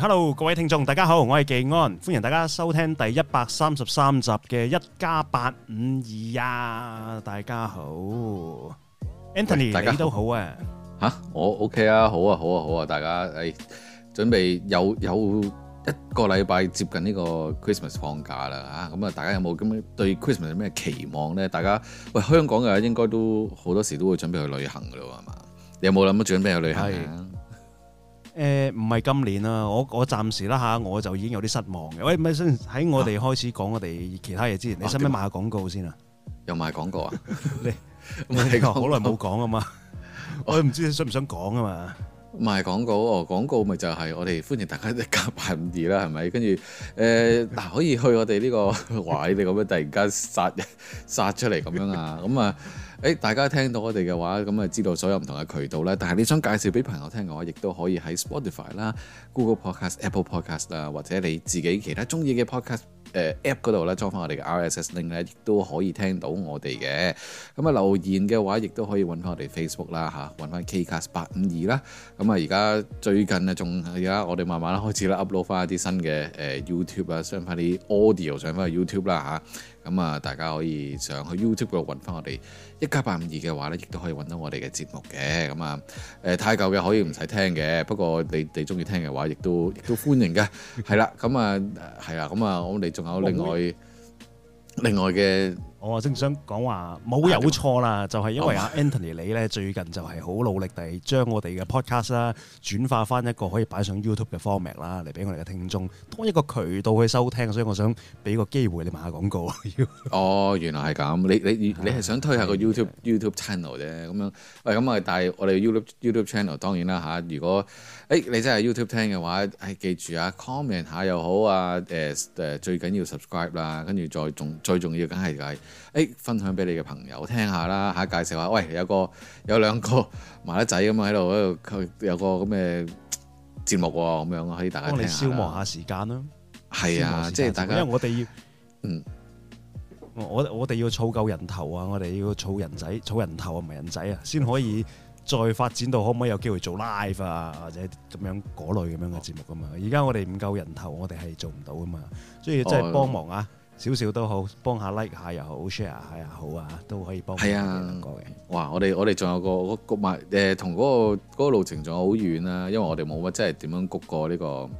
Hello 各位聽眾，大家好，我係技安，歡迎大家收聽第一百三十三集嘅一家八五二呀，52，大家好，Anthony 大家都好啊，吓、啊，我 OK 啊，好啊，好啊，好啊，大家，誒、哎，準備有有一個禮拜接近呢個 Christmas 放假啦，啊，咁啊，大家有冇咁對 Christmas 有咩期望咧？大家喂，香港嘅應該都好多時都會準備去旅行噶啦，係嘛？你有冇諗住準備去旅行啊？誒唔係今年啊，我我暫時啦嚇，我就已經有啲失望嘅。喂，咪，先喺我哋開始講我哋其他嘢之前，你使唔使賣下廣告先啊？又賣廣告啊？ 你，好耐冇講啊嘛！我唔知你想唔想講啊嘛？賣廣告，啊、廣告咪就係我哋歡迎大家一家852啦，係咪？跟住誒，嗱、呃、可以去我哋呢、呢個位， 你咁樣突然間殺殺出嚟咁樣， 樣啊？咁啊～誒大家聽到我哋嘅話，咁啊知道所有唔同嘅渠道咧。但係你想介紹俾朋友聽嘅話，亦都可以喺 Spotify 啦、Google Podcast、Apple Podcast 啊，或者你自己其他中意嘅 podcast 誒、呃、app 嗰度咧裝翻我哋嘅 RSS link 咧，亦都可以聽到我哋嘅。咁、嗯、啊留言嘅話，亦都可以揾翻我哋 Facebook 啦、啊、嚇，揾翻 KCast 八五二、啊、啦。咁啊而家最近啊，仲而家我哋慢慢開始啦 upload 翻一啲新嘅誒、呃、YouTube 啊，上翻啲 audio 上翻去 YouTube 啦、啊、嚇。咁、嗯、啊大家可以上去 YouTube 度揾翻我哋。一家八五二嘅話咧，亦都可以揾到我哋嘅節目嘅。咁啊，誒、呃、太舊嘅可以唔使聽嘅，不過你哋中意聽嘅話，亦都亦都歡迎嘅。係啦， 咁啊，係啦，咁啊，我哋仲有另外爺另外嘅。我正想講話冇有錯啦，啊、就係因為阿 Anthony 你咧最近就係好努力地將我哋嘅 podcast 啦轉化翻一個可以擺上 YouTube 嘅 format 啦，嚟俾我哋嘅聽眾多一個渠道去收聽，所以我想俾個機會你賣下廣告。 哦，原來係咁，你你你係想推下個 YouTube 的 YouTube channel 啫，咁樣喂咁啊！但係我哋 YouTube YouTube channel 當然啦吓！如果誒、哎，你真係 YouTube 聽嘅話，誒、哎，記住啊，comment 下又好啊，誒、哎、誒，最緊要 subscribe 啦，跟住再仲最重要，梗係就係，誒、哎，分享俾你嘅朋友聽下啦，吓介紹下，喂，有個有兩個麻甩仔咁樣喺度喺度，佢有個咁嘅節目喎，咁樣可以大家幫你消磨下時間啦。係啊，即係大家，因為我哋，嗯，我我哋要儲夠人頭啊，我哋要儲人仔，儲、嗯、人頭啊，唔係人仔啊，先可以。 再發展到可唔可以有機會做 live 啊，或者咁樣嗰類咁樣嘅節目啊嘛？而家我哋唔夠人頭，我哋係做唔到啊嘛，所以真係幫忙啊，哦、少少都好，幫下 like 下又好，share 下又好啊，都可以幫。係啊，哇！我哋我哋仲有個谷埋誒，同嗰個，個個,、呃嗰個、個路程仲有好遠啊，因為我哋冇乜即係點樣谷過呢、呢個。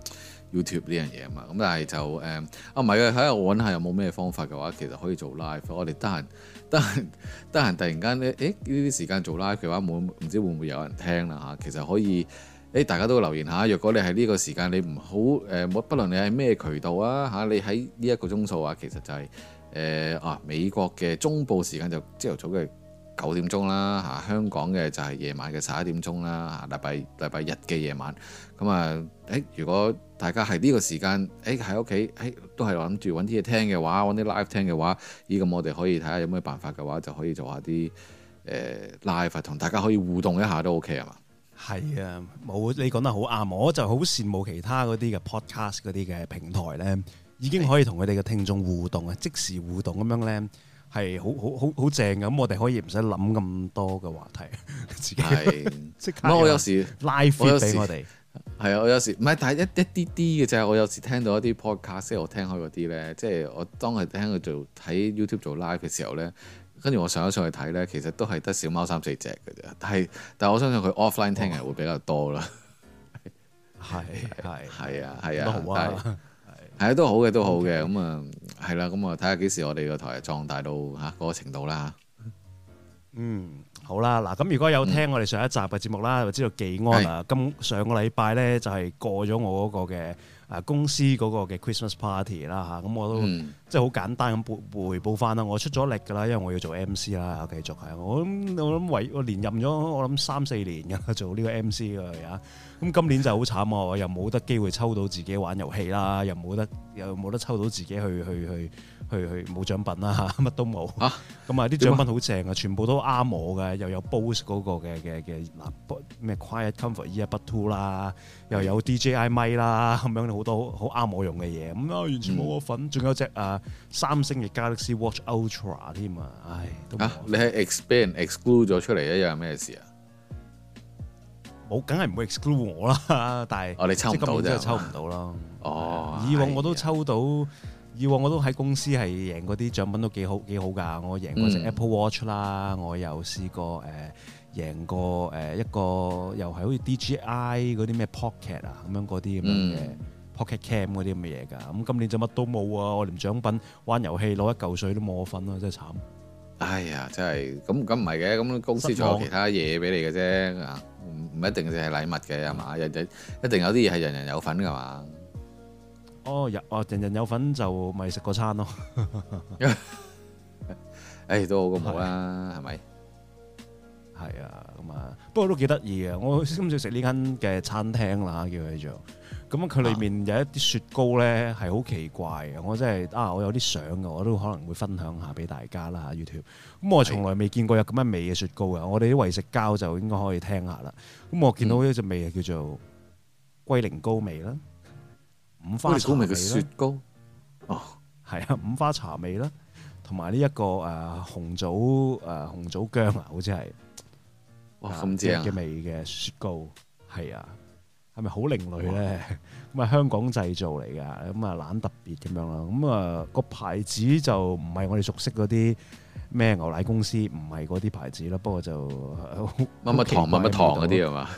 YouTube 呢樣嘢啊嘛，咁但係就誒啊唔係啊，睇下我揾下有冇咩方法嘅話，其實可以做 live 我。我哋得閒得閒得閒，突然間咧，誒呢啲時間做 live 嘅話，唔知會唔會有人聽啦、啊、嚇？其實可以誒、欸，大家都留言下。若果你喺呢個時間，你唔好誒，不、呃、不論你係咩渠道啊嚇、啊，你喺呢一個鐘數啊，其實就係、是、誒、呃、啊美國嘅中部時間就朝頭早嘅。九點鐘啦，嚇，香港嘅就係夜晚嘅十一點鐘啦，嚇，禮拜禮拜日嘅夜晚。咁啊，誒，如果大家係呢個時間，誒喺屋企，誒、欸、都係諗住揾啲嘢聽嘅話，揾啲 live 聽嘅話，依咁我哋可以睇下有咩辦法嘅話，就可以做下啲誒 live 同大家可以互動一下都 OK 啊嘛？係啊，冇你講得好啱，我就好羨慕其他嗰啲嘅 podcast 嗰啲嘅平台呢，已經可以同佢哋嘅聽眾互動啊，的即時互動咁樣呢。係好好好正㗎，咁我哋可以唔使諗咁多嘅話題，即刻。我有時拉 fit 俾我哋，係啊，我有時唔係，但係一一啲啲嘅就啫。我有時聽到一啲 podcast，即係我聽開嗰啲咧，即係我當佢聽佢做喺 YouTube 做 live 嘅時候咧，跟住我上一上去睇咧，其實都係得小貓三四隻嘅啫。但係但係我相信佢 offline 聽嘅會比較多啦。係係係啊係啊，好低。係啊，都好嘅，都好嘅，咁啊 Okay.、嗯，係啦，咁啊，睇下幾時我哋個台壯大到嚇嗰個程度啦，嗯，好啦，嗱，咁如果有聽我哋上一集嘅節目啦，就、嗯、知道記安啊，今是上個禮拜咧就係過咗我嗰個嘅啊公司嗰個嘅 Christmas Party 啦嚇、嗯，咁我都。即係好簡單咁回報翻啦，我出咗力噶啦，因為我要做 MC 啦，繼續係我我諗為我連任咗我諗三四年嘅做呢個 MC 㗎嚇，咁、嗯、今年就好慘啊！又冇得機會抽到自己玩遊戲啦，又冇得又冇得抽到自己去去去去去冇獎品啦，乜都冇。咁啊啲獎品好正啊，全部都啱我嘅，又有 Bose 嗰個嘅嘅嘅嗱咩 QuietComfort Earbud Two 啦，Ear, II, 又有 DJI 咪啦，咁樣好多好啱我用嘅嘢，咁啊完全冇我份，仲、嗯、有隻啊～三星嘅 Galaxy Watch Ultra 添啊！唉，都冇啊，你喺 expand exclude 咗出嚟一有咩事啊？冇，梗係唔會 exclude 我啦。但係哦，你抽，啊、即係根本真係抽唔到囉。哦，以往我都抽到，哎、呀以往我都喺公司係贏嗰啲獎品都幾好幾好噶。我贏過隻 Apple Watch 啦，嗯、我又試過誒贏，呃、過誒一個又係好似 DJI 嗰啲咩 Pocket 啊咁樣嗰啲咁樣嘅。嗯 Kitcam 嗰啲咁嘅嘢噶，咁今年就乜都冇啊！我連獎品玩遊戲攞一嚿水都冇我份啊，真係慘！哎呀，真係咁咁唔係嘅，咁公司仲有其他嘢俾你嘅啫，唔唔一定淨係禮物嘅係嘛？人哋一定有啲嘢係人人有份嘅嘛？哦，人哦人人有份就咪食個餐咯，哎都好過冇啊，係咪？係啊，咁啊，不過都幾得意啊，我今朝食呢間嘅餐廳啦，叫佢做。咁佢、嗯啊、裏面有一啲雪糕咧，係好奇怪，我真係啊，我有啲相嘅，我都可能會分享下俾大家啦 YouTube，咁我從來未見過有咁樣味嘅雪糕啊。的我哋啲為食膠就應該可以聽下啦。咁我見到有一隻味叫做龜苓膏味啦，五花茶味嘅雪糕。哦，係啊，五花茶味啦，同埋呢一個誒、呃、紅棗誒、呃、紅棗薑啊，好似係，哇，咁正嘅味嘅雪糕，係啊。咪好另類咧，咁啊的、嗯、香港製造嚟噶，咁、嗯、啊懶特別咁樣咯，咁、嗯、啊、個牌子就唔係我哋熟悉嗰啲咩牛奶公司，唔係嗰啲牌子咯，不過就乜乜糖乜乜糖嗰啲係嘛？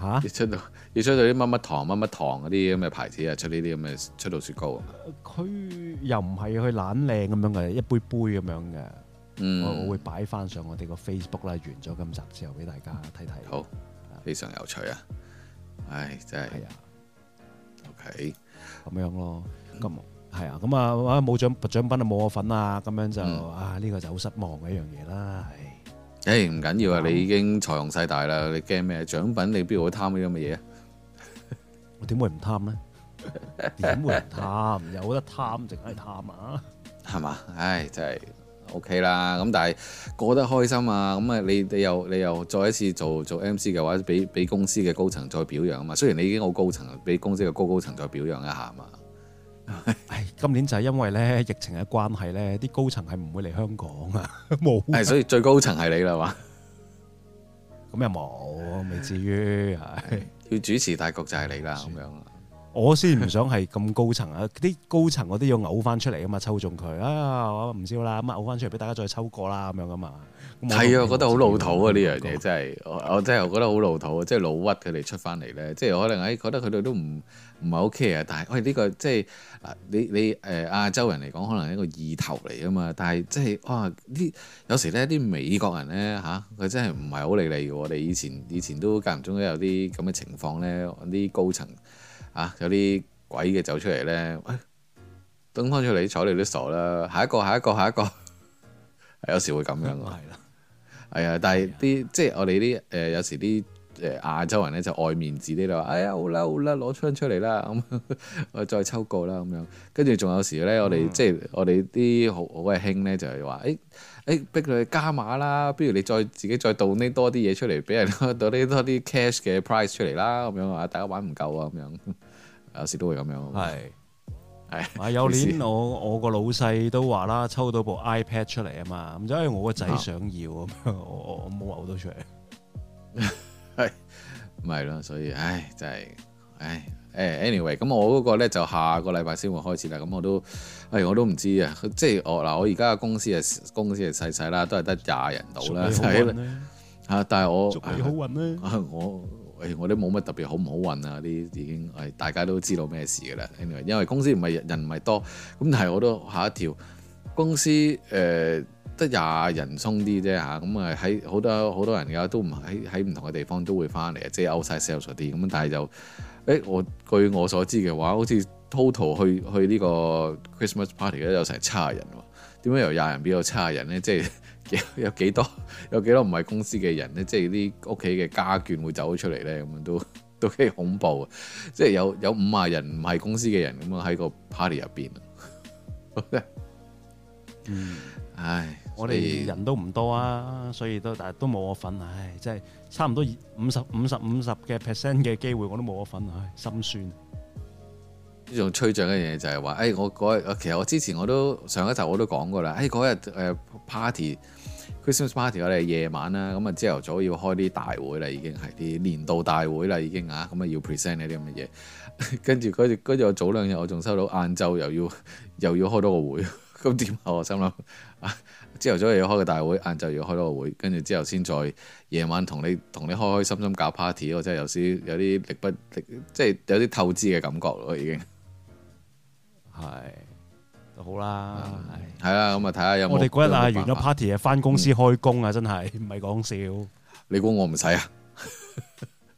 嚇、啊！出到出到啲乜乜糖乜乜糖嗰啲咁嘅牌子啊，出呢啲咁嘅出到雪糕啊！佢、嗯嗯、又唔係去懶靚咁樣嘅，一杯杯咁樣嘅。嗯，我會擺翻上我哋個 Facebook 啦，完咗今集之後俾大家睇睇。好。非常有趣啊！唉，真係，係啊，OK，咁樣咯，咁係啊，咁啊，冇獎獎品啊，冇我份啊，咁樣就啊，呢個就好失望嘅一樣嘢啦。唉，唔緊要啊，想你已經財雄勢大啦，你驚咩？獎品你邊度會貪 呢啲咁嘅嘢啊？我點會唔貪咧？點會唔貪？有得貪，淨係貪啊？係嘛？唉，真係。O K 啦，咁、okay、但係過得開心啊，咁啊你你又你又再一次做做 M C 嘅話，俾俾公司嘅高層再表揚啊嘛，雖然你已經好高層，俾公司嘅高高層再表揚一下啊嘛。 今年就係因為咧疫情嘅關係咧，啲高層係唔會嚟香港 有啊，冇。係所以最高層係你啦嘛，咁 又冇，未至於係 要主持大局就係你啦咁樣。我先唔想係咁高層啊！啲高層我都要嘔翻出嚟啊嘛，抽中佢啊，我唔少啦咁嘔翻出嚟俾大家再抽過啦咁樣噶嘛。係啊，我覺得好老土啊！呢樣嘢真係是、嗯、我，我真係我覺得好老土啊！ 即係老屈佢哋出翻嚟咧，即係可能喺覺得佢哋都唔唔係 OK 啊。但係喂呢個即係嗱，你你誒、呃、亞洲人嚟講，可能係一個意頭嚟噶嘛。但係即係哇，啲有時咧啲美國人咧吓，佢、啊、真係唔係好理你。我哋以前以前都間唔中都有啲咁嘅情況咧，啲高層。啊！有啲鬼嘅走出嚟咧，東方出嚟坐你都傻啦。下一個，下一個，下一個， 有時會咁樣喎。係啦、嗯，係啊。但係啲即係我哋啲誒有時啲誒亞洲人咧就愛面子啲啦。嗯、哎呀，好啦好啦，攞槍出嚟啦咁，我 再抽個啦咁樣。跟住仲有時咧、嗯，我哋即係我哋啲好好鬼興咧就係話誒。咦誒逼佢加碼啦，不如你再自己再倒呢多啲嘢出嚟，俾人倒呢多啲 cash 嘅 price 出嚟啦，咁樣啊，大家玩唔夠啊，咁樣有時都會咁樣。係係是，啊、哎、有年 我我個老細都話啦，抽到部 iPad 出嚟啊嘛，因、哎、為我個仔想要咁、哦、樣，我冇攞到出嚟。係咪咯？所以唉，真係唉。誒，anyway，咁我嗰個咧就下個禮拜先會開始啦。咁我都，誒、哎，我都唔知啊。即係我嗱，我而家嘅公司係，公司係細細啦，都係得廿人到啦。嚇、就是，但係我，好運咧、哎。我誒、哎，我都冇乜特別好唔好運啊。啲已經係大家都知道咩事㗎啦。anyway，因為公司唔係人唔係多，咁但係我都下一條公司誒。呃得廿人鬆啲啫嚇，咁啊喺好、嗯、多好多人噶，都唔喺喺唔同嘅地方都會翻嚟啊，即係 outside sales 啲咁。但係就誒，我據我所知嘅話，好似 total 去去個呢個 Christmas party 咧有成七廿人喎，點解由廿人變到七廿人咧？即係有有幾多有幾多唔係公司嘅人咧？即係啲屋企嘅家眷會走咗出嚟咧？咁樣都都幾恐怖啊！即係有有五廿人唔係公司嘅人咁樣喺個 party 入邊、嗯、 唉。 我哋人都唔多啊，所以都但係都冇我份，唉，真係差唔多五十五十五十嘅 percent 嘅機會我都冇我份，唉，心酸。呢種吹脹嘅嘢就係話，誒、哎，我嗰日，其實我之前我都上一集我都講過啦，誒、哎，嗰日誒 party，Christmas party 我哋夜晚啦，咁啊朝頭早要開啲大會啦，已經係啲年度大會啦，已經啊，咁啊要 present 呢啲咁嘅嘢，跟住跟住跟住我早兩日我仲收到晏晝又要又要開多個會，咁點啊？我心諗啊～朝頭早又要開個大會，晏晝又要開多個會，會再再跟住之後先再夜晚同你同你開開心心搞 party，我真係有啲有啲力不力，即係有啲透支嘅感覺咯，已經係都好啦，係啊。咁啊睇下有冇我哋嗰日啊，完咗 party 啊，翻公司開工啊，真係唔係講笑，你估我唔使啊，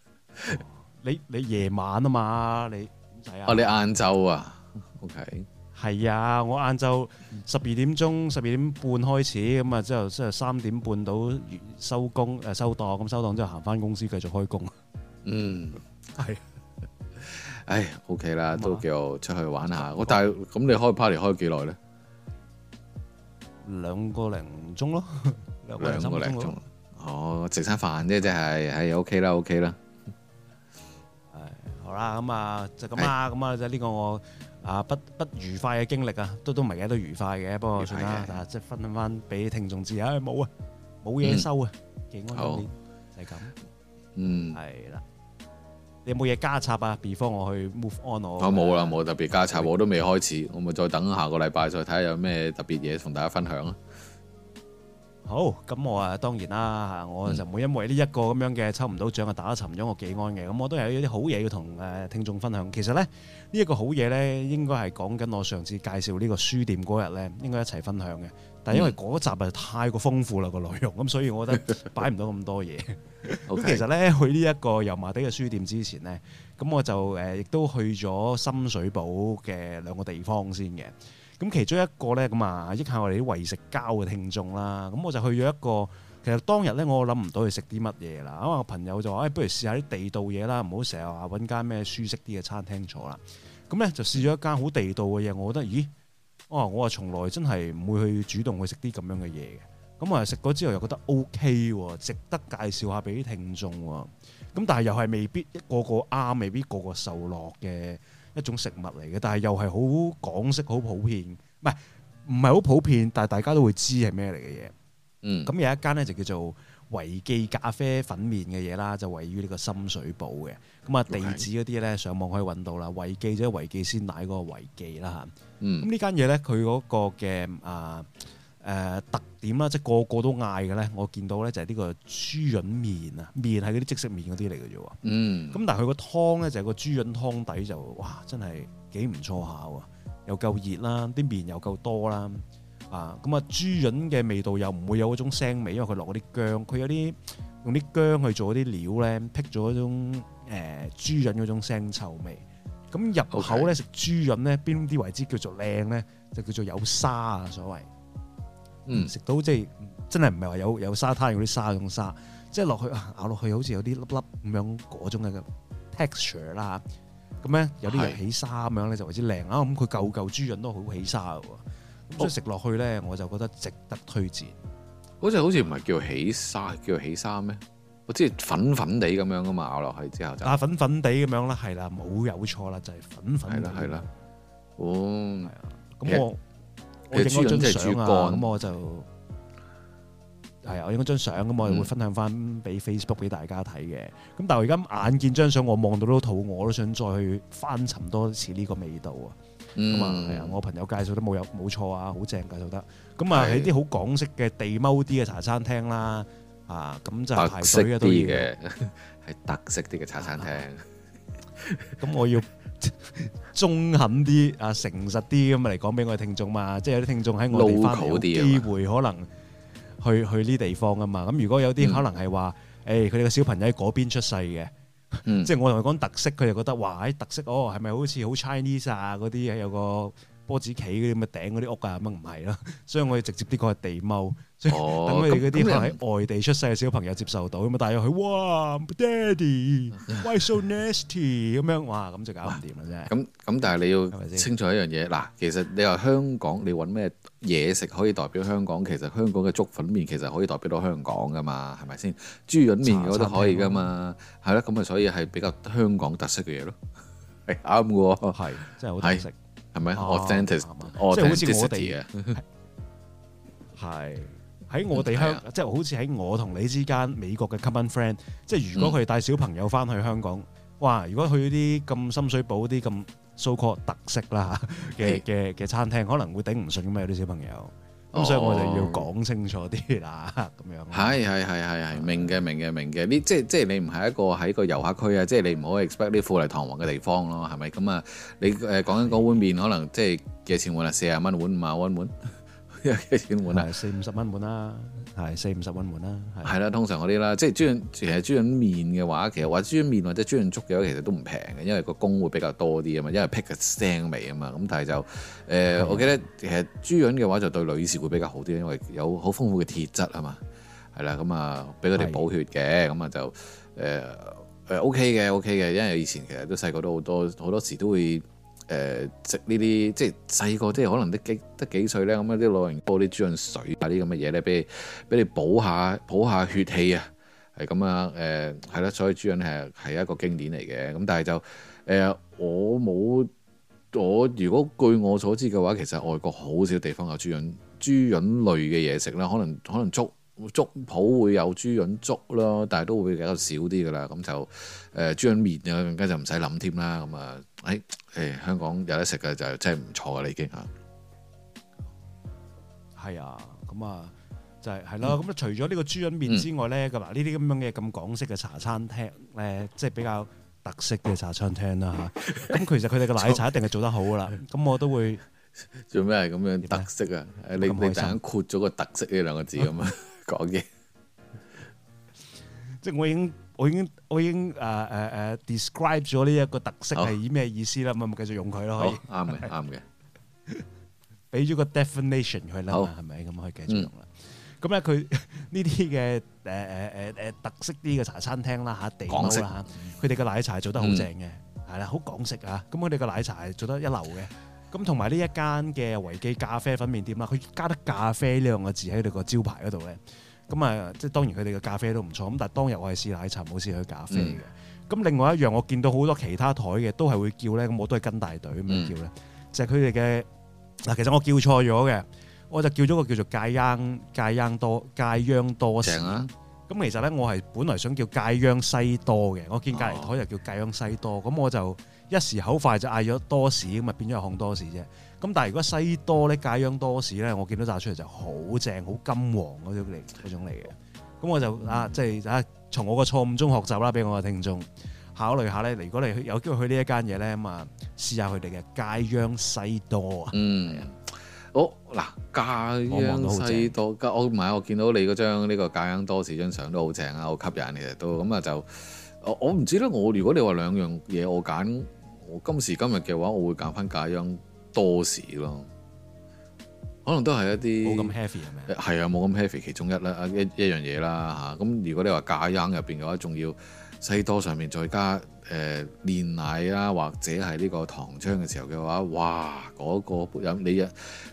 啊，啊，你你夜晚啊嘛，你唔使啊，你晏晝啊，OK。係啊，我晏晝十二點鐘、十二點半開始，咁啊之後即係三點半到收工，誒、呃、收檔，咁收檔之後行翻公司繼續開工。嗯，係是。唉，OK 啦，啊、都叫出去玩下。啊、我帶但係咁，你開 party 開幾耐咧？兩個零鐘咯，兩個零鐘。哦，食餐飯啫，即係係 OK 啦，OK 啦。係好啦，咁、嗯、啊就咁啊，咁啊就呢個我。啊，不不愉快嘅經歷啊，都都唔係嘅，都愉快嘅。不過算啦的，即係分享翻俾聽眾知，唉冇啊，冇嘢收啊，幾安心，就係咁。嗯，係啦。你有冇嘢加插啊？譬如話我去 move on 我。我冇啦，冇特別加插，別我都未開始，我咪再等下個禮拜再睇下有咩特別嘢同大家分享啊。好，咁我啊當然啦嚇，我就唔會因為呢一個咁樣嘅抽唔到獎啊，打沉咗我幾安嘅，咁我都係有啲好嘢要同誒聽眾分享。其實咧，呢、呢、一個好嘢咧，應該係講緊我上次介紹呢個書店嗰日咧，應該一齊分享嘅。但係因為嗰集啊太過豐富啦、嗰個內容，咁所以我覺得擺唔到咁多嘢。咁 Okay. 其實咧去呢一個油麻地嘅書店之前咧，咁我就誒亦、呃、都去咗深水埗嘅兩個地方先嘅。咁其中一個咧咁啊，益下我哋啲為食膠嘅聽眾啦。咁我就去咗一個，其實當日咧我諗唔到去食啲乜嘢啦。因為我朋友就話，誒、哎，不如試下啲地道嘢啦，唔好成日話揾間咩舒適啲嘅餐廳坐啦。咁咧就試咗一間好地道嘅嘢，我覺得，咦，哦、啊，我啊從來真係唔會去主動去食啲咁樣嘅嘢嘅。咁啊食咗之後又覺得 OK 喎，值得介紹下俾啲聽眾喎。咁但係又係未必一個個啱，未必一個個受落嘅，一種食物嚟嘅，但係又係好港式，好普遍，唔係唔係好普遍，但係大家都會知係咩嚟嘅嘢。嗯，咁有一間咧就叫做維記咖啡粉麵嘅嘢啦，就位於呢個深水埗嘅。咁啊地址嗰啲咧上網可以揾到啦。嗯、維記即係維記鮮奶嗰個維記啦吓，咁、嗯、呢間嘢咧佢嗰個嘅啊。誒、呃、特點啦，即係個個都嗌嘅咧。我見到咧就係、是、呢個豬潤麵啊，麵係嗰啲即食麵嗰啲嚟嘅啫。嗯，咁但係佢、就是、個湯咧就係個豬潤湯底，就哇，真係幾唔錯下喎，又夠熱啦，啲麵又夠多啦啊。咁、嗯、啊，豬潤嘅味道又唔會有嗰種腥味，因為佢落嗰啲薑，佢有啲用啲薑去做啲料咧，辟咗嗰種誒、呃、豬潤嗰種腥臭味。咁入口咧食 Okay. 豬潤咧，邊啲為之叫做靚咧？就叫做有沙啊，所謂。嗯，食到即係真係唔係話有有沙灘嗰啲沙嗰種沙，即係落去咬落去好似有啲粒粒咁樣嗰種嘅 texture 啦，咁咧有啲嘢起沙咁樣咧就為之靚啦。咁佢嚿嚿豬潤都好起沙嘅喎，哦、所以食落去咧我就覺得值得推薦。嗰隻、哦那個、好似唔係叫起沙，叫起沙咩？我知粉粉地咁樣噶嘛，咬落去之後就啊粉粉地咁樣啦，係啦冇有錯啦，就係、是、粉粉。係啦係啦，哦，咁我。我影咗張相啊，咁我就係啊、嗯，我影咗張相，咁我就會分享翻俾 Facebook 俾大家睇嘅。咁但係我而家眼見張相，我望到都肚餓，我都想再去翻尋多次呢個味道啊。咁啊、嗯，係啊，我朋友介紹都冇有冇錯啊，好正介紹得。咁啊，喺啲好港式嘅地踎啲嘅茶餐廳啦，啊，咁就排隊啊，都要嘅，係特色啲嘅 茶餐廳。咁 我要。 中肯啲啊，誠實啲咁啊嚟講俾我哋聽眾嘛，即係有啲聽眾喺我哋返嚟嘅機會，可能去去呢地方啊嘛。咁如果有啲可能係話，誒佢哋個小朋友喺嗰邊出世嘅，嗯、即係我同佢講特色，佢就覺得哇，喺特色哦，係咪好似好 Chinese 啊嗰啲有個。波子棋嗰啲咪頂嗰啲屋啊，乜唔係咯？所以我哋直接啲講係地踎，所以等佢哋嗰啲喺外地出世嘅小朋友接受到，咁啊帶入去，哇，Daddy，why so nasty？咁樣哇，咁就搞唔掂啦啫。咁咁，但係你要清楚一樣嘢嗱，其實你話香港你揾咩嘢食可以代表香港，其實香港嘅粥粉麵其實可以代表到香港噶嘛，係咪先？豬潤麵嗰都可以噶嘛，係啦，咁啊，所以係比較香港特色嘅嘢咯，係啱嘅喎，係真係好特色。係咪啊？Authentic，即係好似我哋係喺我哋香，的即係好似喺我同你之間，美國嘅 common friend，即係如果佢哋帶小朋友翻去香港，嗯、哇！如果去啲咁深水埗啲咁 so called 特色啦嘅嘅嘅餐廳，可能會頂唔順咩，有啲小朋友。咁、嗯、所以我哋要講清楚啲啦，咁樣。係係係係係，明嘅明嘅明嘅。呢即即係你唔係一個喺個遊客區啊，即係你唔好 expect 啲富麗堂皇嘅地方咯，係咪？咁啊，你、呃、誒講緊嗰碗麵，可能即係幾錢碗啊？四啊蚊碗，五啊蚊碗，幾 錢碗啊？四五十蚊碗啦。係四五十蚊碗啦，係啦，通常嗰啲啦，即係豬潤，其實豬潤麵嘅話，其實或者豬潤麵或者豬潤粥嘅話，其實都唔平嘅，因為個工會比較多啲啊嘛，因為劈嘅腥味啊嘛，咁但係就誒，呃、的我記得其實豬潤嘅話就對女士會比較好啲，因為有好豐富嘅鐵質啊嘛，係啦，咁啊俾佢哋補血嘅，咁啊的就誒誒、呃、OK 嘅 OK 嘅，因為以前其實都細個都好多好多時都會。誒食呢啲即係細個，即係可能都幾得幾歲咧，咁、嗯、啲老人煲啲豬潤水啊，啲咁嘅嘢咧，俾俾你補下補下血氣啊，係咁啊，誒係啦，所以豬潤係係一個經典嚟嘅，咁但係就誒、呃、我冇我如果據我所知嘅話，其實外國好少地方有豬潤豬潤類嘅嘢食啦，可能可能粥。粥鋪會有豬潤粥咯，但係都會比較少啲噶啦。咁就誒豬潤麵啊，更加就唔使諗添啦。咁啊，誒、哎、誒、哎，香港有得食嘅就真係唔錯噶啦，已經嚇係啊。咁啊、嗯，就係係咯。咁、嗯、啊，嗯、除咗呢個豬潤麵之外咧，嗱呢啲咁樣嘅咁港式嘅茶餐廳，誒即係比較、嗯、特色嘅茶餐廳啦嚇。咁、啊、其實佢哋嘅奶茶一定係做得好噶啦。咁嘗我都會做咩係咁樣特色啊？會你你突然闊咗個特色呢兩個字咁啊？ 講嘢，即係我已經，我已經，我已經誒誒誒 describe 咗呢一個特色係以咩意思啦，咁咪繼續用佢咯，好啱嘅，啱嘅，俾咗個 definition 佢啦，係咪咁可以繼續用啦？咁咧佢呢啲嘅誒誒誒誒特色啲嘅茶餐廳啦吓，港式啦吓，佢哋嘅奶茶做得好正嘅，係啦，好港式啊，咁佢哋嘅奶茶係做得一流嘅。咁同埋呢一間嘅維記咖啡粉麵店啊，佢加得咖啡呢兩個字喺佢個招牌嗰度咧。咁啊，即係當然佢哋嘅咖啡都唔錯。咁但係當日我係試奶茶冇試佢咖啡嘅。咁、嗯、另外一樣我見到好多其他台嘅都係會叫咧，咁我都係跟大隊咁樣叫咧。嗯、就係佢哋嘅嗱，其實我叫錯咗嘅，我就叫咗個叫做芥央芥央多芥央多士咁、啊、其實咧，我係本來想叫芥央西多嘅，我見隔離台又叫芥央西多，咁我，啊、我就。一時口快就嗌咗多士咁啊，變咗有烘多士啫。咁但係如果西多咧、街央多士咧，我見到炸出嚟就好正、好金黃嗰種嚟嗰種嚟嘅。咁我就、嗯、啊，即、就、係、是、啊，從我個錯誤中學習啦，俾我個聽眾考慮下咧。如果你有機會去呢一間嘢咧，咁啊，試下佢哋嘅街央西多啊。嗯，好嗱，街央西多，我唔係，我見到你嗰張呢、呢個街央多士張相都好正啊，好吸引你嘅，都咁啊就。我唔知咧，我，我如果你話兩樣嘢我揀。我今時今日嘅話，我會揀翻咖央多士咯，可能都係一啲冇咁 heavy 係咪？係啊，冇咁 heavy 其中一啦，一一一樣嘢啦嚇。咁、啊、如果你話咖央入邊嘅話，仲要西多上面再加誒、呃、煉奶啦，或者係呢個糖漿嘅時候嘅話，哇嗰、那個飲你一，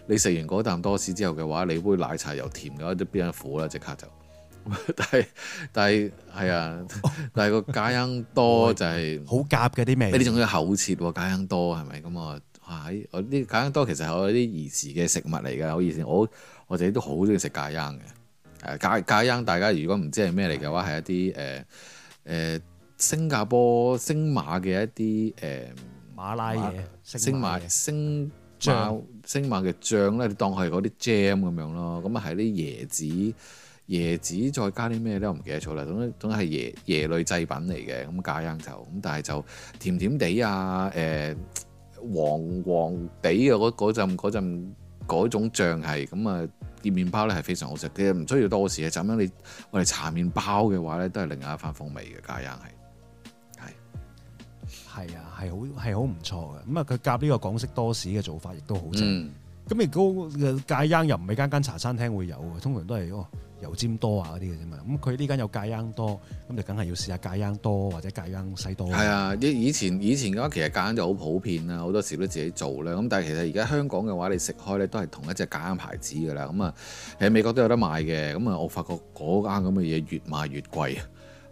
你食完嗰啖多士之後嘅話，你杯奶茶又甜嘅，都邊一苦啦？即刻就。 但係但係係、就是、 啊！但係個咖央多就係好夾嘅啲味，呢你仲要厚切喎，咖央多係咪咁啊？喺我啲咖央多其實係我啲兒時嘅食物嚟㗎，好意思，我我，我自己都好中意食咖央嘅。誒咖咖央大家如果唔知係咩嚟嘅話，係 一啲誒誒新加坡星馬嘅一啲誒馬拉嘢，醬星馬星馬星馬嘅醬咧，當佢係嗰啲 jam 咁樣咯。咁啊係啲椰子。椰子再加啲咩咧？我唔記得咗啦。總總係椰椰類製品嚟嘅，咁加央就咁，但係就甜甜地啊，誒、呃、黃黃地嘅嗰嗰陣嗰陣種醬係咁啊，熱、嗯、麵包咧係非常好食嘅，唔需要多士嘅，就咁樣你我哋搽麵包嘅話咧，都係另外一番風味嘅加央係，係係啊，係好係好唔錯嘅。咁啊，佢夾呢個港式多士嘅做法亦都好正。咁如果加央又唔係間間茶餐廳會有嘅，通常都係油尖多啊嗰啲嘅啫嘛，咁佢呢間有戒蔥多，咁你梗係要試下戒蔥多或者戒蔥西多。係啊，以前以前嘅話，其實戒蔥就好普遍啦，好多時都自己做啦。咁但係其實而家香港嘅話，你食開咧都係同一隻戒蔥牌子嘅啦。咁啊喺美國都有得賣嘅。咁啊，我發覺嗰間咁嘅嘢越賣越貴啊。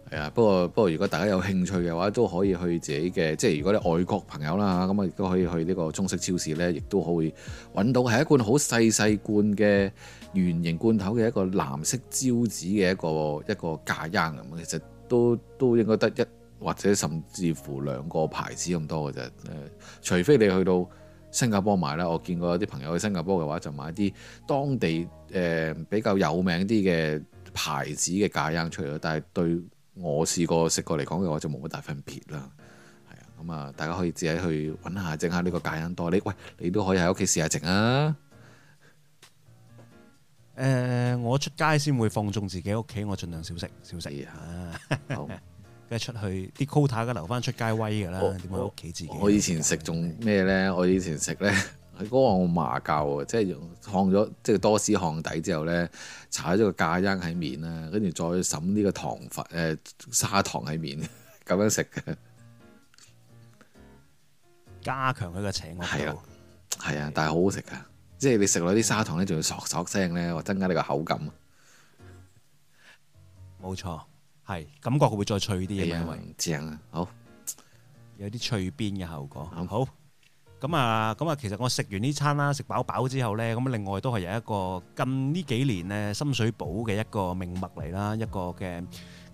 係啊，不過不過如果大家有興趣嘅話，都可以去自己嘅，即係如果你外國朋友啦，咁啊亦都可以去呢個中式超市咧，亦都可以揾到係一罐好細細罐嘅。圓形罐頭嘅一個藍色招紙嘅一個一個架鴛咁，其實都都應該得一或者甚至乎兩個牌子咁多嘅啫。誒，除非你去到新加坡買啦，我見過有啲朋友去新加坡嘅話，就買啲當地誒、呃、比較有名啲嘅牌子嘅架鴛出嚟咯。但係對我試過食過嚟講嘅話，就冇乜大分別啦。係啊，咁啊，大家可以自己去揾下整下呢個架鴛多。你，喂，你都可以喺屋企試下整啊！誒、呃，我出街先會放縱自己，屋企我盡量少食少食嘢。嚇，梗係、哎、 出去啲 quota，梗係留翻出街威㗎啦。點解屋企自己我、嗯？我以前食仲咩咧？我以前食咧，喺嗰個我媽教喎，即係用烘咗，即係多士烘底之後咧，搽咗個芥蔥喺面啦，跟住再揾呢個糖粉誒、呃、砂糖喺面，咁樣食嘅。 加強佢嘅邪惡度。係啊，係啊，但係好好食㗎。即係你食落啲砂糖咧，仲要嗦嗦聲咧，或增加你個口感。冇錯，係感覺會會再脆啲嘅，正啊、哎呀，好有啲脆邊嘅效果。好，咁啊，咁啊、嗯，其實我食完呢餐啦，食飽飽之後咧，咁另外都係有一個近呢幾年咧，深水埗嘅一個名物嚟啦，一個嘅。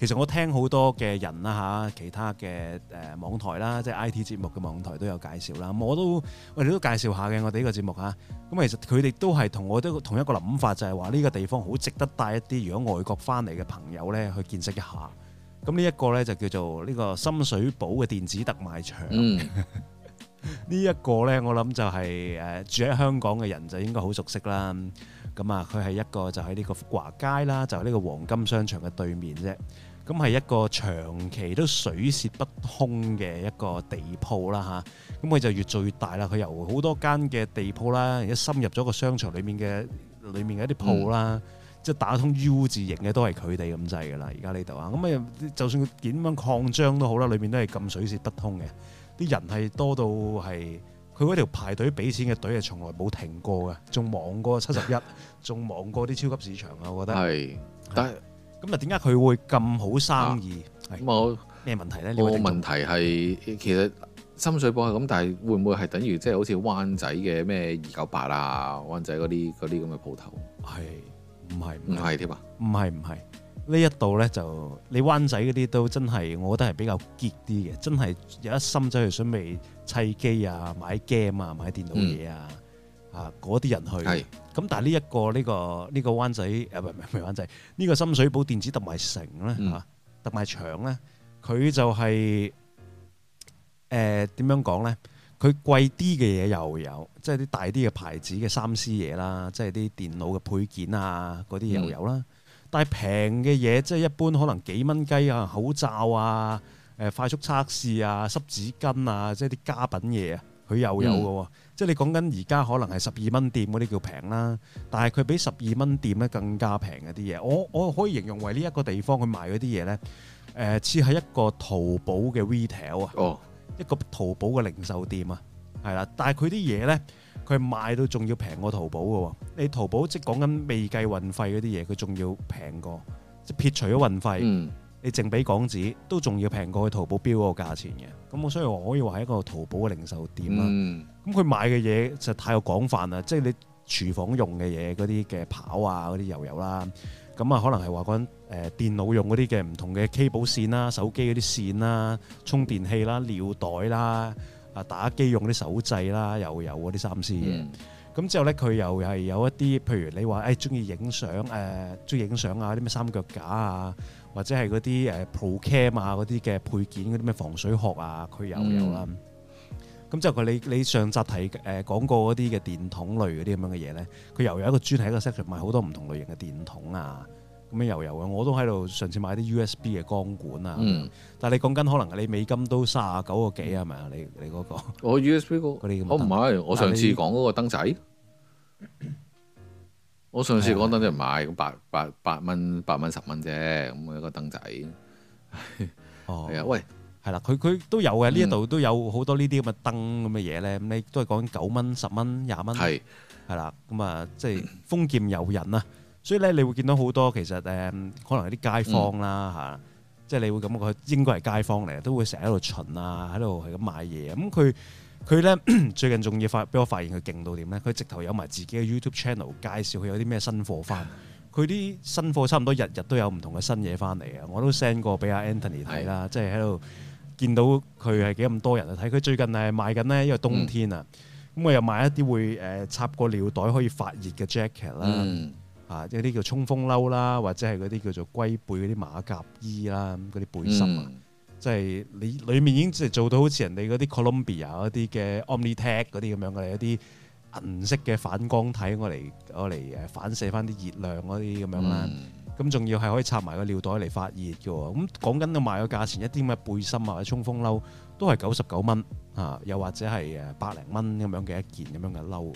其實我聽好多嘅人啦，吓其他嘅誒網台啦，即係 I T 節目嘅網台都有介紹啦。我都我哋都介紹下嘅，我哋呢個節目吓。咁其實佢哋都係同我都同一個諗法，就係話呢個地方好值得帶一啲如果外國翻嚟嘅朋友咧去見識一下。咁呢一個咧就叫做呢個深水埗嘅電子特賣場。呢一、嗯、 個咧我諗就係誒住喺香港嘅人就應該好熟悉啦。咁啊，佢係一個就喺呢個福華街啦，就呢個黃金商場嘅對面啫。咁係一個長期都水泄不通嘅一個地鋪啦嚇，咁佢就越做越大啦，佢由好多間嘅地鋪啦，而家深入咗個商場裡面嘅裡面嘅一啲鋪啦，即係打通 U 字形嘅都係佢哋咁制㗎啦，而家呢度啊，咁啊就算佢點樣擴張都好啦，裏面都係咁水泄不通嘅，啲人係多到係佢嗰條排隊俾錢嘅隊係從來冇停過嘅，仲忙過七十一，仲忙過啲超級市場啊，我覺得係，但係。咁啊，點解佢會咁好生意？咁啊，咩係、嗯、問題咧？你冇問題係其實深水埗係咁，但係會唔會係等於即係好似灣仔嘅咩二九八啊、灣仔嗰啲嗰啲咁嘅鋪頭？係唔係？唔係添啊？唔係唔係，呢一度咧就你灣仔嗰啲都真係，我覺得係比較 geek 啲嘅，真係有一心走去準備砌機啊、買 game 啊、買電腦嘢啊。嗯啊！嗰啲人去，咁是但係呢一個呢、呢個呢、呢個灣仔誒，唔係唔係灣仔，呢、呢個深水埗電子特賣城咧嚇，特賣、嗯啊、場咧，佢就係誒點樣講咧？佢貴啲嘅嘢又有，即係啲大啲嘅牌子嘅三 C 嘢啦，即係啲電腦嘅配件啊，嗰啲又有啦。嗯、但係平嘅嘢，即係一般可能幾蚊雞啊，口罩啊，誒快速測試啊，濕紙巾啊，即係啲家品嘢啊。佢又有嘅，即係你講緊而家可能係十二蚊店嗰啲叫平啦，但係佢比十二蚊店咧更加平嗰啲嘢，我我可以形容為呢一個地方佢賣嗰啲嘢咧，誒似係一個淘寶嘅 retail 啊、哦，一個淘寶嘅零售店啊，係啦，但係佢啲嘢咧，佢賣到仲要平過淘寶嘅，你淘寶即係講緊未計運費嗰啲嘢，佢仲要平過，即撇除咗運費。嗯你淨俾港紙都仲要平過去淘寶標嗰個價錢嘅，咁我所以話可以話係一個淘寶嘅零售店啦。咁佢、嗯、買嘅嘢就太過廣泛啦，即係你廚房用嘅嘢嗰啲嘅刨啊，嗰啲又有啦，咁啊可能係話講誒電腦用嗰啲嘅唔同嘅 cable 線啦、啊、手機嗰啲線啦、啊、充電器啦、啊、尿袋啦、啊、啊打機用啲手掣啦，又有嗰啲三 C 嘅。咁、嗯、之後咧，佢又係有一啲，譬如你話誒中意影相誒，中意影相啊，啲咩、啊、三腳架啊。或者係嗰啲誒 ProCam 啊，嗰啲嘅配件，嗰啲咩防水殼啊，佢又有啦。咁即係佢你你上集提誒講過嗰啲嘅電筒類嗰啲咁樣嘅嘢咧，佢又有一個專題一個 section 賣好多唔同類型嘅電筒啊，咁樣又有啊，我都喺度上次買啲 USB 嘅光管啊，嗯、但係你講緊可能你美金都三啊九個幾係咪啊？你你嗰個我 USB 嗰，嗰我唔係我上次講嗰個燈仔。 我上次講燈都人買，咁八八八蚊八蚊十蚊啫，咁一個燈仔。 哦，係啊，喂，係啦，佢佢都有嘅，呢一度都有好多呢啲咁嘅燈咁嘅嘢咧。咁你、嗯、都係講九蚊十蚊廿蚊，係係啦。咁啊，即係的豐儉由人啦。所以咧，你會見到好多其實誒，可能有啲街坊啦嚇、嗯，即係你會感覺，應該係街坊嚟，都會成日喺度巡啊，喺度係咁買嘢。咁佢。佢咧最近仲要發俾我發現佢勁到點咧？佢直頭有埋自己嘅 YouTube channel 介紹佢有啲咩新貨翻。佢啲、啊、新貨差唔多日日都有唔同嘅新嘢翻嚟啊。我都 send 過俾阿 Anthony 睇啦，嗯、即係喺度見到佢係幾咁多人嚟睇。佢最近係賣緊呢，因為冬天啊，咁我、嗯、又買一啲會誒插個尿袋可以發熱嘅 jacket 啦、嗯，啊，即係啲叫衝鋒褸啦，或者係嗰啲叫做龜背嗰啲馬甲衣啦，嗰啲背心啊。嗯嗯即係你裏面已經即係做到好似人哋嗰啲 Columbia 嗰啲嘅 OmniTech 嗰啲咁樣嘅一啲銀色嘅反光體，我嚟我嚟誒反射翻啲熱量嗰啲咁樣啦。咁仲、嗯、要係可以插埋個尿袋嚟發熱嘅喎。咁講緊個賣個價錢，一啲咁嘅背心啊或者衝鋒褸都係九十九蚊啊，又或者係誒百零蚊咁樣嘅一件咁樣嘅褸。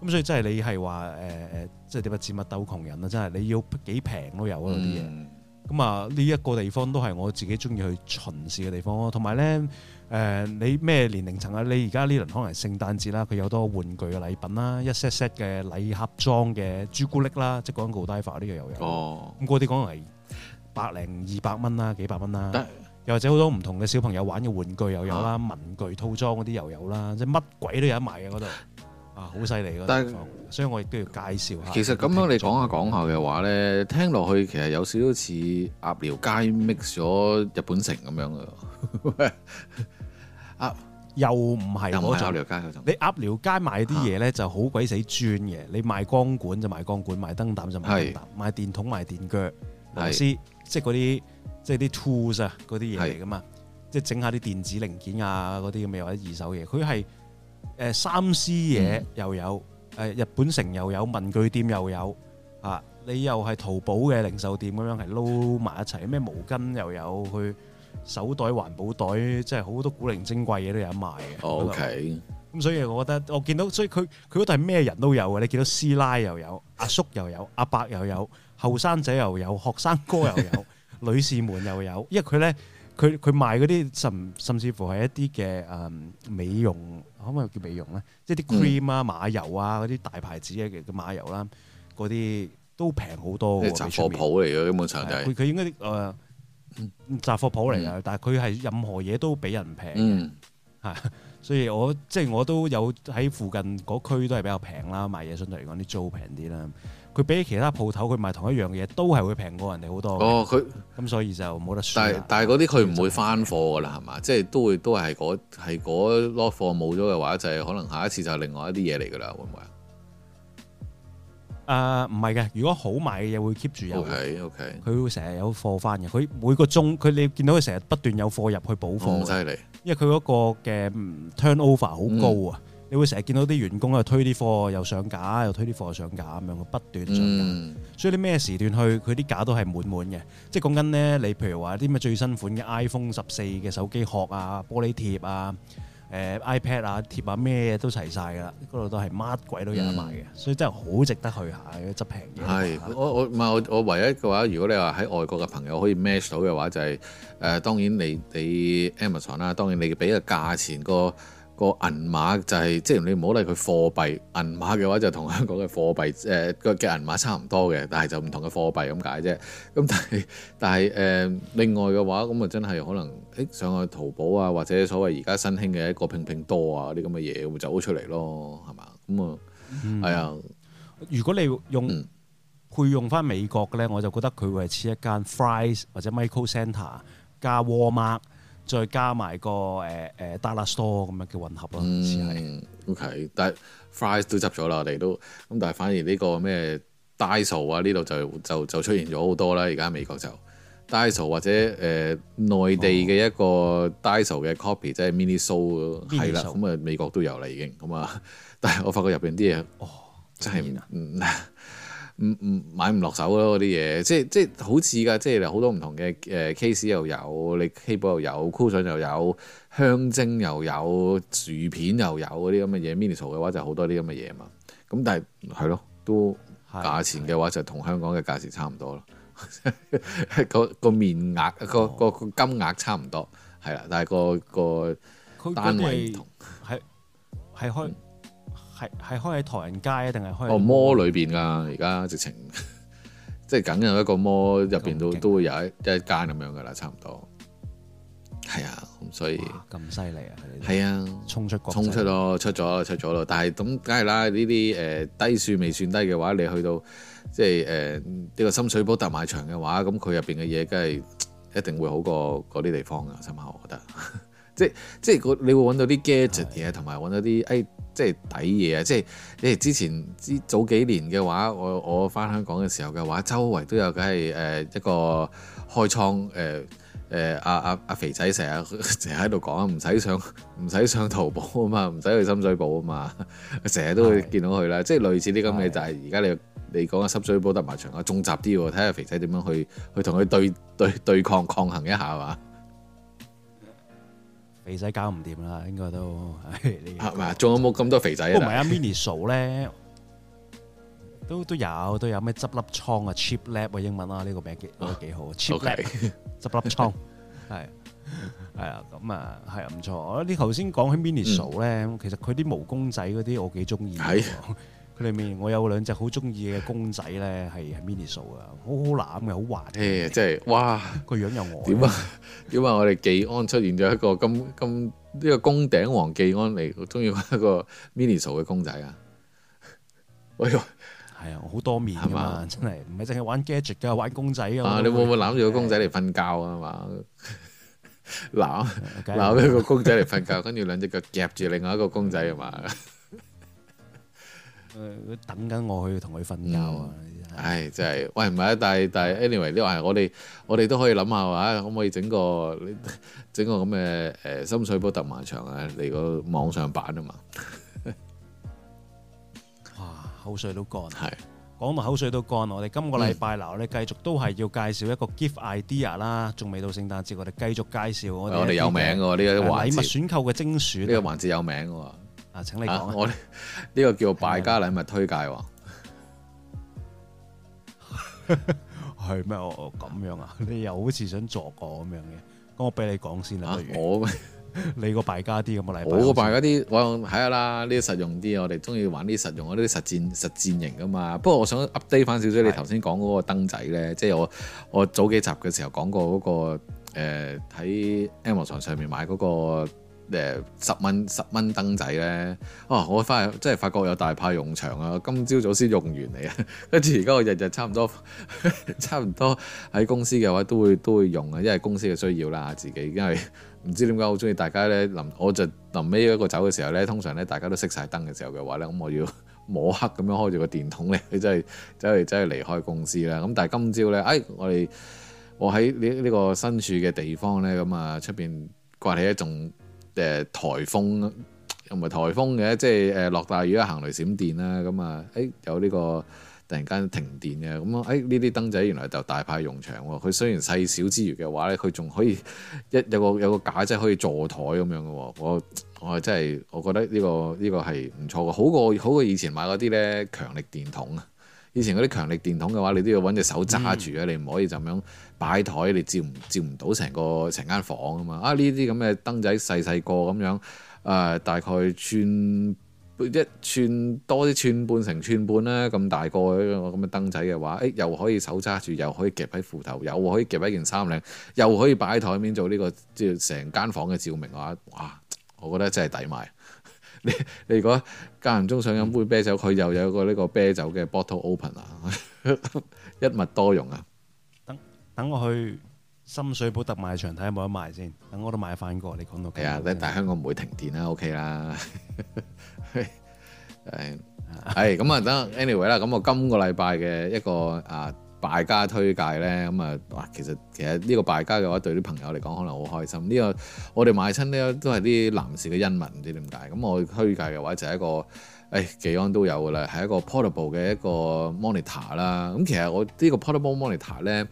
咁所以真係你係話誒誒，即係點解節物鬥窮人啊！真係你要幾平都有嗰啲嘢。嗯咁啊，呢一個地方都係我自己中意去巡視嘅地方咯。同埋咧，誒、呃，你咩年齡層啊？你而家呢輪可能係聖誕節啦，佢有多個玩具嘅禮品啦，一 set set 嘅禮盒裝嘅朱古力啦，即講高達貨呢個又有。哦，咁嗰啲講係百零二百蚊啦，幾百蚊啦。又但或者好多唔同嘅小朋友玩嘅玩具又有啦，啊、文具套裝嗰啲又有啦，即乜鬼都有得賣嘅嗰度。好犀利咯！啊、但所以我亦都要介紹下。其實咁樣你講下講下嘅話咧，聽落去其實有少少似鴨寮街 mix 咗日本城咁樣嘅。鴨又唔係啊！我鴨寮街你鴨寮街賣啲嘢咧就好鬼死轉嘅。你賣光管就賣光管，賣燈膽就賣燈膽，是賣電筒賣電鋸，嗱啲即係嗰啲即係啲 tools 啊嗰啲嘢嚟㗎嘛，即係整下啲電子零件啊嗰啲咁嘅或者二手嘢，佢係。誒三 C 嘢又有，誒日本城又有文具店又有，嚇你又係淘寶嘅零售店咁樣係撈埋一齊，咩毛巾又有，佢手袋、環保袋，即係好多古靈精怪嘢都有得賣嘅。OK，咁所以我覺得我見到，所以佢佢嗰度係咩人都有嘅，你見到師奶又有，阿叔又有，阿伯又有，後生仔又有，學生哥又有，女士們又有，因為佢咧。佢佢賣嗰啲甚甚至乎係一啲嘅誒美容，可唔可以叫美容咧？即係啲 cream 啊、馬油啊嗰啲大牌子嘅嘅馬油啦、啊，嗰啲都平好多嘅。雜貨鋪嚟嘅，根本就係佢佢應該誒雜貨鋪嚟嘅，嗯、但係佢係任何嘢都畀人平嘅、嗯，所以我即係、即係、我都有喺附近嗰區都係比較平啦，賣嘢相對嚟講啲租平啲啦。佢比起其他鋪頭佢賣同一樣嘢都係會平過人哋好多。哦，佢咁、嗯、所以就冇得選。但係嗰啲佢唔會翻貨噶啦，係嘛對？吧即係都會都係嗰係嗰攞貨冇咗嘅話，就係、是、可能下一次就係另外一啲嘢嚟噶啦，會唔會啊？誒唔係嘅，如果好賣嘅嘢會 keep 住有。OK, OK，佢會成日有貨翻嘅。佢每個鐘佢你見到佢成日不斷有貨入去補貨，犀利，哦。因為佢嗰個嘅 turnover 好高啊。嗯你會成日見到啲員工啊推啲貨又上架，又推啲貨上架咁樣，不斷上架、嗯、所以你咩時段去，佢啲架都係滿滿嘅。即係講緊呢，你譬如話啲咩最新款嘅 iPhone 十四嘅手機殼啊、玻璃貼啊、誒、呃、iPad 啊貼啊，咩都齊晒噶啦。嗰度都係乜鬼都有得賣嘅，嗯、所以真係好值得去下嘅，執平嘢。係我我唔係我唯一嘅話，如果你話喺外國嘅朋友可以 match 到嘅話，就係、是、誒、呃，當然你你 Amazon 啦，Am azon, 當然你俾個價錢個。個銀碼就係、是，即係你唔好理佢貨幣，銀碼嘅話就同香港嘅貨幣，誒個嘅銀碼差唔多嘅，但係就唔同嘅貨幣咁解啫。咁但係，但係誒、呃，另外嘅話，咁啊真係可能，誒上去淘寶啊，或者所謂而家新興嘅一個拼拼多啊，啲咁嘅嘢會走出嚟咯，係嘛？咁啊，係啊、嗯。哎、呀如果你用、嗯、配用翻美國咧，我就覺得佢會係似一間 Fry's 或者 Micro Center 加 Walmart。再加埋個誒誒 Dollar Store 咁樣嘅混合咯，係、呃。呃嗯、O.K. 但 Fries 都執咗啦，我哋都咁，但係反而呢個咩 Daiso 啊，呢度就就就出現咗好多啦。而家美國就 Daiso、嗯、或者誒、呃、內地嘅一個 Dai、哦、i so, s o 嘅 copy，即係 Miniso 蘇、嗯，係啦、嗯，咁啊、嗯、美國都有啦已經。咁啊，但係我發覺入邊啲嘢，哦，真係唔～、嗯唔唔買唔落手咯，嗰啲嘢即即好似噶，即係好多唔同嘅誒 case 又有，你希寶又有，Cool 想又有，香精又有，薯片又有嗰啲咁嘅嘢。Miniso 嘅話就好多啲咁嘅嘢嘛。咁但係係咯，都價錢嘅話就同香港嘅價錢差唔多咯。個個 面額個個個金額差唔多係啦，但係、那個個單位唔同係係開。嗯係開喺唐人街定係開喺？哦，摩裏邊噶，而家直情即係梗有一個摩入邊都都會有一一間咁樣噶啦，差唔多。係啊，咁所以。咁犀利啊！係啊，衝出衝出咯，出咗出咗咯。但係咁梗係啦，呢啲誒低算未算低嘅話，你去到即係誒呢個深水埗特賣場嘅話，咁佢入邊嘅嘢梗係一定會好過嗰啲地方噶，起碼我覺得。即即個你會揾到啲 gadget 嘢，同埋揾到啲誒，即係抵嘢啊！即係你之前之早幾年嘅話，我我翻香港嘅時候嘅話，周圍都有佢係誒一個開倉誒誒阿阿肥仔成日成日喺度講，唔使上唔使上淘寶啊嘛，唔使去深水埗啊嘛，成日都會見到佢啦。是的 即係類似啲咁嘅，就係而家你你講嘅深水埗特賣場啊，眾集啲喎，睇下肥仔點樣去去同佢對對對，對抗抗衡一下嘛。肥仔搞唔掂啦，應該都係。哎、你啊嘛，仲有冇咁多肥仔啊？唔係啊，Miniso 咧，都有都有都有咩執笠倉啊，cheap lab 啊英文啊，呢、呢個名幾都幾好，cheap lab 執笠倉係係啊，咁啊係唔錯。我啲頭先講起 Miniso 咧，其實佢啲毛公仔嗰啲我幾中意。哎呀嗯佢裏面我有兩隻好中意嘅公仔咧，係係 Miniso 啊，好好攬嘅，好滑嘅，即係哇！個樣又呆。點啊？點啊我哋技安出現咗一個咁咁呢個宮頂王技安嚟？好中意玩一個 Miniso 嘅公仔啊！喂，係啊，好多面啊嘛，真係唔係淨係玩 gadget 嘅，玩公仔嘅。啊！你會唔會攬住個公仔嚟瞓覺啊？嘛，攬攬住個公仔嚟瞓覺，跟住兩隻腳夾住另外一個公仔啊嘛～誒，等緊我去同佢瞓覺啊！嗯、唉，真、就、係、是，喂唔係啊，但係但係，anyway，呢你話我哋我哋都可以諗下話，可唔可以整個整個咁嘅誒，深水埗特賣場啊？嚟個網上版啊嘛！哇， 口水都乾係講埋口水都乾，我哋今個禮拜嗱，你繼、嗯、續都係要介紹一個 gift idea 啦，仲未到聖誕節，我哋繼續介紹我哋、嗯、有名嘅呢、這個禮物選購嘅精選呢個環節有名嘅。啊，請你講。我呢個叫做「敗家禮物推介」喎。係咩？ 我我咁樣啊？你又好似想作我咁樣嘅？咁我俾你講先啦，不如。我你個敗家啲咁嘅禮物，我個敗家啲，我睇下啦。呢啲實用啲，我哋中意玩啲實用，呢啲實戰、實戰型噶嘛。不過我想 update 翻少少，你頭先講嗰個燈仔咧，即係的我我早幾集嘅時候講過嗰、嗰個誒喺、呃、Amazon 上面買嗰、嗰個。誒十蚊十蚊燈仔咧，哦、啊！我翻嚟真係發覺有大派用場啊！今朝早先用完嚟啊，跟住而家我日日差唔多差唔多喺公司嘅話都會都會用啊，因為公司嘅需要啦，自己因為唔知點解好中意大家咧，臨我就臨尾一個走嘅時候咧，通常咧大家都熄晒燈嘅時候嘅話咧，咁我要摸黑咁樣開住個電筒咧，真係走嚟走去離開公司啦。咁但係今朝咧，哎，我哋我喺呢呢個身處嘅地方咧，咁啊出邊掛起一種。誒、呃、颱風又唔係颱風嘅，即係誒落大雨啦、行雷閃電啦，咁啊，誒、欸、有呢、呢個突然間停電嘅，咁啊，呢、欸、啲燈仔原來就大派用場喎。佢雖然細小，小之餘嘅話咧，佢仲可以一有個有個架即係可以坐台咁樣嘅喎。我我真係我覺得呢、呢個呢、呢個係唔錯嘅，好過好過以前買嗰啲咧強力電筒啊。以前嗰啲強力電筒嘅話，你都要揾隻手揸住啊！嗯、你唔可以就咁樣擺台，你照唔照唔到成個成間房啊嘛！啊呢啲咁嘅燈仔細細個咁樣，誒、呃、大概寸一寸，一寸多啲寸半成寸半啦，咁大個咁嘅燈仔嘅話，誒、欸、又可以手揸住，又可以夾喺褲頭，又可以夾喺件衫領，又可以擺喺台面做呢、呢個即係成間房嘅照明嘅話，哇，我覺得真係抵買。你你如果間唔中想飲杯啤酒，佢又有個呢個啤酒嘅 bottle opener，一物多用啊！等等我去深水埗特賣場睇下有冇得賣先，等我都買返個。你講到係啊，咧但係香港唔會停電啦，OK 啦。係係咁啊，等 anyway 啦，咁我今個禮拜嘅一個啊。敗家推介咧，咁啊，其實其實呢個敗家嘅話，對啲朋友嚟講可能好開心。呢、這個我哋買親呢，都係啲男士嘅恩物，唔知點解。咁我推介嘅話就係一個，誒、哎、幾安都有嘅啦，係一個 portable 嘅一個 monitor 啦。咁其實我個呢個 portable monitor 咧，誒、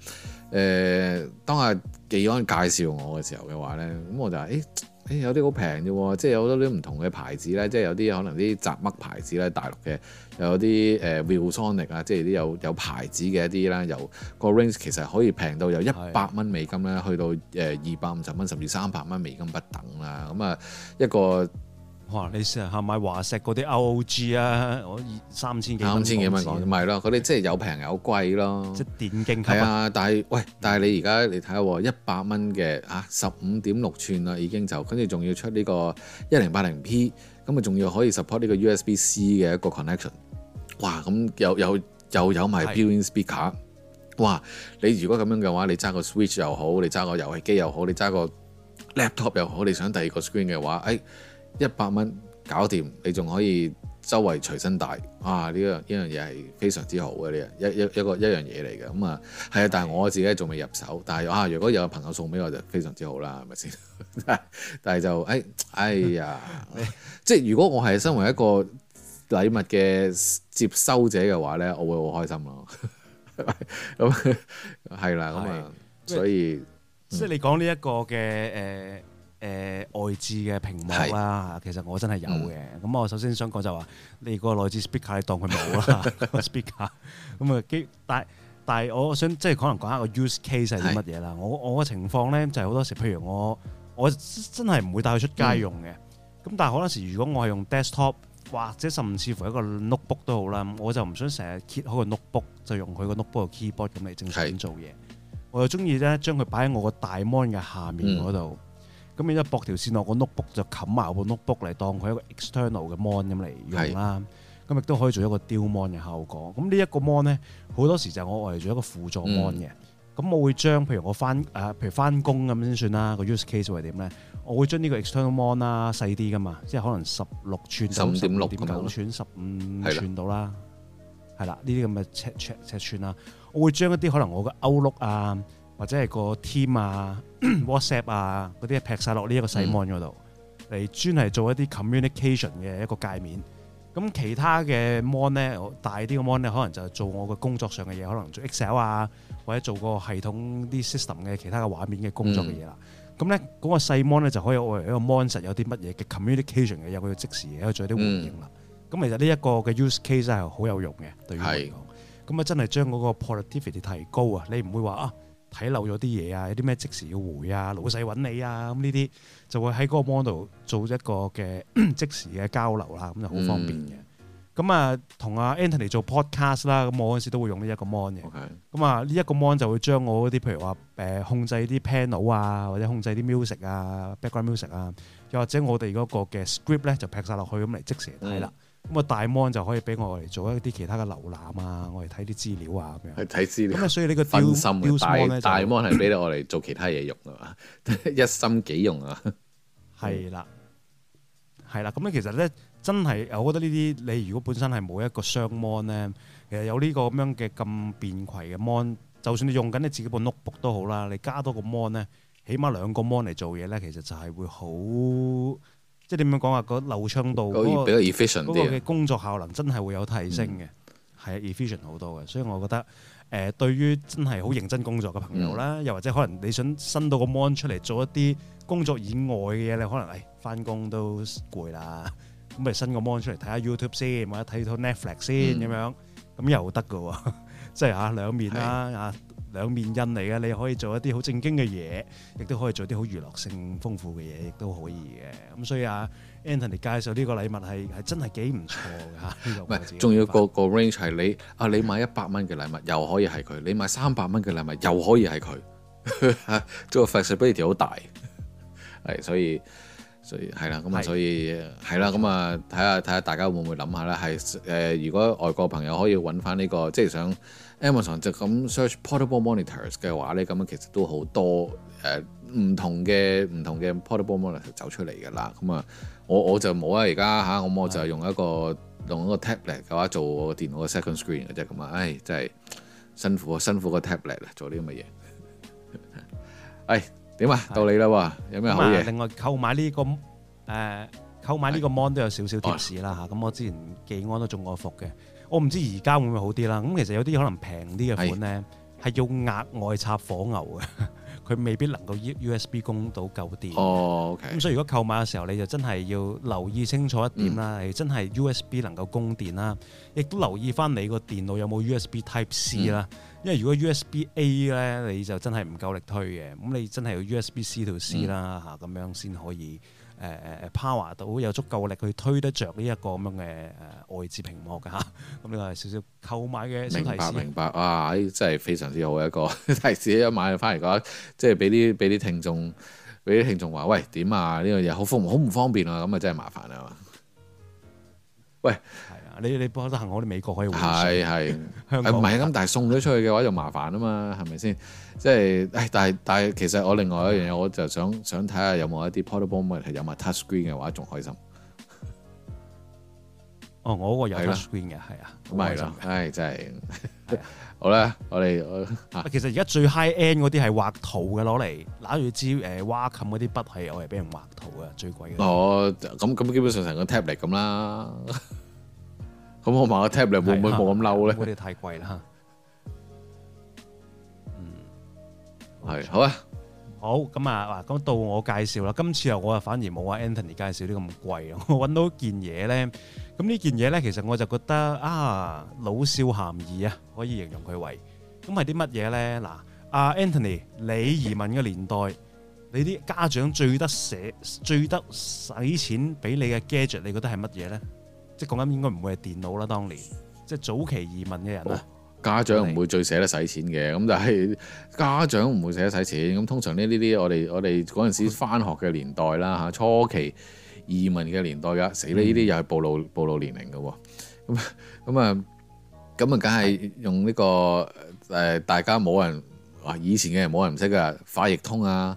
呃、當阿幾安介紹我嘅時候嘅話咧，咁我就話，誒、欸、誒有啲好平啫，即係有好多啲唔同嘅牌子咧，即係有啲可能啲雜嘜牌子咧，大陸嘅。有啲誒 ViewSonic 啊，即係啲有有牌子嘅一啲啦，由、嗰個 range 其實可以平到由一百蚊美金咧，是的 去到誒二百五十蚊，甚至三百蚊美金不等啦。咁啊一個，哇！你試下買華碩嗰啲 ROG 啊，我三千幾蚊，三千幾蚊講唔係咯，佢哋即係有平有貴咯。即電競係啊，但係喂，但係你而家你睇下喎，一百蚊嘅嚇十五點六寸啦，已經就跟住仲要出呢個一零八零 P。咁啊，仲要可以 support 呢個 USB C 嘅一個 connection，哇！咁又有又有埋 built-in speaker，是哇！你如果咁樣嘅話，你揸個 switch 又好，你揸個遊戲機又好，你揸個 laptop 又好，你想第二個 screen 嘅話，誒一百蚊搞掂，你仲可以。周圍隨身帶，哇、啊！呢個呢樣嘢係非常之好嘅，呢樣一一一個一樣嘢嚟嘅。咁啊，係、嗯、啊，但係我自己仲未入手。但係啊，如果有朋友送俾我就非常之好啦，係咪先？ 但係就誒、哎，哎呀， 即係如果我係身為一個禮物嘅接收者嘅話呢，我會好開心咯。咁係啦，咁啊，所以即係你講呢一個嘅誒。嗯誒、呃、外置嘅屏幕啦、啊，其實我真係有嘅。咁、嗯、我首先想講就話、是，你個內置 speaker 你當佢冇啦，speaker 咁啊，但係但係，我想即係可能講下個 use case 係啲乜嘢啦。我我個情況咧就係好多時，譬如我我真係唔會帶佢出街用嘅。咁、嗯、但係好多時，如果我係用 desktop 或者甚至乎一個 notebook 都好啦，我就唔想成日揭開個 notebook 就用佢個 notebook 嘅 keyboard 咁嚟正常咁做嘢。是我又中意咧將佢擺喺我個大 mon 嘅下面嗰度。嗯咁一搏條線落個 notebook 就冚埋個 notebook 嚟當佢一個 external 嘅 mon 咁嚟用啦。咁亦都可以做一個 dual mon 嘅效果。咁呢一個 mon 咧，好多時就係我嚟做一個輔助 mon 嘅。咁、嗯、我會將譬如我翻誒、呃，譬如翻工咁先算啦。個 use case 會係點咧？我會將呢個 external mon 啦、啊，細啲噶嘛，即係可能十六寸、十五點六、九寸、十五寸到啦。係啦，呢啲咁嘅尺尺尺寸啊，我會將一啲可能我嘅 outlook 啊。或者係個 team 啊、WhatsApp 啊嗰啲劈曬落呢一個細 mon 嗰度嚟，專係做一啲 communication 嘅一個界面。咁其他嘅 mon 咧，大啲嘅 mon 咧，可能就係做我嘅工作上嘅嘢，可能做 Excel 啊，或者做個系統啲 system 嘅其他嘅畫面嘅工作嘅嘢啦。咁咧嗰個細 mon 咧就可以我嚟一個 monset，有啲乜嘢嘅 communication 嘅，有佢嘅即時嘅，有佢做啲回應啦。咁其實呢一個嘅 use case 係好有用嘅，對於我嚟講，咁啊真係將嗰個 productivity 提高啊！你唔會話啊～睇漏咗啲嘢啊，有啲咩即時要回啊，老細揾你啊，咁呢啲就會喺嗰個 mon 度做一個嘅 即時嘅交流、啊嗯啊、啦，咁就好方便嘅。咁啊，同阿 Anthony 做 podcast 啦，咁我嗰陣時都會用呢一個 mon 嘅。咁 Okay. 啊，呢、這、一個 mon 就會將我嗰啲譬如話誒、呃、控制啲 panel 啊，或者控制啲 music 啊、background music 啊，又或者我哋嗰個嘅 script 咧就劈晒落去咁嚟即時睇啦。嗯咁啊，大 mon 就可以俾我嚟做一啲其他嘅瀏覽啊，我嚟睇啲資料啊咁樣。睇資料。咁咧，所以呢個 dual 大 mon 係俾我嚟做其他嘢用， 用啊，一心幾用啊。係啦，係啦，咁其實咧，真係我覺得呢啲你如果本身係冇一個雙 mon 咧，其實有呢個咁樣嘅咁便攜嘅 mon，就算你用緊你自己部 notebook 都好啦，你加多個 mon 咧，起碼兩個 mon 嚟做嘢咧，其實就係會好。即係點樣講話個流暢度比較 efficient 啲，嘅工作效能真係會有提升嘅，係、嗯、efficient 好多嘅。所以我覺得誒、呃，對於真係好認真工作嘅朋友啦，嗯、又或者可能你想伸到個 mon 出嚟做一啲工作以外嘅嘢，你可能誒翻工都攰啦，咁咪伸個 mon 出嚟睇下 YouTube 先，或者睇套 Netflix 先咁、嗯、樣，咁又得㗎喎，即係啊，兩面啦啊！兩面印嚟嘅，你可以做一啲好正經嘅嘢，亦都可以做啲好娛樂性豐富嘅嘢，亦都可以嘅。咁所以啊，Antony 介紹呢個禮物係係真係幾唔錯嘅嚇。唔係 是，仲要個，個 range 係你啊，你買一百蚊嘅禮物又可以係佢，你買三百蚊嘅禮物又可以係佢，個 flexibility 好大。係，所以所以係啦，咁啊，所以係啦，咁啊，睇下睇下大家會唔會諗下啦。係誒、呃，如果外國朋友可以揾翻呢個，即係想。Amazon 就咁 search portable monitors 嘅話咧，咁啊，其實都好多誒唔、呃、同嘅唔同嘅 portable monitors 走出嚟噶啦。咁啊，我我就冇啊。而家嚇，咁我就係用一個用一個 tablet 嘅話做我個電腦嘅 second screen 嘅啫。咁啊，唉、哎，真係辛苦個辛苦個 tablet 啊，做啲咁嘅嘢。係點啊？到你啦喎，的有咩好嘢？另外購買呢、這個誒、啊、購買呢個 mon 都有少少提示啦嚇。咁、oh. 啊、我之前寄安都中過伏嘅。我唔知而家會唔會好啲啦，咁其實有啲可能平啲嘅款呢，係要額外插火牛嘅，佢 未必能夠 USB 供到夠電。哦，咁、okay. 所以如果購買嘅時候，你就真係要留意清楚一點啦，嗯、你真係 USB 能夠供電啦，亦都留意翻你個電腦有冇 USB Type C 啦、嗯，因為如果 USB A 呢，你就真係唔夠力推嘅，咁你真係要 USB C 條 C 啦嚇、嗯，咁樣先可以。誒誒誒，Power 到有足夠力去推得着呢一個咁樣嘅誒外置屏幕㗎吓，咁你話少少購買嘅小提示，明白明白啊！真係非常之好嘅一個提示，一買翻嚟講，即係俾啲俾啲聽眾俾啲聽眾話，喂點啊？呢樣嘢好方好唔方便啊！咁啊真係麻煩啦，喂。你你幫得行，我哋美國可以換是。係係，香港唔係咁，但係送咗出去嘅話就麻煩啊嘛，係咪先？即係誒，但係但係其實我另外一樣，我就想想睇下有冇一啲 portable 問題，有埋 touchscreen 嘅話仲開心。哦，我嗰個有 touchscreen 嘅，係啊的，咁係啦，係真係的 好啦，我哋 其實而家最 high end 嗰啲係畫圖嘅，攞嚟攬住支誒 Wacom 嗰啲筆係，我嚟俾人畫圖嘅，最貴嘅。哦，咁咁基本上成個 tablet 咁啦。咁我買個 table 會唔會冇咁嬲咧？嗰啲太貴啦。嗯，係好啊。好咁啊！嗱，講到我介紹啦。今次啊，我啊反而冇阿 Anthony 介紹啲咁貴。我揾到件嘢咧。咁呢件嘢咧，其實我就覺得啊，老少咸宜啊，可以形容佢為。咁係啲乜嘢咧？嗱，阿 Anthony，你移民嘅年代，你啲家長最得捨、最得使錢俾你嘅 gadget，你覺得係乜嘢咧？即係講緊應該唔會係電腦啦。當年即係早期移民嘅人啦。家長唔會最捨得使錢嘅，咁就係家長唔會捨得使錢。咁通常呢呢啲我哋我哋嗰陣時返學嘅年代啦，吓初期移民嘅年代噶，死啦呢啲又係暴露暴露年齡嘅。咁咁啊，咁啊、這個，梗係用呢個誒，大家冇人哇，以前嘅人冇人唔識噶，快譯通啊，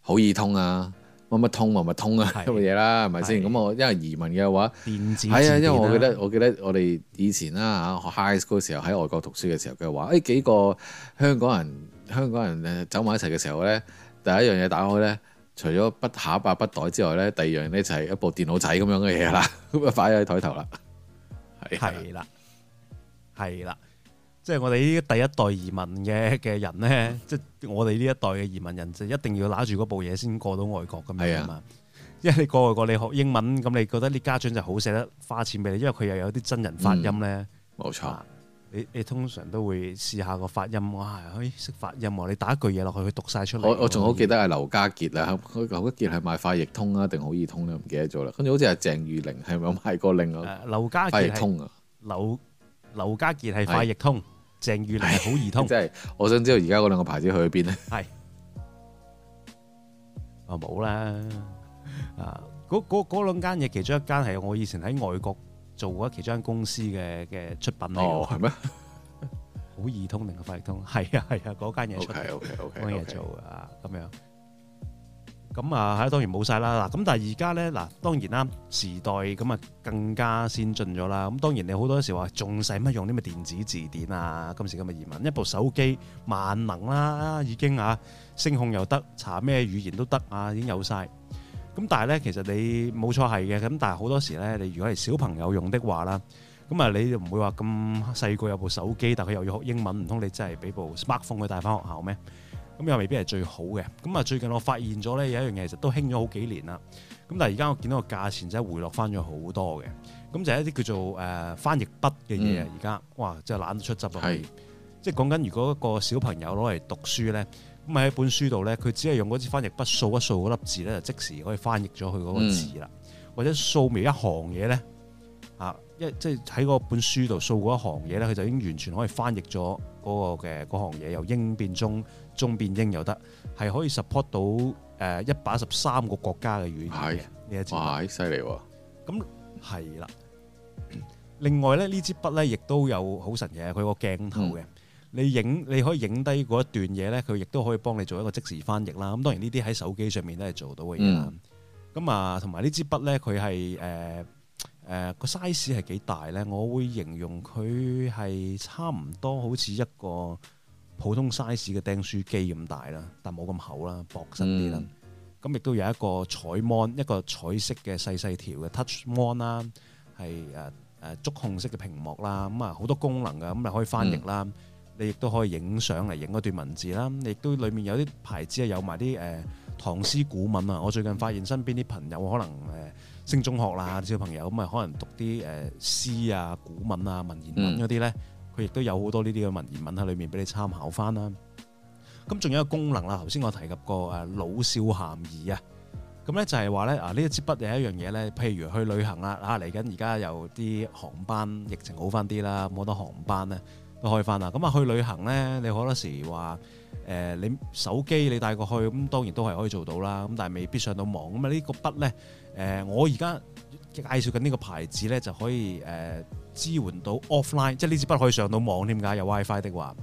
好易通啊。乜乜通啊，乜通啊，咁嘅嘢啦，係咪先？咁我的因為移民嘅話，電子系啊，因為我記得，我記得我哋以前啦嚇學 high school 時候喺外國讀書嘅時候，佢話誒幾個香港人，香港人走埋一齊嘅時候咧，第一樣嘢打開咧，除咗筆下巴筆袋之外咧，第二樣咧就係一部電腦仔咁樣嘅嘢啦，咁啊擺喺台頭啦，係啦，係啦。即係我哋呢第一代移民嘅嘅人咧， 即係我哋呢一代嘅移民人就一定要攞住嗰部嘢先過到外國咁樣啊嘛。 因為你過外國，你學英文，咁你覺得啲家長就好捨得花錢俾你，因為佢又有啲真人發音咧。冇、嗯、錯，啊、你你通常都會試下個發音，哇、啊，可以識發音喎！你打一句嘢落去，佢讀晒出嚟。我仲好記得係劉家傑啊，佢劉家傑係賣快譯通啊定好易通咧，唔記得咗啦。跟住好似係鄭裕玲係咪有賣過另外快譯通啊？劉家傑劉家傑係快譯通，鄭裕玲係好易通，即係我想知道而家嗰兩個牌子去咗邊咧？係啊，冇啦啊！嗰嗰嗰兩間嘢，其中一間係我以前喺外國做過其中一間公司嘅嘅出品嚟嘅。係咩？好易通定係快譯通？係啊係啊，嗰間嘢出嚟，嗰間嘢做啊，咁樣。咁啊，係當然冇晒啦！嗱，咁但係而家咧，嗱，當然啦，時代咁啊更加先進咗啦。咁當然你好多時話，仲使乜用啲咩電子字典啊？今時今日移民，一部手機萬能啦，啊，已經啊，聲控又得，查咩語言都得啊，已經有晒。咁但係咧，其實你冇錯係嘅。咁但係好多時咧，你如果係小朋友用的話啦，咁啊，你唔會話咁細個有部手機，但佢又要學英文，唔通你真係俾部 Smartphone 佢帶翻學校咩？咁又未必係最好嘅。咁啊，最近我發現咗咧有一樣嘢，其實都興咗好幾年啦。咁但係而家我見到個價錢真係回落翻咗好多嘅。咁就係一啲叫做誒、呃、翻譯筆嘅嘢啊。而家、嗯、哇，真係懶得出汁啊！是即係講緊如果一個小朋友攞嚟讀書咧，咁喺本書度咧，佢只係用嗰支翻譯筆掃一掃嗰粒字咧，就即時可以翻譯咗佢嗰個字啦。嗯、或者掃描一行嘢咧，啊一即係喺嗰本書度掃嗰一行嘢咧，佢就已經完全可以翻譯咗嗰、嗰個嘅嗰、嗰個嗰個、行嘢由英變中。中變英又得，係可以 support 到誒一百一十三個國家嘅語言嘅呢的一支筆，犀利喎！咁係啦。另外咧，呢支筆咧亦都有好神嘅，佢個鏡頭嘅，嗯、你影你可以影低嗰一段嘢咧，佢亦都可以幫你做一個即時翻譯啦。咁當然呢啲喺手機上面都係做到嘅嘢啦。咁啊、嗯，同埋呢支筆咧，佢係誒誒個 size 係幾大咧？我會形容佢係差唔多好似一個。普通 size 嘅釘書機咁大啦，但冇咁厚啦，薄身啲啦。咁亦、嗯、都有一個彩 mon 一個彩色嘅細細條嘅 touch mon 啦，係誒誒觸控式嘅屏幕啦。咁啊好多功能噶，咁啊可以翻譯啦，嗯、你亦都可以影相嚟影嗰段文字啦。亦、啊、都裡面有啲牌子係有埋啲誒唐詩古文啊。我最近發現身邊啲朋友可能誒、啊、升中學啦、啊，小朋友咁啊可能讀啲誒、啊、詩啊、古文啊、文言文嗰啲咧。嗯佢亦都有好多呢啲嘅文言文喺裏面俾你參考翻啦。咁仲有一個功能啦，頭先我提及過誒老少咸宜、就是、啊。咁咧就係話咧啊，呢一支筆係一樣嘢咧。譬如去旅行啦，啊嚟緊而家有啲航班疫情好翻啲啦，咁好多航班咧都開翻啦。咁啊去旅行咧，你好多時話誒、呃、你手機你帶過去，咁當然都係可以做到啦。咁但係未必上到網。咁啊呢、這個筆咧誒、呃，我而家介紹緊呢個牌子咧就可以誒。呃支援到 offline，即係呢支筆可以上到網添㗎，有 WiFi 的話，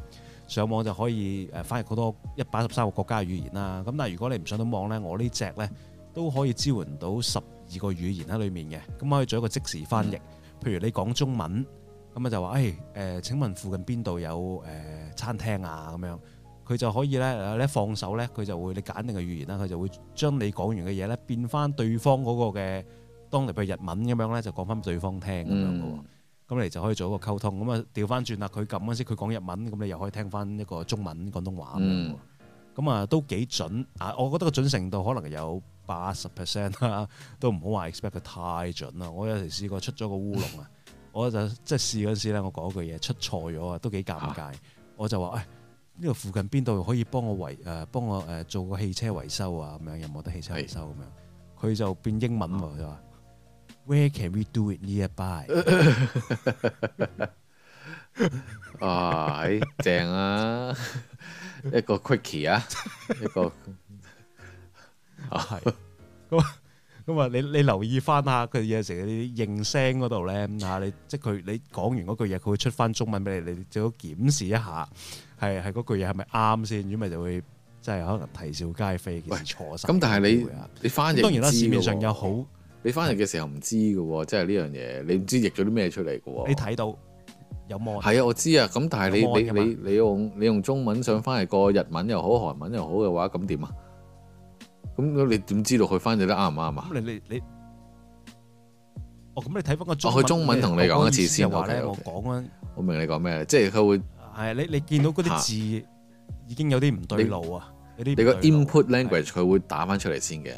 上網就可以誒翻譯好多一百一十三個國家嘅語言啦。咁但係如果你唔上到網咧，我呢隻咧都可以支援到十二個語言喺裡面嘅，咁可以做一個即時翻譯。嗯、譬如你講中文，咁啊就話誒誒，請問附近邊度有誒、呃、餐廳啊？咁樣佢就可以咧，你一放手咧，佢就會你揀定嘅語言啦，佢就會將你講完嘅嘢咧變翻對方嗰個嘅當地，譬如日文咁樣咧，就講翻對方聽咁樣嘅咁你就可以做一個溝通，咁啊調翻轉啦，佢撳嗰陣時佢講日文，咁你又可以聽翻一個中文廣東話，咁啊、嗯、都幾準啊！我覺得個準程度可能有八十 percent 啦，都唔好話 expect 佢太準啦。我有時試過出咗個烏龍啊， 我就即係試嗰陣時咧，我講句嘢出錯咗啊，都幾尷尬。啊、我就話誒呢個附近邊度可以幫我維誒幫我誒做個汽車維修啊？咁樣有冇得汽車維修咁、啊、樣？佢是就變英文喎，就、嗯 Where can we do it nearby？啊，係正啊！一個 quickie 啊，一個啊，係咁咁啊！你你留意翻下佢嘢，成日啲應聲嗰度咧啊！你即係佢，你講完嗰句嘢，佢會出翻中文俾你，你最好檢視一下，係係嗰句嘢係咪啱先？如果唔係，就會即係可能啼笑皆非，其實錯晒。咁但係你你翻譯當然啦，市面上有好。你翻嚟嘅時候唔知嘅喎，即係呢樣嘢，你唔知譯咗啲咩出嚟嘅喎。你睇到有冇？係啊，我知啊。咁但係你有有你你你用你用中文想翻嚟個日文又好韓文又好嘅話，咁點啊？咁你點知道佢翻譯得啱唔啱啊？咁你你你，哦，咁你睇翻個中文。哦，佢中文同你講一次先咯。Okay, okay, 我講啊，我明你講咩，即係佢會係你你見到嗰啲字已經有啲唔對路啊。你個 input language 佢的會打翻出嚟先嘅，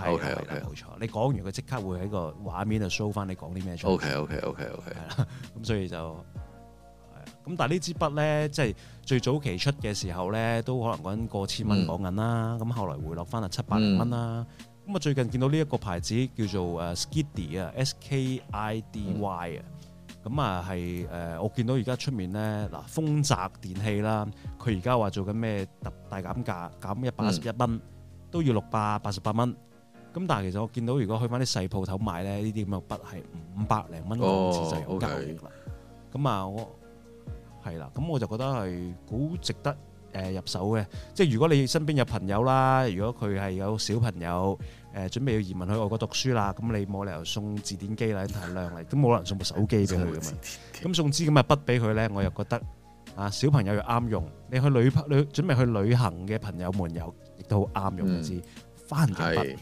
係，係 Okay、okay，冇 錯。你講完佢即刻會喺個畫面度 show 翻你講啲咩出。O K，O K，O K，O K，係啦。咁所以就係啊。咁但係呢支筆咧，即係最早期出嘅時候咧，都可能揾過千蚊港銀啦。咁、嗯、後來回落翻啊，七百零蚊啦。咁啊，最近見到呢一個牌子叫做誒 Skiddy 啊，S K, y, S K I D Y 啊、嗯，咁啊係誒。我見到而家出面咧嗱，豐澤電器啦，佢而家話做緊咩特大減價，減一百一十一蚊，都要六百八十八蚊。咁但係其實我見到如果去翻啲細鋪頭買咧，呢啲咁嘅筆係五百零蚊一次就夠嘅啦。咁啊，我係啦，咁我就覺得係好值得誒入手嘅。即係如果你身邊有朋友啦，如果佢係有小朋友誒，準備要移民去外國讀書啦，咁你冇理由送字典機啦、提亮嚟，都冇可能送部手機俾佢嘅嘛。咁送支咁嘅筆俾佢咧，我又覺得啊，小朋友又啱用。你去旅、旅準備去旅行嘅朋友們又亦都好啱用嘅字翻譯筆。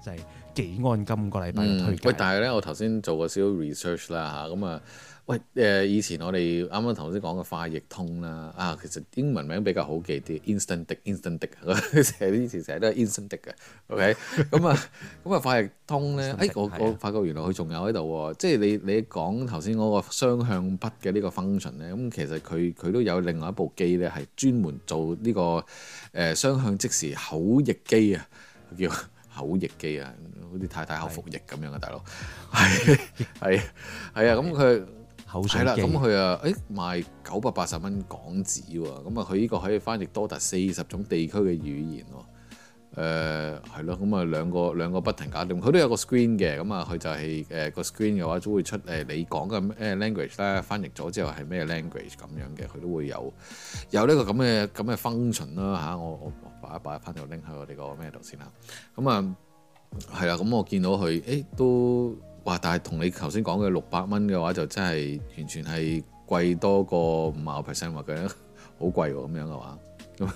就係幾安？今個禮拜嘅推介、嗯、喂，但係咧，我頭先做咗少少 research 啦吓，咁啊，喂誒、呃，以前我哋啱啱頭先講嘅快譯通啦啊，其實英文名比較好記啲，Instant-Dict Instant-Dict 成 啲字成都 Instant-Dict 嘅 OK 咁、 嗯、啊咁啊快譯通咧，誒定、哎、我、嗯、我發覺原來佢仲有喺度喎，即、就、係、是、你你講頭先嗰個雙向筆嘅呢個 function 咧，咁、嗯、其實佢佢都有另外一部機咧，係專門做呢、這個誒、呃、雙向即時口譯機啊叫。口譯機啊，好似太太口服液咁樣嘅大佬，係係係啊，咁佢口水啦，咁佢啊，誒的、欸、賣九百八十蚊港紙喎，咁啊佢呢個可以翻譯多達四十種地區嘅語言喎，誒係咯，咁啊兩個兩個不停搞掂，佢都有個 screen 嘅，咁啊佢就係、是、誒、個 screen 嘅話，都會出誒你講嘅咩 language 啦，翻譯咗之後係咩 language 咁樣嘅，佢都會有有呢個咁嘅咁嘅 function 啦嚇，我我。擺一擺翻就拎去我哋個咩度先啦，咁啊係啦，咁、嗯、我見到佢誒都哇，但係同你頭先講嘅六百蚊嘅話就真係完全係貴多過五萬 percent 喎，佢咧好貴喎咁樣嘅話，咁喺、哦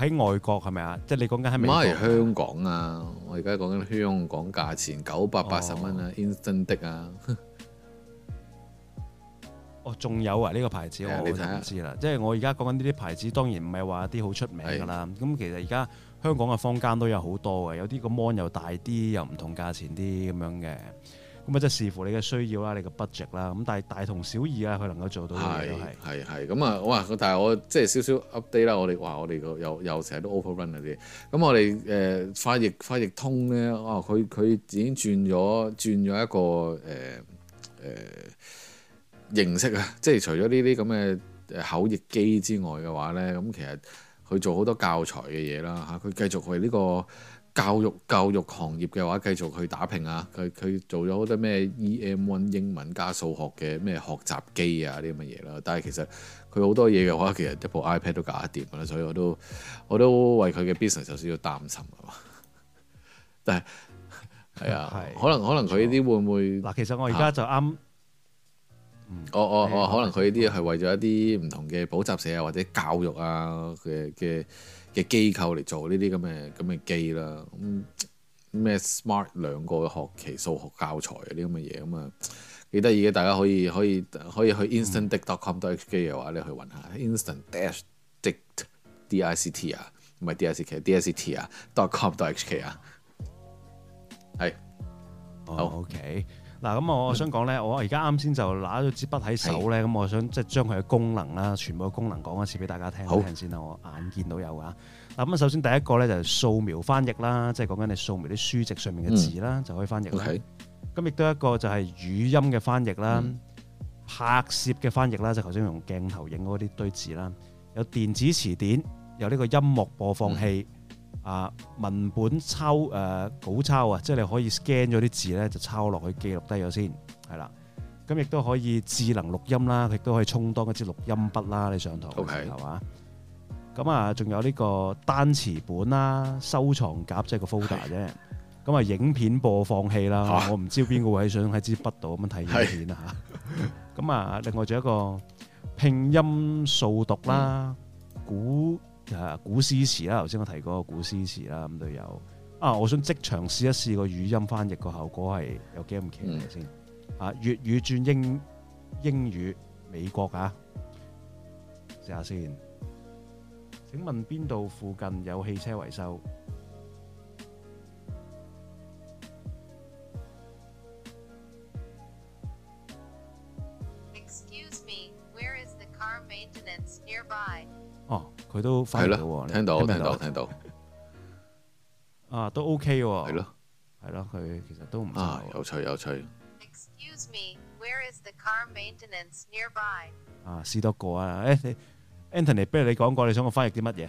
嗯、外國係咪啊？即係你講緊喺美。唔係香港啊！我而家講緊香港價錢九百八十蚊啊！Instant 的啊！哦 我仲、哦、有啊！呢、這個牌子 yeah，我就唔知啦。看看即係我而家講緊呢啲牌子，當然唔係話啲好出名噶啦。咁是其實而家香港嘅坊間都有好多嘅，有啲個 mon 又大啲，又唔同價錢啲咁樣嘅。咁啊，即係視乎你嘅需要啦，你嘅 budget 啦。咁但係大同小異啊，佢能夠做到都。係係係。咁啊、嗯，哇！但係我即係少少 update 啦。我哋哇，我哋又又成日都 overrun 嗰啲。咁、嗯、我哋誒快譯快譯通咧，哦、啊，佢佢已經轉咗轉咗一個誒誒。呃呃呃認識啊，即係除咗呢啲咁嘅誒口譯機之外嘅話咧，咁其實佢做好多教材嘅嘢啦嚇，佢繼續為呢個教育教育行業嘅話，繼續去打拼啊，佢佢做咗好多咩 EM1 英文加數學嘅咩學習機啊啲咁嘅嘢啦，但係其實佢好多嘢嘅話，其實一部 iPad 都搞得掂啦，所以我都我都為佢嘅 business 有少少擔心啊嘛，但係係啊，哎、是可能錯可能佢呢啲會唔會嗱，其實我而家就啱。哦哦哦，可能佢呢啲係為咗一啲唔同嘅補習社啊或者教育啊嘅嘅嘅機構嚟做呢啲咁嘅咁嘅機啦，咩 Smart 兩個學期數學教材啊啲咁嘅嘢，咁啊幾得意嘅，大家可以可以可以去 Instantdict.com.hk 嘅話你去揾下 Instant-dict-dict 啊，唔係 dict d i c t 啊 d o t .com.hk dot 啊，係，好 OK。嗱，咁我想講咧，嗯、我而家啱先就拿咗支筆喺手咧，咁是我想即係將佢嘅功能啦，全部嘅功能講一次俾大家聽一好聽先啦。我眼見到有㗎。嗱，咁啊，首先第一個咧就係掃描翻譯啦，即係講緊你掃描啲書籍上面嘅字啦，就可以翻譯啦。咁亦都一個就係語音嘅翻譯啦，嗯、拍攝嘅翻譯啦，就頭先用鏡頭影嗰啲堆字啦，有電子詞典，有呢個音樂播放器。嗯。啊，文本抄誒、呃、稿抄啊，即係你可以 scan 咗啲字咧，就抄落去記錄低咗先，係啦。咁亦都可以智能錄音啦，亦都可以充當一支錄音筆啦。你上堂嘅時候係嘛？咁啊，仲 Okay. 有呢個單詞本啦，收藏夾即係個 folder 啫。咁啊的、嗯，影片播放器啦，啊、我唔知邊個位想喺支筆度咁樣睇影片啊，咁啊是的、 嗯，另外仲有一個拼音掃讀啦，古、嗯。啊！古詩詞啦，頭先我提過個古詩詞啦，咁都有啊！我想即場試一試個語音翻譯個效果係有幾咁奇先啊！粵語轉英英語、美國啊，試下先。請問邊度附近有汽車維修？Excuse me, where is the car maintenance nearby? 佢都翻到喎，聽到聽到聽到，啊都 OK 喎，係咯，係咯，佢其實都唔錯，有趣有趣。Excuse me, Where is the car maintenance nearby？啊，試多個啊！誒，Anthony，不如你講過你想我翻譯啲乜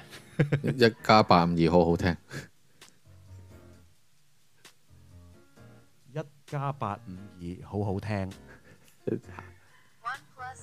嘢？一家八五二好好聽，一家八五二好好聽。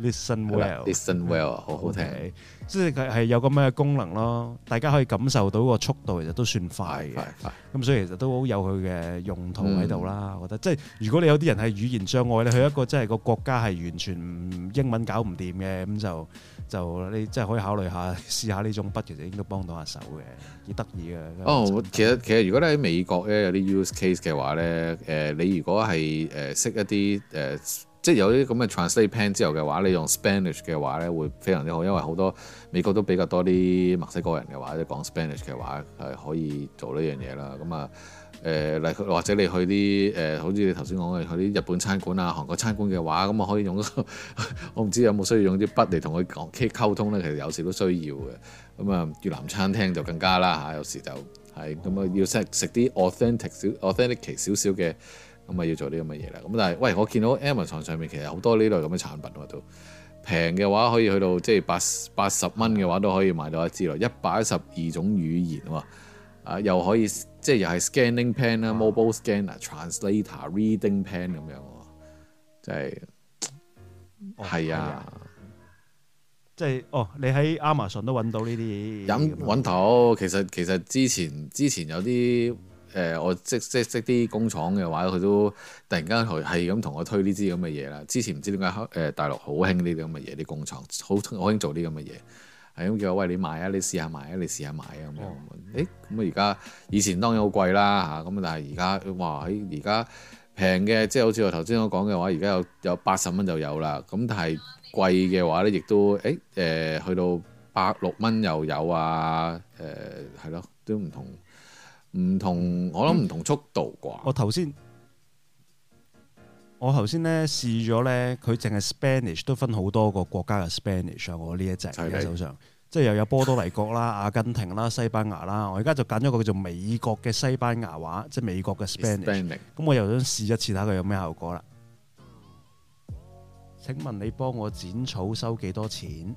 Listen well，Listen well，好好聽，即係係有咁樣嘅功能咯。大家可以感受到個速度其實都算快嘅，咁所以其實都好有佢嘅用途喺度啦。嗯、我覺得即係如果你有啲人係語言障礙咧，你去一個即係個國家係完全英文搞唔掂嘅，咁就就你即係可以考慮下試下呢種筆，其實應該幫到下手嘅，幾得意嘅。哦、 嗯，其實其實如果你喺美國咧有啲 use case 嘅話咧，誒、呃、你如果係誒識一啲誒。呃即係有啲咁嘅 translate pen 之後嘅話，你用 Spanish 嘅話咧，會非常之好，因為好多美國都比較多啲墨西哥人嘅話，即係講 Spanish 嘅話係可以做呢樣嘢啦。咁啊，誒、呃，例或者你去啲誒、呃，好似你頭先講嘅去啲日本餐館啊、韓國餐館嘅話，咁啊可以用， 我唔知有冇需要用啲筆嚟同佢講溝通咧。其實有時都需要嘅。咁啊，越南餐廳就更加啦嚇、啊，有時就係咁啊，要食食啲 authentic 少 authentic 少少嘅。咁啊，要做呢咁嘅嘢啦。咁但係，喂，我見到 Amazon 上面其實好多呢類咁嘅產品喎，都平嘅話可以去到即係八八十蚊嘅話都可以買到一支咯。一百一十二種語言喎，啊又可以即係又係 Scanning Pen 啦、啊、Mobile Scanner、Translator、Reading Pen 咁、啊、樣，即係係啊，即係、就係、哦，你喺 Amazon 都揾到呢啲，揾揾到。其實其實之前之前有啲。誒、呃、我即即即啲工廠嘅話，佢都突然間係係咁同我推呢啲咁嘅嘢啦。之前唔知點解誒大陸好興呢啲咁嘅嘢，啲工廠好好興做啲咁嘅嘢，係咁叫我餵你買啊，你試下買啊，你試下買啊咁樣。誒咁啊，而家，以前當然好貴啦嚇，咁但係而家哇誒而家平嘅，即係好似我頭先所講嘅話，而家有有八十蚊就有啦。咁但係貴嘅話咧，亦都誒誒、呃呃、去到百六蚊又有啊誒，係咯，都唔同。唔同，我諗唔同速度啩，嗯。我頭先，我頭先咧試咗咧，佢淨係 Spanish 都分好多個國家嘅 Spanish。我呢一隻喺手上，即係又有波多黎各啦、阿根廷啦、西班牙啦。我而家就揀咗個叫做美國嘅西班牙話，即係美國嘅 Spanish。咁我又想試一次睇下佢有咩效果啦。請問你幫我剪草收幾多錢？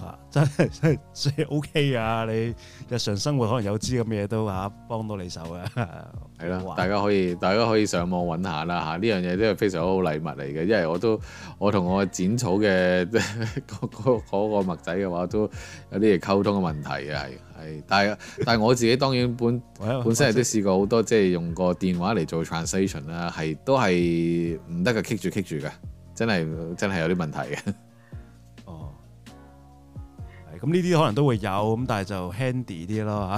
啊，真係真係 OK 啊！你日常生活可能有知咁嘢都吓幫到你手啊！係咯的，玩大家可以大家可以上網揾下啦吓，呢樣嘢都係非常好好禮物嚟嘅，因為我都我同我剪草嘅嗰嗰嗰個麥仔嘅話都有啲嘢溝通嘅問題嘅係，但係但係我自己當然本 本身係都試過好多，即係用個電話嚟做 translation 啦，係都係唔得嘅棘住棘住嘅，真係真係有啲問題嘅。咁呢啲可能都會有，咁但係就 handy 啲咯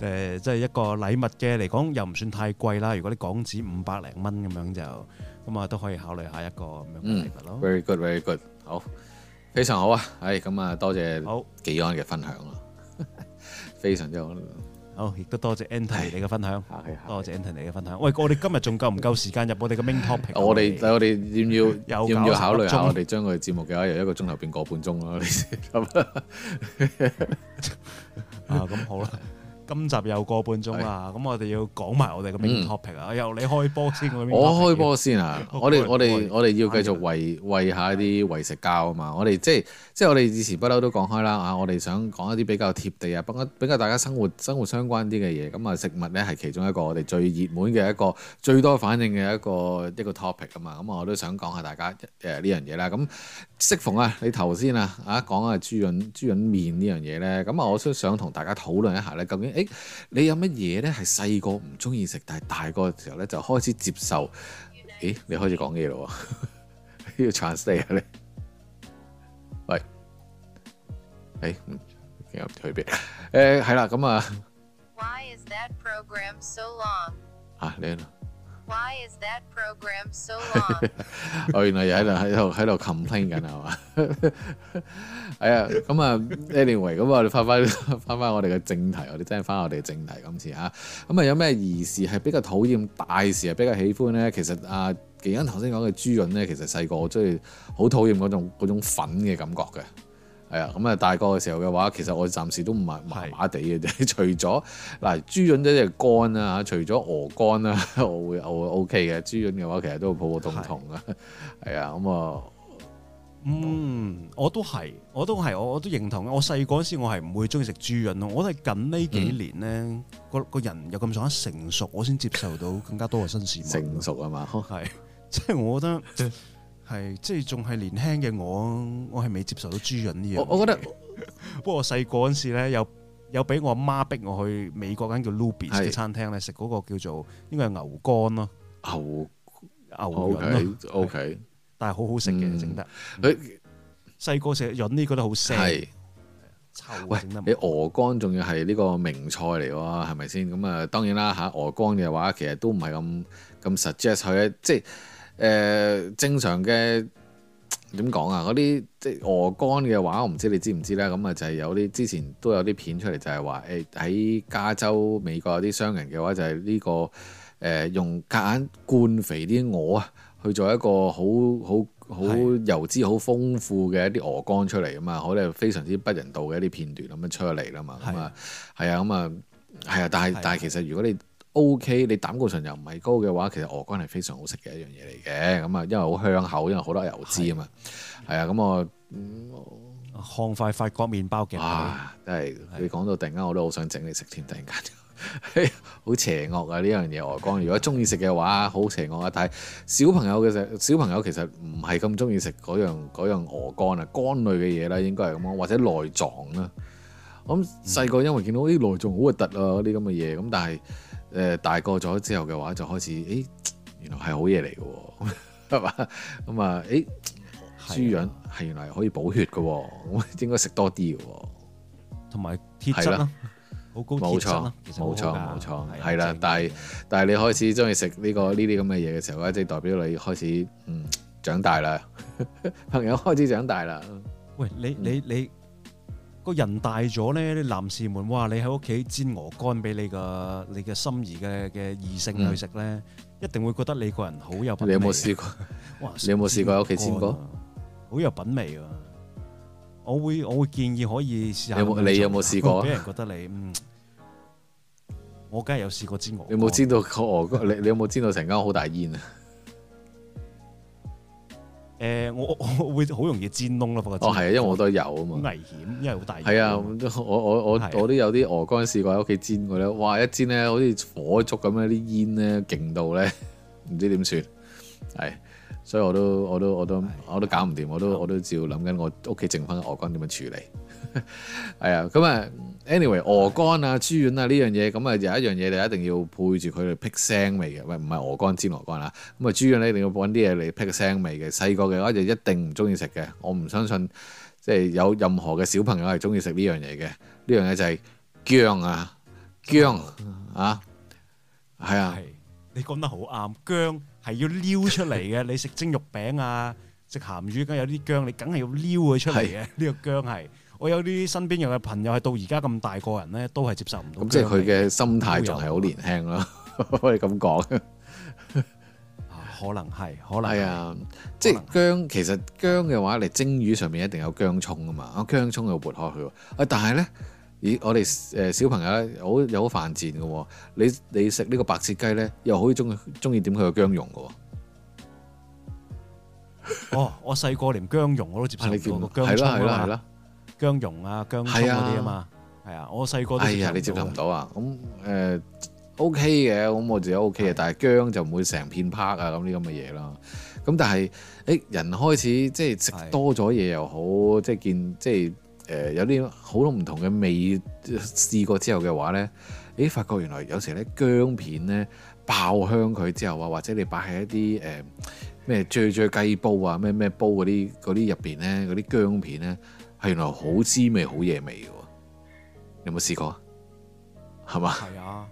嚇，誒、呃、即係一個禮物嘅嚟講又唔算太貴啦。如果啲港紙五百零蚊咁樣就，咁、嗯、啊都可以考慮下一個咁樣禮物咯、嗯。Very good, very good，好，非常好啊！誒，咁啊多謝好幾安嘅分享啊，非常之好。 好，亦都多謝 Anthony 你嘅分享。哎、多謝 Anthony 你嘅分享。哎、喂，我哋今日仲夠唔夠時間入我哋嘅 main topic？我哋，我哋要唔要？ 要唔要考慮下？我哋將我哋節目嘅由一個鐘頭變個半鐘咯。啊，咁好啦。今集又個半鐘啦，咁是的 我哋要講埋我哋嘅名 topic 啊，嗯、由你開波先。我，我開波先啊！ 我哋們 我哋我哋要繼續餵餵下啲餵是的 食教啊嘛！我哋即即我哋以前不嬲都講開啦啊！我哋想講一啲比較貼地啊，比比較大家生活生活相關啲嘅嘢。咁啊，食物咧係其中一個我哋最熱門嘅一個最多反應嘅一個一個 topic 啊嘛！咁我都想講下大家誒呢樣嘢啦。咁適逢啊，你頭先啊啊講下豬潤豬潤麵呢樣嘢咧，咁啊，我都想同大家討論一下咧。究竟？你有乜嘢咧？係細個唔中意食，但係大個嘅時候咧就開始接受。咦？你開始講嘢咯？要嘗試下咧。喂，哎，有區別。誒，係啦，咁啊。啊，呢個。我 原來又喺度喺度喺度 complain 緊啊！係啊，咁啊 Anyway 咁我哋翻翻翻翻我哋嘅正題，我哋真係翻我哋嘅正題今次啊！咁啊，有咩兒時係比較討厭，大時係比較喜歡咧？其實啊，傑恩頭先講嘅豬潤咧，其實細個好中意，好討厭嗰種嗰種粉嘅感覺嘅。係啊，咁啊大個嘅時候嘅話，其實我暫時都唔係麻麻麻地嘅啫，除咗嗱、 okay、豬潤即係肝啦，除咗鵝肝啦。我會我 OK 嘅豬潤嘅話，其實都會普普通通嘅。係啊是，咁 啊，嗯，嗯我都係，我都係，我都我都認同。我細嗰時我係唔會中意食豬潤咯，我都係近呢幾年咧，個、嗯、個人又咁上下成熟，我先接受到更加多嘅新事物。成熟啊嘛，係是，即係我覺得。係，即係仲係年輕嘅我，我係未接受到豬潤呢樣嘢。我覺得， 不過細個嗰陣時咧，有有俾我阿媽逼我去美國間叫 Luby 是餐廳咧食嗰個叫做應該係牛肝咯，牛牛潤 OK，但係好好食嘅整得。佢細它個食潤呢覺得好腥，是臭的。喂，你鵝肝仲要係呢個名菜嚟喎，係咪先？咁啊，當然啦嚇，鵝肝嘅話其實都唔係咁咁 suggest 即係。誒、呃、正常嘅點講啊？嗰啲即係鵝肝嘅話，我唔知你知唔知咧？咁啊就係有啲之前都有啲片出嚟，就係話誒喺加州美國有啲商人嘅話就、這個，就係呢個誒用夾硬灌肥啲鵝啊，去做一個好好好油脂好豐富嘅一啲鵝肝出嚟啊嘛，可能非常之不人道嘅一啲片段咁的樣出嚟啦嘛，咁啊係啊，咁啊係啊，但係的但係其實如果你 OK，你膽固醇又唔係高嘅話，其實鵝肝係非常好食嘅一樣嘢嚟嘅。咁啊，因為好香口，因為好多油脂啊嘛。係啊，咁我看塊法國麪包嘅。哇的，真係你講到突然間，我都好想整你食添。突然間好 邪惡啊！呢樣嘢鵝肝，的如果中意食嘅話，好邪惡啊！但係小朋友嘅時候，小朋友其實唔係咁中意食嗰樣嗰樣鵝肝啊，肝類嘅嘢啦，應該係咁樣，或者內臟啦。咁細個因為見到啲內臟好核突啊，嗰啲咁嘅嘢，咁但係。誒大個咗之後嘅話，就開始誒，原來係好嘢嚟嘅，係嘛？咁啊誒，豬膶係原來可以補血嘅，我應該食多啲嘅。同埋鐵質啦，好高鐵質啦，冇錯冇錯冇錯，係啦。但係但係你開始鍾意食呢個呢啲咁嘅嘢嘅時候咧，即係代表你開始嗯長大啦，朋友開始長大啦。喂，你你你。人大咗咧，男士們，哇！你喺屋企煎鵝肝俾你個你嘅心儀嘅嘅異性去食咧，嗯、一定會覺得你個人好有品味。品你有冇試過？哇你有冇試過喺屋企煎過？好有品味啊！我會我會建議可以試下。有冇你有冇試過？俾人覺得你、嗯、我梗係有試過煎鵝。 你冇煎到鵝肝？你你有冇煎到成間好大煙啊？誒、呃，我我會好容易煎燶咯，不過哦煎因為我都有啊嘛，好危險，因為好大。係啊，我我、啊、我我都有啲鵝肝試過喺屋企煎過咧，哇！一煎咧好似火燭咁樣咧，啲煙咧勁到咧，唔 知點算，係、啊，所以我都我都我都我都搞唔掂，我都 我都照諗緊我屋企剩翻嘅鵝肝點樣處理，係 啊，咁啊。Anyway，鵝肝啊、豬膶啊呢樣嘢，咁啊有一樣嘢你一定要配住佢嚟辟腥味嘅，唔係唔係鵝肝煎鵝肝啦，咁啊豬膶咧一定要揾啲嘢嚟辟腥味嘅。細個嘅話就一定唔中意食嘅，我唔相信即係有任何嘅小朋友係中意食呢樣嘢嘅。呢樣嘢就係薑啊，薑啊，係啊，你講得好啱，薑係要撩出嚟嘅。你食蒸肉餅啊，食鹹魚梗有啲薑，你梗係要撩佢出嚟嘅。呢個薑係。我有啲身邊有嘅朋友係到而家咁大個人咧，都係接受唔到。咁即係佢嘅心態仲係好年輕啦， 可以咁講。可能係，啊、可能係啊。即係薑姜，是的 其實薑嘅話嚟蒸魚上面一定有薑葱啊嘛。薑葱又撥開佢。哎，但係咧，咦我哋誒小朋友咧，好又犯賤嘅喎。你你食呢個白切雞咧，又好中意中意點佢嘅薑蓉嘅喎。哦，我細個連薑蓉我都接受唔到，薑係啦係啦係啦。 姜蓉啊，姜葱嗰啲啊嘛，係啊，啊，我細個。哎呀，你接受唔到啊？咁誒、呃、OK 嘅，咁我自己 OK 嘅。的但係姜就唔會成片拍啊，咁啲咁嘅嘢咯。咁但係，誒、欸、人開始即係食多咗嘢又好，的即係見即係誒、呃、有啲好多唔同嘅味試過之後嘅話咧，誒發覺原來有時咧姜片咧爆香佢之後啊，或者你擺喺一啲誒咩醉醉雞煲啊，咩咩煲嗰啲啲入邊咧，嗰啲姜片咧。係原來好滋味，好嘢味嘅，有冇試過？係嘛？係啊，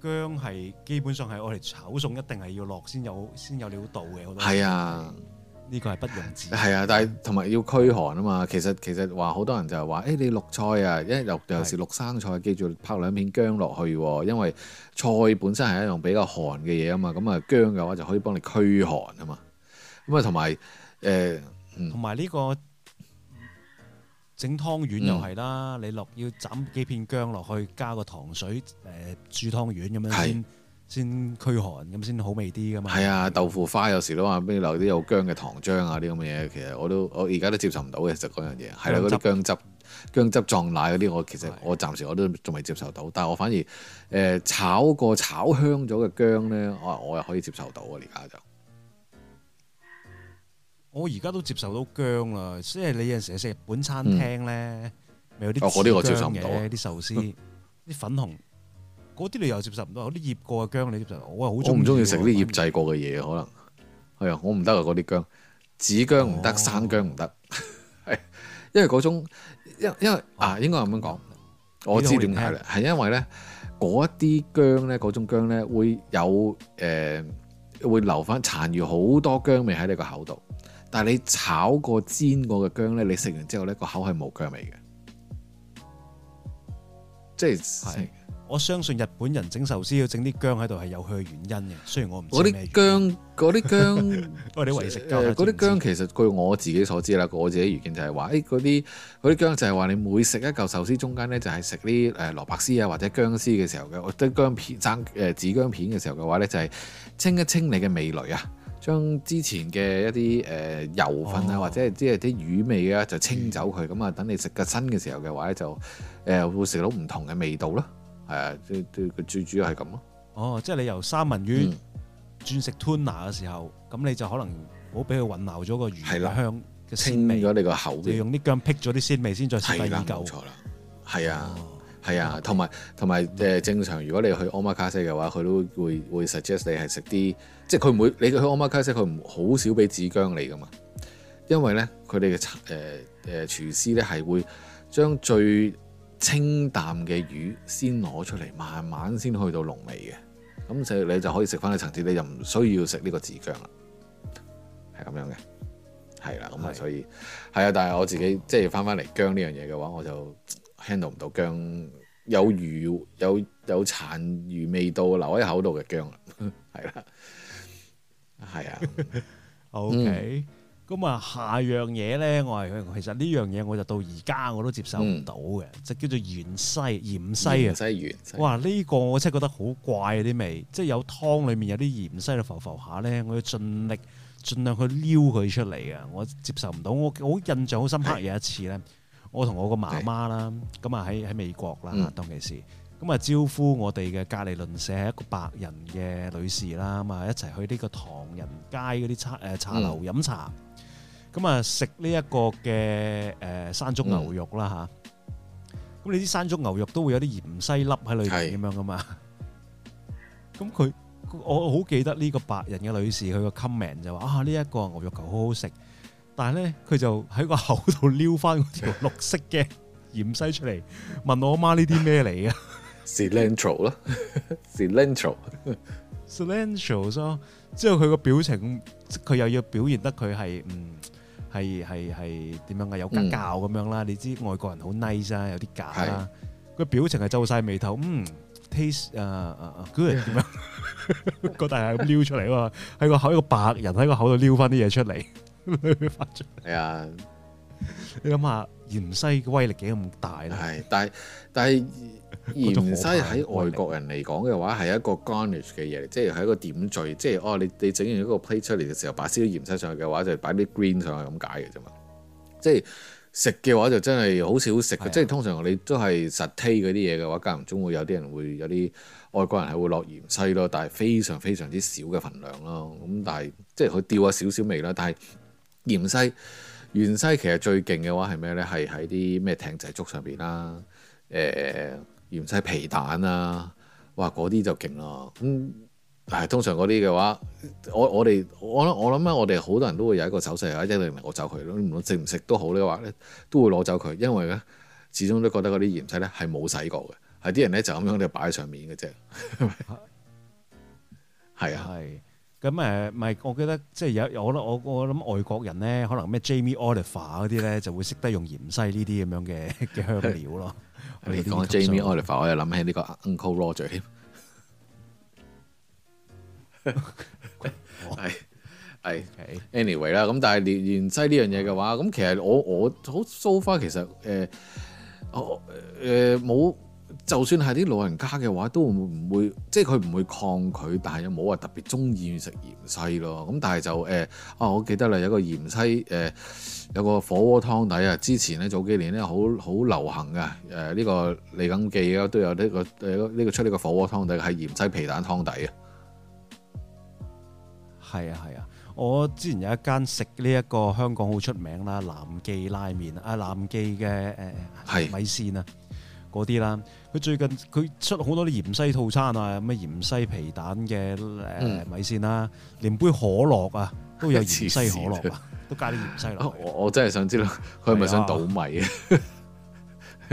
薑係基本上係我哋炒餸一定係要落先有先有料到嘅。係啊，呢個係不容置疑。係啊，但係同埋要驅寒啊嘛。其實其實話好多人就係話，誒、哎，你綠菜啊，尤其是綠生菜，啊、記住拍兩片薑落去，因為菜本身係一樣比較寒嘅嘢啊嘛。咁啊，薑嘅話就可以幫你驅寒啊嘛。咁啊，同埋誒，同埋呢個。整湯圓又係啦，嗯、你落要斬幾片薑落去，加個糖水誒煮、呃、湯圓咁樣先，先是驅寒咁先好味啲噶嘛。係啊的，的豆腐花有時都話咩留啲有薑嘅糖漿啊啲咁嘅嘢，其實我都我而家都接受唔到嘅，就嗰、是、樣嘢係啦。嗰啲薑汁薑汁，汁撞奶嗰啲，我其實我暫時我都仲未接受到，的但係我反而誒炒過炒香咗嘅薑咧，我我又可以接受到啊！而家就。我而家都接受到姜啦，即係你有陣時食日本餐廳咧，嗯、有啲哦，嗰啲我接受唔到啲壽司啲、嗯、粉紅嗰啲，你又接受唔到？嗰啲醃過嘅姜，你接受我係好我唔中意食啲醃製過嘅嘢，嗯、可能係啊，我唔得啊。嗰啲姜，紫姜唔得，哦、生姜唔得，因為嗰種因因為、哦、啊，應該咁樣講，嗯、我知點解啦，係因為咧嗰一啲姜咧，嗰種姜咧會有誒、呃、會留翻殘餘好多姜味喺你個口度。但係你炒過煎過嘅薑咧，你食完之後咧，個口係冇薑味嘅，即係。的我相信日本人整壽司要整啲薑喺度係有佢嘅原因嘅，雖然我唔知。嗰啲薑，嗰啲薑，喂你為食薑嗰啲薑其實據我自己所知啦，我自己預見就係、是、話，誒嗰啲嗰啲薑就係話你每食一嚿壽司中間咧，就係食啲誒蘿蔔絲啊或者薑絲嘅時候嘅，或者薑片生誒紫薑片嘅時候嘅、呃、話咧，就係、是、清一清你嘅味蕾啊。將之前嘅一啲誒油份啊，哦、或者係啲係啲魚味啊，就清走佢咁啊，嗯、等你食個身嘅時候嘅話咧，就誒會食到唔同嘅味道咯。係啊，最最個最主要係咁咯。哦，即係你由三文魚、嗯、轉食吞拿嘅時候，咁你就可能唔好俾佢混淆咗個魚嘅香嘅鮮味，咗你個口，就用啲姜辟咗啲鮮味先再食第二嚿。係啊塊。係啊，同埋同埋誒正常，如果你去奧馬卡西嘅話，佢都會會 suggest 你係食啲，即係佢唔會你去奧馬卡西，佢唔好少俾紫薑你噶嘛，因為咧佢哋嘅誒誒廚師咧係會將最清淡嘅魚先攞出嚟，慢慢先去到濃味嘅，咁所以你就可以食翻個層次，你就唔需要食呢個紫薑啦，係咁樣嘅，係啦，咁啊所以係啊的，但係我自己、嗯、即係翻翻嚟薑呢樣嘢嘅話，我就。聽到唔到薑有魚有有殘餘味道留喺口度嘅薑啊，係啦 Okay,、嗯，係啊，OK。咁啊，下樣嘢咧，我係其實呢樣嘢我就到而家我都接受唔到嘅，就、嗯、叫做芫荽芫荽啊。哇！呢、這個我真係覺得好怪啲、啊、味，即係有湯裡面有啲芫荽嚟浮浮下咧，我要盡力盡量去撩佢出嚟啊！我接受唔到，我好印象好深刻有的一次咧。我同我個媽媽啦，咁啊喺喺美國啦，嗯、當其時，咁啊招呼我哋嘅隔離鄰舍一個白人嘅女士啦，咁啊一齊去呢個唐人街嗰啲茶誒茶樓飲茶，咁啊食呢一個嘅誒、呃、山竹牛肉啦吓，咁、嗯啊、你啲山竹牛肉都會有啲芫茜粒喺裏邊咁樣噶嘛，咁 佢我好記得呢個白人嘅女士佢個 comment 就話啊呢一、呢個牛肉球好好食。但係咧，佢就喺個口度撩翻嗰條綠色嘅芫茜出嚟，問我媽呢啲咩嚟啊？Cilantro 啦，Cilantro，Cilantro 咯。之後佢個表情，佢又要表現得佢係嗯，係係係點樣嘅？有格教咁樣啦。你知外國人好 nice 啊，有啲假啊。個表情係皺晒眉頭，嗯，taste 啊啊啊 good 點樣？個大眼咁撩出嚟啊嘛，喺個口一個白人喺個口度撩翻啲嘢出嚟。咁 啊，你諗下芫荽嘅威力幾咁大啦！係，但係但係芫荽喺外國人嚟講嘅話係一個 garnish 嘅嘢， 即係一個點綴。即係哦，你你整完一個 plate 出嚟嘅時候，擺少啲芫荽上去嘅話，就擺啲 green 上去咁解嘅啫嘛。即係食嘅話就真係好少食 即係通常你都係實 t 嗰啲嘢嘅話，間唔中會有啲人會有啲外國人係會落芫荽咯，但係非常非常之少嘅份量咯。咁但係即係佢掉咗少少味啦。但係芫茜，芫茜其實最勁嘅話係咩咧？係喺啲咩艇仔粥上邊啦，啊，誒芫茜皮蛋啊，哇嗰啲就勁咯。咁係通常嗰啲嘅話，我我哋我我諗咧，我哋好多人都會有一個手勢啊，一定嚟攞走佢咯，唔論食唔食都好咧話咧，都會攞走佢，因為咧始終都覺得嗰啲芫茜咧係冇洗過嘅，係啲人咧就咁樣就擺喺上面嘅啫，係 啊，係。咁誒，咪、嗯、我記得即係有，我我我諗外國人咧，可能咩 Jamie Oliver 嗰啲咧， 就會識得用芫茜呢啲咁樣嘅嘅香料咯。你講 Jamie Oliver，我又諗起呢個 Uncle Roger 添。係，係 anyway 啦，咁但係芫芫茜呢樣嘢嘅話，咁其實我我好 so far 其實誒我冇。呃呃呃就算係啲老人家嘅話，都唔會即係佢唔會抗拒，但係又冇話特別中意食芫茜咯。咁但係就誒啊、呃，我記得啦，有個芫茜誒、呃、有個火鍋湯底啊，之前咧早幾年咧好好流行嘅誒呢個李錦記咯，都有呢、這個呢個出呢個火鍋湯底係芫茜皮蛋湯底啊。係啊係啊，我之前有一間食呢一個香港好出名啦，南記拉麵啊，南記嘅誒、呃、米線啊嗰啲是啦。佢最近佢出好多啲芫茜套餐啊，咩芫茜皮蛋嘅誒米線啦，嗯、連杯可樂啊都有芫茜可樂，都加啲芫茜落去。我我真係想知道，佢係咪想倒米啊？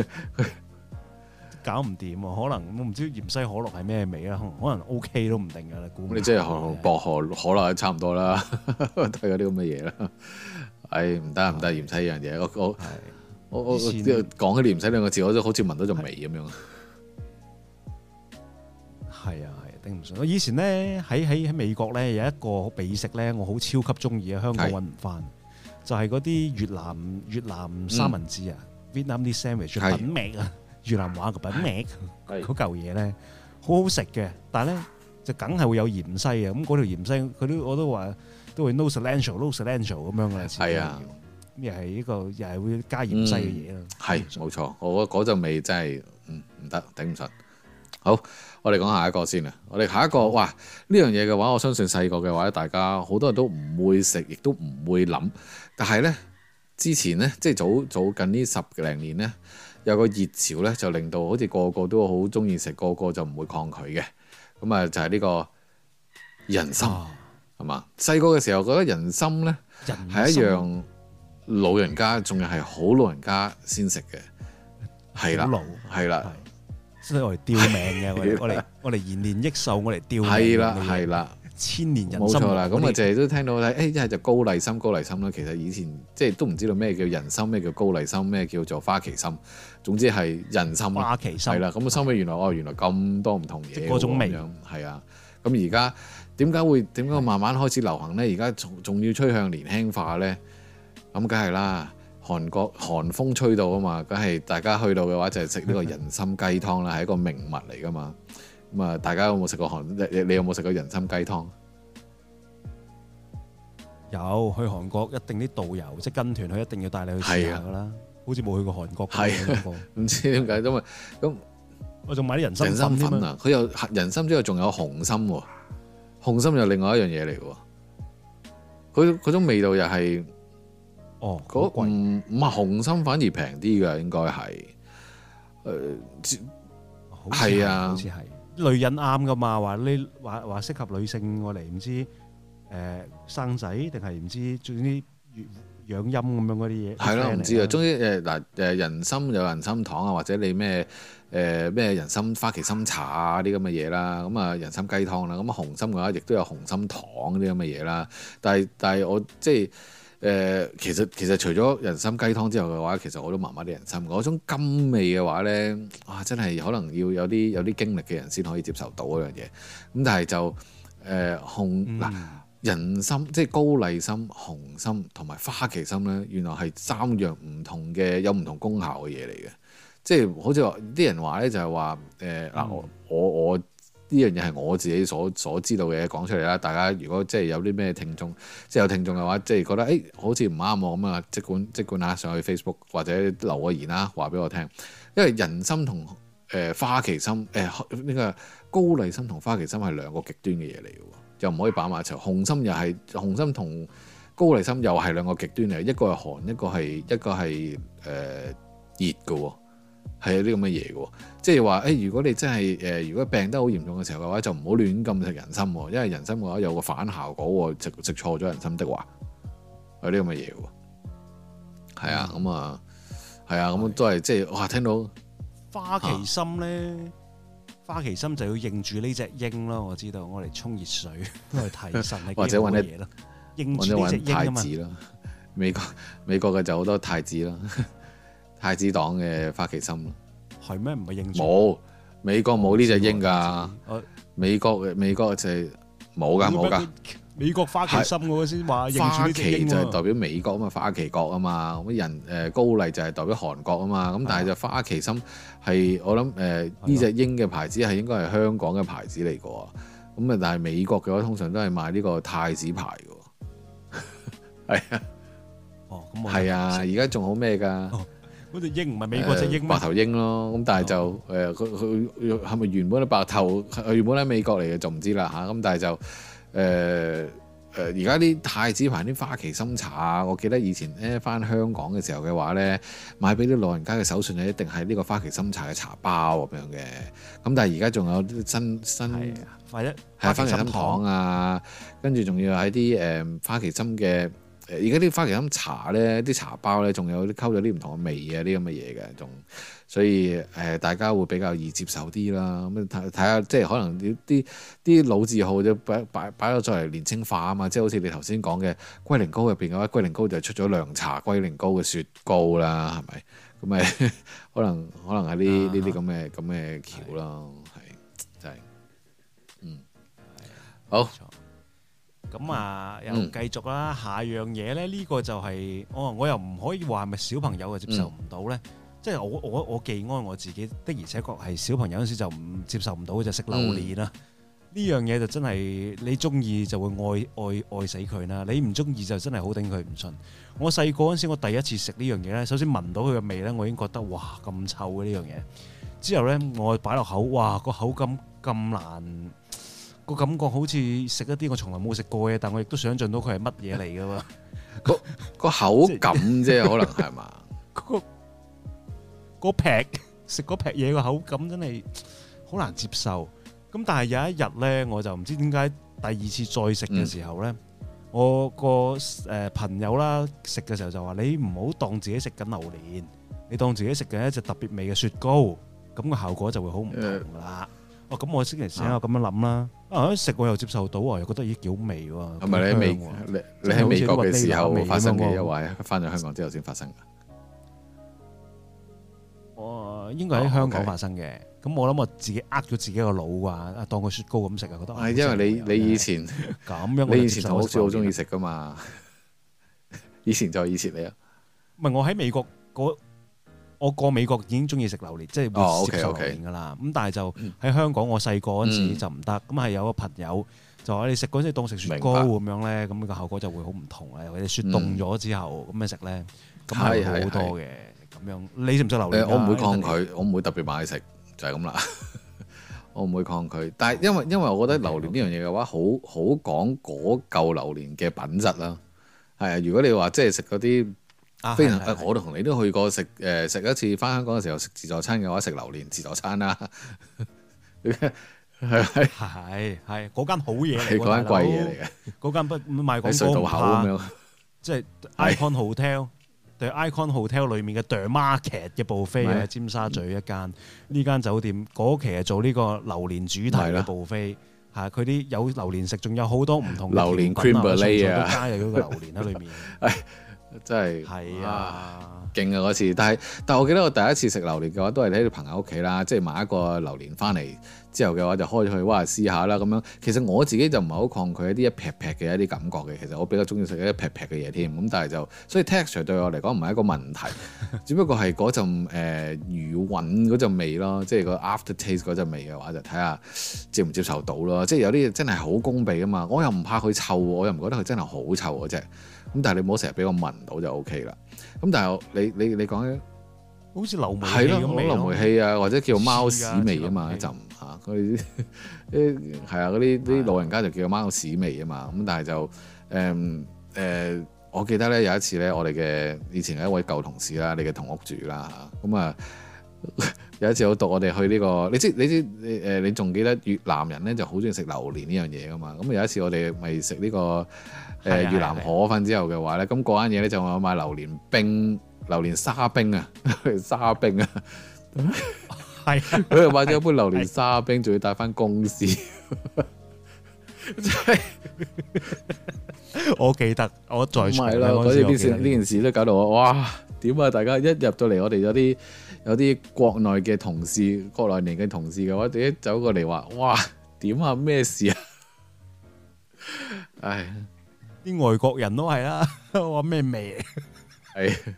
搞唔掂啊？可能我唔知芫茜可樂係咩味啊，可能 OK 都唔定噶啦。咁你，你真係薄荷可樂差唔多啦，睇嗰啲咁嘅嘢啦。唉，唔得唔得，啊、芫茜一樣嘢，我我講起芫茜兩個字，我都好似聞到陣味咁樣是。 係啊，係頂唔順。我以前咧喺喺喺美國咧有一個美食咧，我好超級中意啊！香港揾唔翻，是就係嗰啲越南越南三文治啊，Vietnam 啲 sandwich 品名啊，越南話嘅品名，嗰嚿嘢咧好好食嘅，但係咧就梗係會有芫茜啊！咁嗰條芫茜，佢都我都話都會 no cilantro，no cilantro 咁樣嘅啦。係啊，咁又係呢個又係會加芫茜嘅嘢啦。係冇錯，我覺得嗰陣味真係唔唔得，頂唔順。好，我哋講下一個先啊！我哋下一個，哇，呢樣嘢嘅話，我相信細個嘅話，大家好多人都唔會食，亦都唔會諗。但係呢，之前呢，即係早早近呢十零年呢，有個熱潮呢，就令到好似個個都好中意食，個個就唔會抗拒嘅。咁啊，就係呢個人參，哦，係嘛？細個嘅時候，覺得人參呢，係一樣老人家，仲要係好老人家先食嘅，係啦，係啦。所以我嚟吊命嘅 的，我嚟我嚟延年益壽，我嚟吊命。係啦係啦，千年人參冇錯啦。咁啊錯，淨係都聽到咧，誒、哎，一係就高麗參，高麗參啦。其實以前即係都唔知道咩叫人參，咩叫高麗參，咩叫做花旗參。總之係人參，花旗參。係啦，咁收尾原來的哦，原來咁多唔同嘢咁樣。係啊，咁而家點解會點解會慢慢開始流行咧？而家仲仲要趨向年輕化咧？咁梗係啦。韓國寒風吹到啊嘛，梗係大家去到嘅話就係食呢個人參雞湯啦，係 一個名物嚟㗎嘛。咁啊，大家有冇食過韓？你有冇食過人參雞湯？有去韓國，一定啲導遊即跟團佢一定要帶你去睇下㗎啦。啊、好似冇去過韓國，係唔知點解，因為咁我仲買啲人參粉添啊。佢有人參之後，仲有紅參喎。紅參又另外一樣嘢嚟喎。佢嗰種味道又、就、係、是。哦，嗰唔唔係紅參反而平啲嘅，應該係，誒，係像啊，好似係，女人啱噶嘛，話你話話適合女性我嚟，唔知誒生仔定係唔知做啲養陰咁樣嗰啲嘢，係咯，唔知啊，總之誒嗱誒人參有人參糖啊，或者你咩誒咩人，人、呃、人參花旗參茶啊啲咁嘅嘢啦，咁啊人參雞湯啦，咁啊紅參嘅話亦都有紅參糖啲咁嘅嘢啦，但係但係我即係。誒、呃、其實其實除咗人參雞湯之外嘅話，其實我都麻麻啲人參。嗰種甘味嘅話咧，哇！真係可能要有啲有啲經歷嘅人先可以接受到嗰樣嘢。咁但係就誒、呃、紅嗱、嗯、人參即係高麗參、紅參同埋花旗參咧，原來係三樣唔同嘅有唔同功效嘅嘢嚟嘅。即係好似話啲人話咧，就係話誒嗱我我我。我我呢樣嘢係我自己所所知道嘅嘢，講出嚟啦！大家如果即係有啲咩聽眾，即係有聽眾嘅話，即係覺得誒、欸、好似唔啱我咁啊，即管即管啊，上去 Facebook 或者留個言啦，話俾我聽。因為人參同誒、呃、花旗參誒呢個高麗參同花旗參係兩個極端嘅嘢嚟嘅，又唔可以擺埋一齊。紅參又係紅參同高麗參又係兩個極端嘅，一個係寒，一個係一個係誒、呃、熱嘅。係有啲咁嘅嘢嘅，即係話誒，如果你真係誒、呃，如果病得好嚴重嘅時候嘅話，就唔好亂咁食人參，因為人參嘅話有個反效果喎，食食錯咗人參的話，有啲咁嘅嘢喎。係啊，咁、嗯嗯、啊，係、嗯、啊，咁都係即係哇，聽到、啊、花旗參咧，花旗參就要認住呢隻鷹咯。我知道，我嚟沖熱水都係 提神嘅幾好嘢咯。認鷹 或者揾 太子啦 美國美國嘅就好多太子啦。 太子黨嘅花旗參咯，係咩唔係英？冇美國冇呢隻鷹㗎，美國嘅美國就係冇㗎冇㗎，美國花旗參我先話認住呢隻鷹喎。花旗就代表美國啊嘛，花旗國啊嘛，咁人誒、呃、高麗就係代表韓國啊嘛，咁、啊、但係就花旗參係我諗誒呢隻鷹嘅牌子係應該係香港嘅牌子嚟個，咁啊但係美國嘅話通常都係買呢個太子牌嘅，係 啊，哦咁係啊，而家仲好咩㗎？ 嗰隻鷹唔係美國隻鷹白頭鷹咯，咁但係就誒佢佢係咪原本喺白頭？原本喺美國嚟嘅，就唔知啦吓。咁但係就誒誒，而家啲太子牌啲花旗參茶啊，我記得以前咧翻香港嘅時候嘅話咧，買俾啲老人家嘅手信係一定係呢個花旗參茶嘅茶包咁樣嘅。咁但係而家仲有啲新新或者、啊、花旗參糖啊，跟住仲要喺啲誒花旗參嘅。而家啲花旗飲茶咧，啲茶包咧，仲有啲溝咗啲唔同嘅味啊，啲咁嘅嘢嘅，仲所以誒，大家會比較易接受啲啦。咁睇睇下，即係可能啲啲老字號就擺擺擺到再嚟年青化啊嘛。即係好似你頭先講嘅龜苓膏入邊嘅話，龜苓膏就出咗涼茶龜苓膏嘅雪糕啦，係咪？咁 咪可能可能係啲呢啲咁嘅咁嘅橋咯，係真係嗯的好的。好。咁啊，又繼續啦。嗯、下樣嘢咧，呢、這個就係、是、我、哦、我又唔可以話係咪小朋友啊接受唔到咧？嗯、即係我我我忌安我自己，的而且確係小朋友嗰時就唔接受唔到就食榴蓮啦。呢、嗯、樣嘢就真係你中意就會愛愛愛死佢啦。你唔中意就真係好頂佢唔順。我細個嗰時我第一次食呢樣嘢咧，首先聞到佢嘅味咧，我已經覺得哇咁臭嘅呢樣嘢。之後咧，我擺落口，哇個口感咁難。個感覺好似食一啲我從來冇食過嘅，但我亦都想象到佢係乜嘢嚟噶嘛。個個口感啫，可能係嘛。個個個劈食嗰劈嘢個口感真係好難接受。咁但係有一日咧，我就唔知點解第二次再食嘅時候咧，我個誒朋友啦食嘅時候就話：你唔好當自己食緊榴蓮，你當自己食緊一隻特別味嘅雪糕，咁個效果就會好唔同噶啦。哦，咁我星期四我咁樣諗啦。食過、啊、又接受到，又覺得咦幾好味喎。係咪你喺美國嘅時候發生嘅一位，翻咗、嗯、香港之後先發生噶？我、啊、應該喺香港發生嘅。咁、啊 okay. 我諗我自己呃咗自己個腦啊，當個雪糕咁食啊，覺得係因為你你以前咁樣，你以前、啊、就好少好中意食噶嘛。 以前就以前你啊，唔係我喺美國、那個我過美國已經中意食榴蓮，即係會接受嘅啦。咁、哦 okay, okay. 但係就喺香港，我細個嗰陣時就唔得。咁係、嗯、有個朋友就話：你食嗰陣時當食雪糕咁白樣咧，咁、那個效果就會好唔同咧。佢哋雪凍咗之後咁、嗯、樣食咧，咁就好好多嘅。咁樣你食唔食榴蓮、呃？我唔會抗拒，我唔會特別買食，就係咁啦。 我唔會抗拒，但係因為因為我覺得榴蓮呢樣嘢嘅話，好好，好講嗰嚿榴蓮嘅品質啦。係啊，如果你話即係食嗰啲。非常，我都同你都去過食誒食一次，返香港嘅時候食自助餐嘅話，食榴蓮自助餐啦，係係係嗰間好嘢嚟嘅，嗰間貴嘢嚟嘅，嗰間不賣廣咁樣，即係 Icon Hotel 對 Icon Hotel 裏面嘅 The Market 嘅布飛，喺尖沙咀一間呢間酒店嗰期係做呢個榴蓮主題嘅布飛，係佢啲有榴蓮食，仲有好多唔同嘅榴蓮 cream 啊，加榴蓮喺裡面。真係係啊，勁啊嗰次！但係，但我記得我第一次食榴蓮嘅話，都係喺朋友屋企啦，即係買一個榴蓮翻嚟之後嘅話，就開咗去，哇，試下啦咁樣。其實我自己就唔係好抗拒一啲一劈劈嘅一啲感覺嘅，其實我比較中意食一劈劈嘅嘢添。咁但係就，所以 texture 對我嚟講唔係一個問題， 只不過係嗰陣誒、呃、餘韻嗰陣味咯，即係個 after taste 嗰陣味嘅話，就睇下接唔接受到啦。即係有啲真係好攻鼻啊嘛，我又唔怕佢臭，我又唔覺得佢真係好臭嘅啫。咁但係你唔好成日俾我聞到就 O K 啦。咁但係你你你講咧，好似漏煤氣咁味，漏煤對氣啊，或者叫貓屎味啊嘛的一陣嚇佢啲係啊，嗰啲啲老人家就叫貓屎味啊嘛。咁但係就誒誒、嗯呃，我記得咧有一次咧，我哋嘅以前嘅一位舊同事啦，你嘅同屋住啦嚇。咁啊有一次好毒、這個，我哋去呢個你知你知你你仲記得越南人咧就好中意食榴蓮呢樣嘢噶嘛。咁有一次我哋咪食呢個。誒越南河粉之後嘅話咧，咁嗰間嘢咧就我買榴蓮冰、榴蓮沙冰啊、沙冰啊，係佢又買咗一杯榴蓮沙冰，仲要帶翻公司。我記得我再，係咯，嗰啲事呢件事咧搞到我哇點啊！大家一入到嚟，我哋有啲有啲國內嘅同事、國內人嘅同事嘅，我哋一走過嚟話哇點啊咩事啊！唉。啲外國人都係啦，話 咩味？係的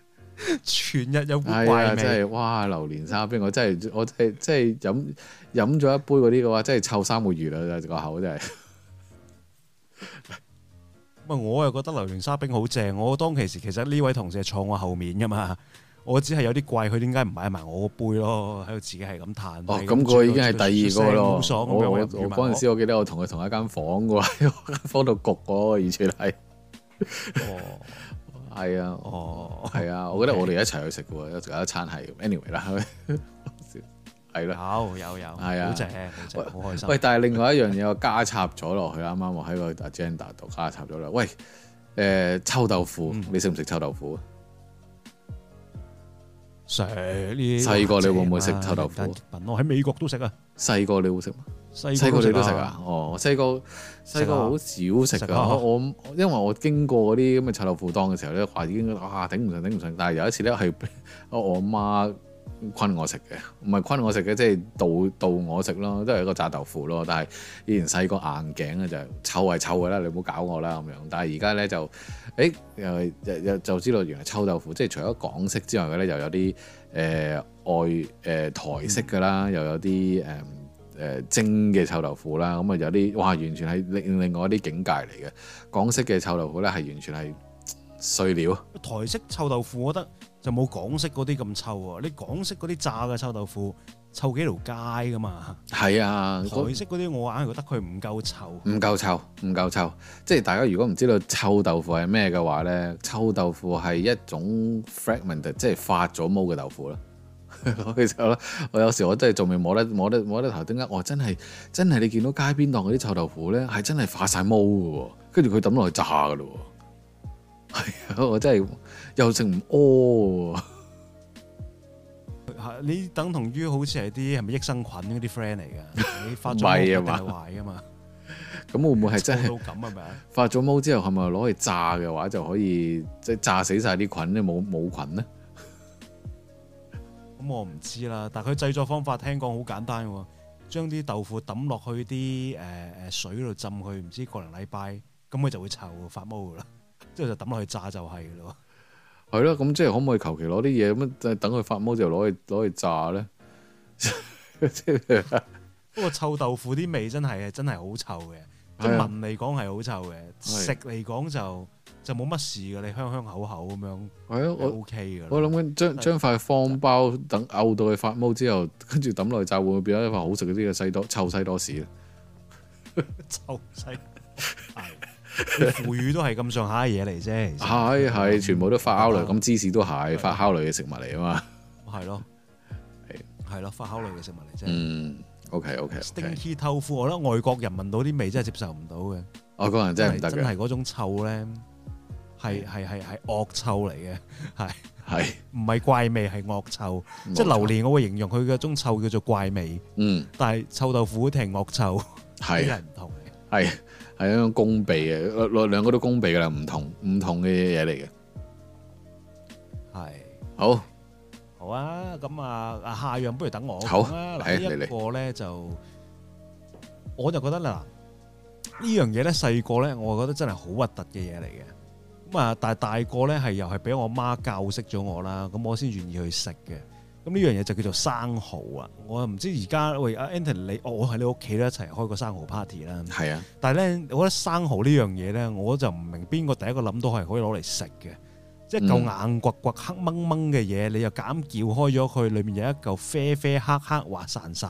全日有怪味。係啊，真係哇！榴蓮沙冰，我真係我真係真係飲飲咗一杯嗰啲嘅話，真係臭三個月啦個口真係。唔 我又覺得榴蓮沙冰好正。我當其時，其實呢位同事係坐我後面噶嘛。我只係有啲怪，佢點解唔買埋我個杯咯？喺度自己係咁嘆。哦，咁個已經係第二個咯。我我嗰陣時，我記得我同佢同一間房嘅喎，房到焗喎，而且係哦，係啊，哦，係啊，我覺得我哋一齊去食嘅喎，有一餐係 Anyway 啦，係咯，有有有，係啊，好正好正好開心。喂，但係另外一樣嘢我加插咗落去，啱啱我喺個 agenda 度加插咗啦。喂，誒臭豆腐，你食唔食臭豆腐？上年細個你會唔會食臭豆腐？我喺美國都食啊！細個你會食嗎？細個、啊、你都食啊？哦，細個細個好少食啊！啊啊我因為我經過嗰啲咁嘅臭豆腐檔嘅時候咧，話已經哇頂唔順頂唔順，但係有一次咧係我阿媽。坤我食嘅，唔係坤我食嘅，即係導導我食咯，都係一個炸豆腐咯。但係以前細個硬頸嘅就係臭係臭嘅啦，你唔好搞我啦咁樣。但係而家咧就，誒又又就知道原來臭豆腐即係除咗港式之外嘅咧，又有啲誒外誒台式嘅啦，又有啲誒誒蒸嘅臭豆腐啦。咁啊有啲哇，完全係另另外一啲境界嚟嘅。港式嘅臭豆腐咧係完全係碎料。台式臭豆腐我覺得。就冇港式嗰啲咁臭啊。你港式嗰啲炸嘅臭豆腐，臭幾條街噶嘛？係啊，台式嗰啲我硬係覺得佢唔夠臭，唔夠臭，唔夠臭。即係大家如果唔知道臭豆腐係咩嘅話咧，臭豆腐係一種 fragment，即係發咗毛嘅豆腐咯。攞佢我有時我真係仲未摸得摸得摸得頭頂，點解？我真係真係你見到街邊檔嗰啲臭豆腐咧，係真係化晒毛嘅喎，跟住佢抌落去炸嘅咯喎。係啊、哎！我真係又食唔屙喎。Oh. 你等同於好似係啲係咪益生菌嗰啲 friend 嚟噶？你發咗毛係壞噶嘛？咁 會唔會係真係？係咪發咗毛之後，係咪攞嚟炸嘅話就可以即係、就是、炸死晒啲菌咧？冇冇菌呢？咁、 嗯、我唔知啦。但係佢製作方法聽講好簡單，將啲豆腐抌落去啲誒誒水度浸佢，唔知個零禮拜，咁佢就會臭發毛噶啦。之後就抌落去炸就係咯，係咯，咁即係可唔可以求其攞啲嘢咁樣等佢發毛就攞去攞去炸咧？即 係 不過臭豆腐啲味真係真係好臭嘅，即係的聞嚟講係好臭嘅，食嚟的講就就冇乜事嘅，你香香口口咁樣係啊，我 OK 嘅。我諗緊將將塊方包的等漚到佢發毛之後，跟住抌落去炸會唔會變咗一塊好食啲嘅西多臭西多士，啊？ 臭西多。 腐乳都係咁上下嘅嘢嚟啫，係係全部都發酵類，咁芝士都係發酵類嘅食物嚟啊嘛，係咯，係係咯發酵類嘅食物嚟啫。嗯，OK OK。Stinky 臭豆腐，我覺得外國人聞到啲味真係接受唔到嘅，外國人真係真係嗰種臭咧，係係係係惡臭嚟嘅，係係唔係怪味，係惡臭，即係榴蓮，我會形容佢嗰種臭叫做怪味。嗯，但係臭豆腐一定惡臭，係唔同嘅，係。係一種攻備嘅，兩兩個都攻備嘅啦，唔同唔同嘅嘢嚟嘅。係好好啊，咁啊，下樣不如等我講啦。嗱，第一個咧就，我就覺得啦，呢樣嘢咧細個咧，我覺得真係好核突嘅嘢嚟嘅。咁啊，但係大個咧，係又係俾我媽教識咗我啦，咁我先願意去食嘅。咁呢樣嘢就叫做生蠔啊！我唔知而家喂阿 Anthony 你，我喺你屋企咧一齊開個生蠔 party 啦。係啊！但係咧，我覺得生蠔呢樣嘢咧，我就唔明邊個第一個諗到係可以攞嚟食嘅？即一嚿硬掘掘黑掹掹嘅嘢，你又夾硬撬開咗佢，裏面有一嚿啡啡黑黑，黑滑潺潺，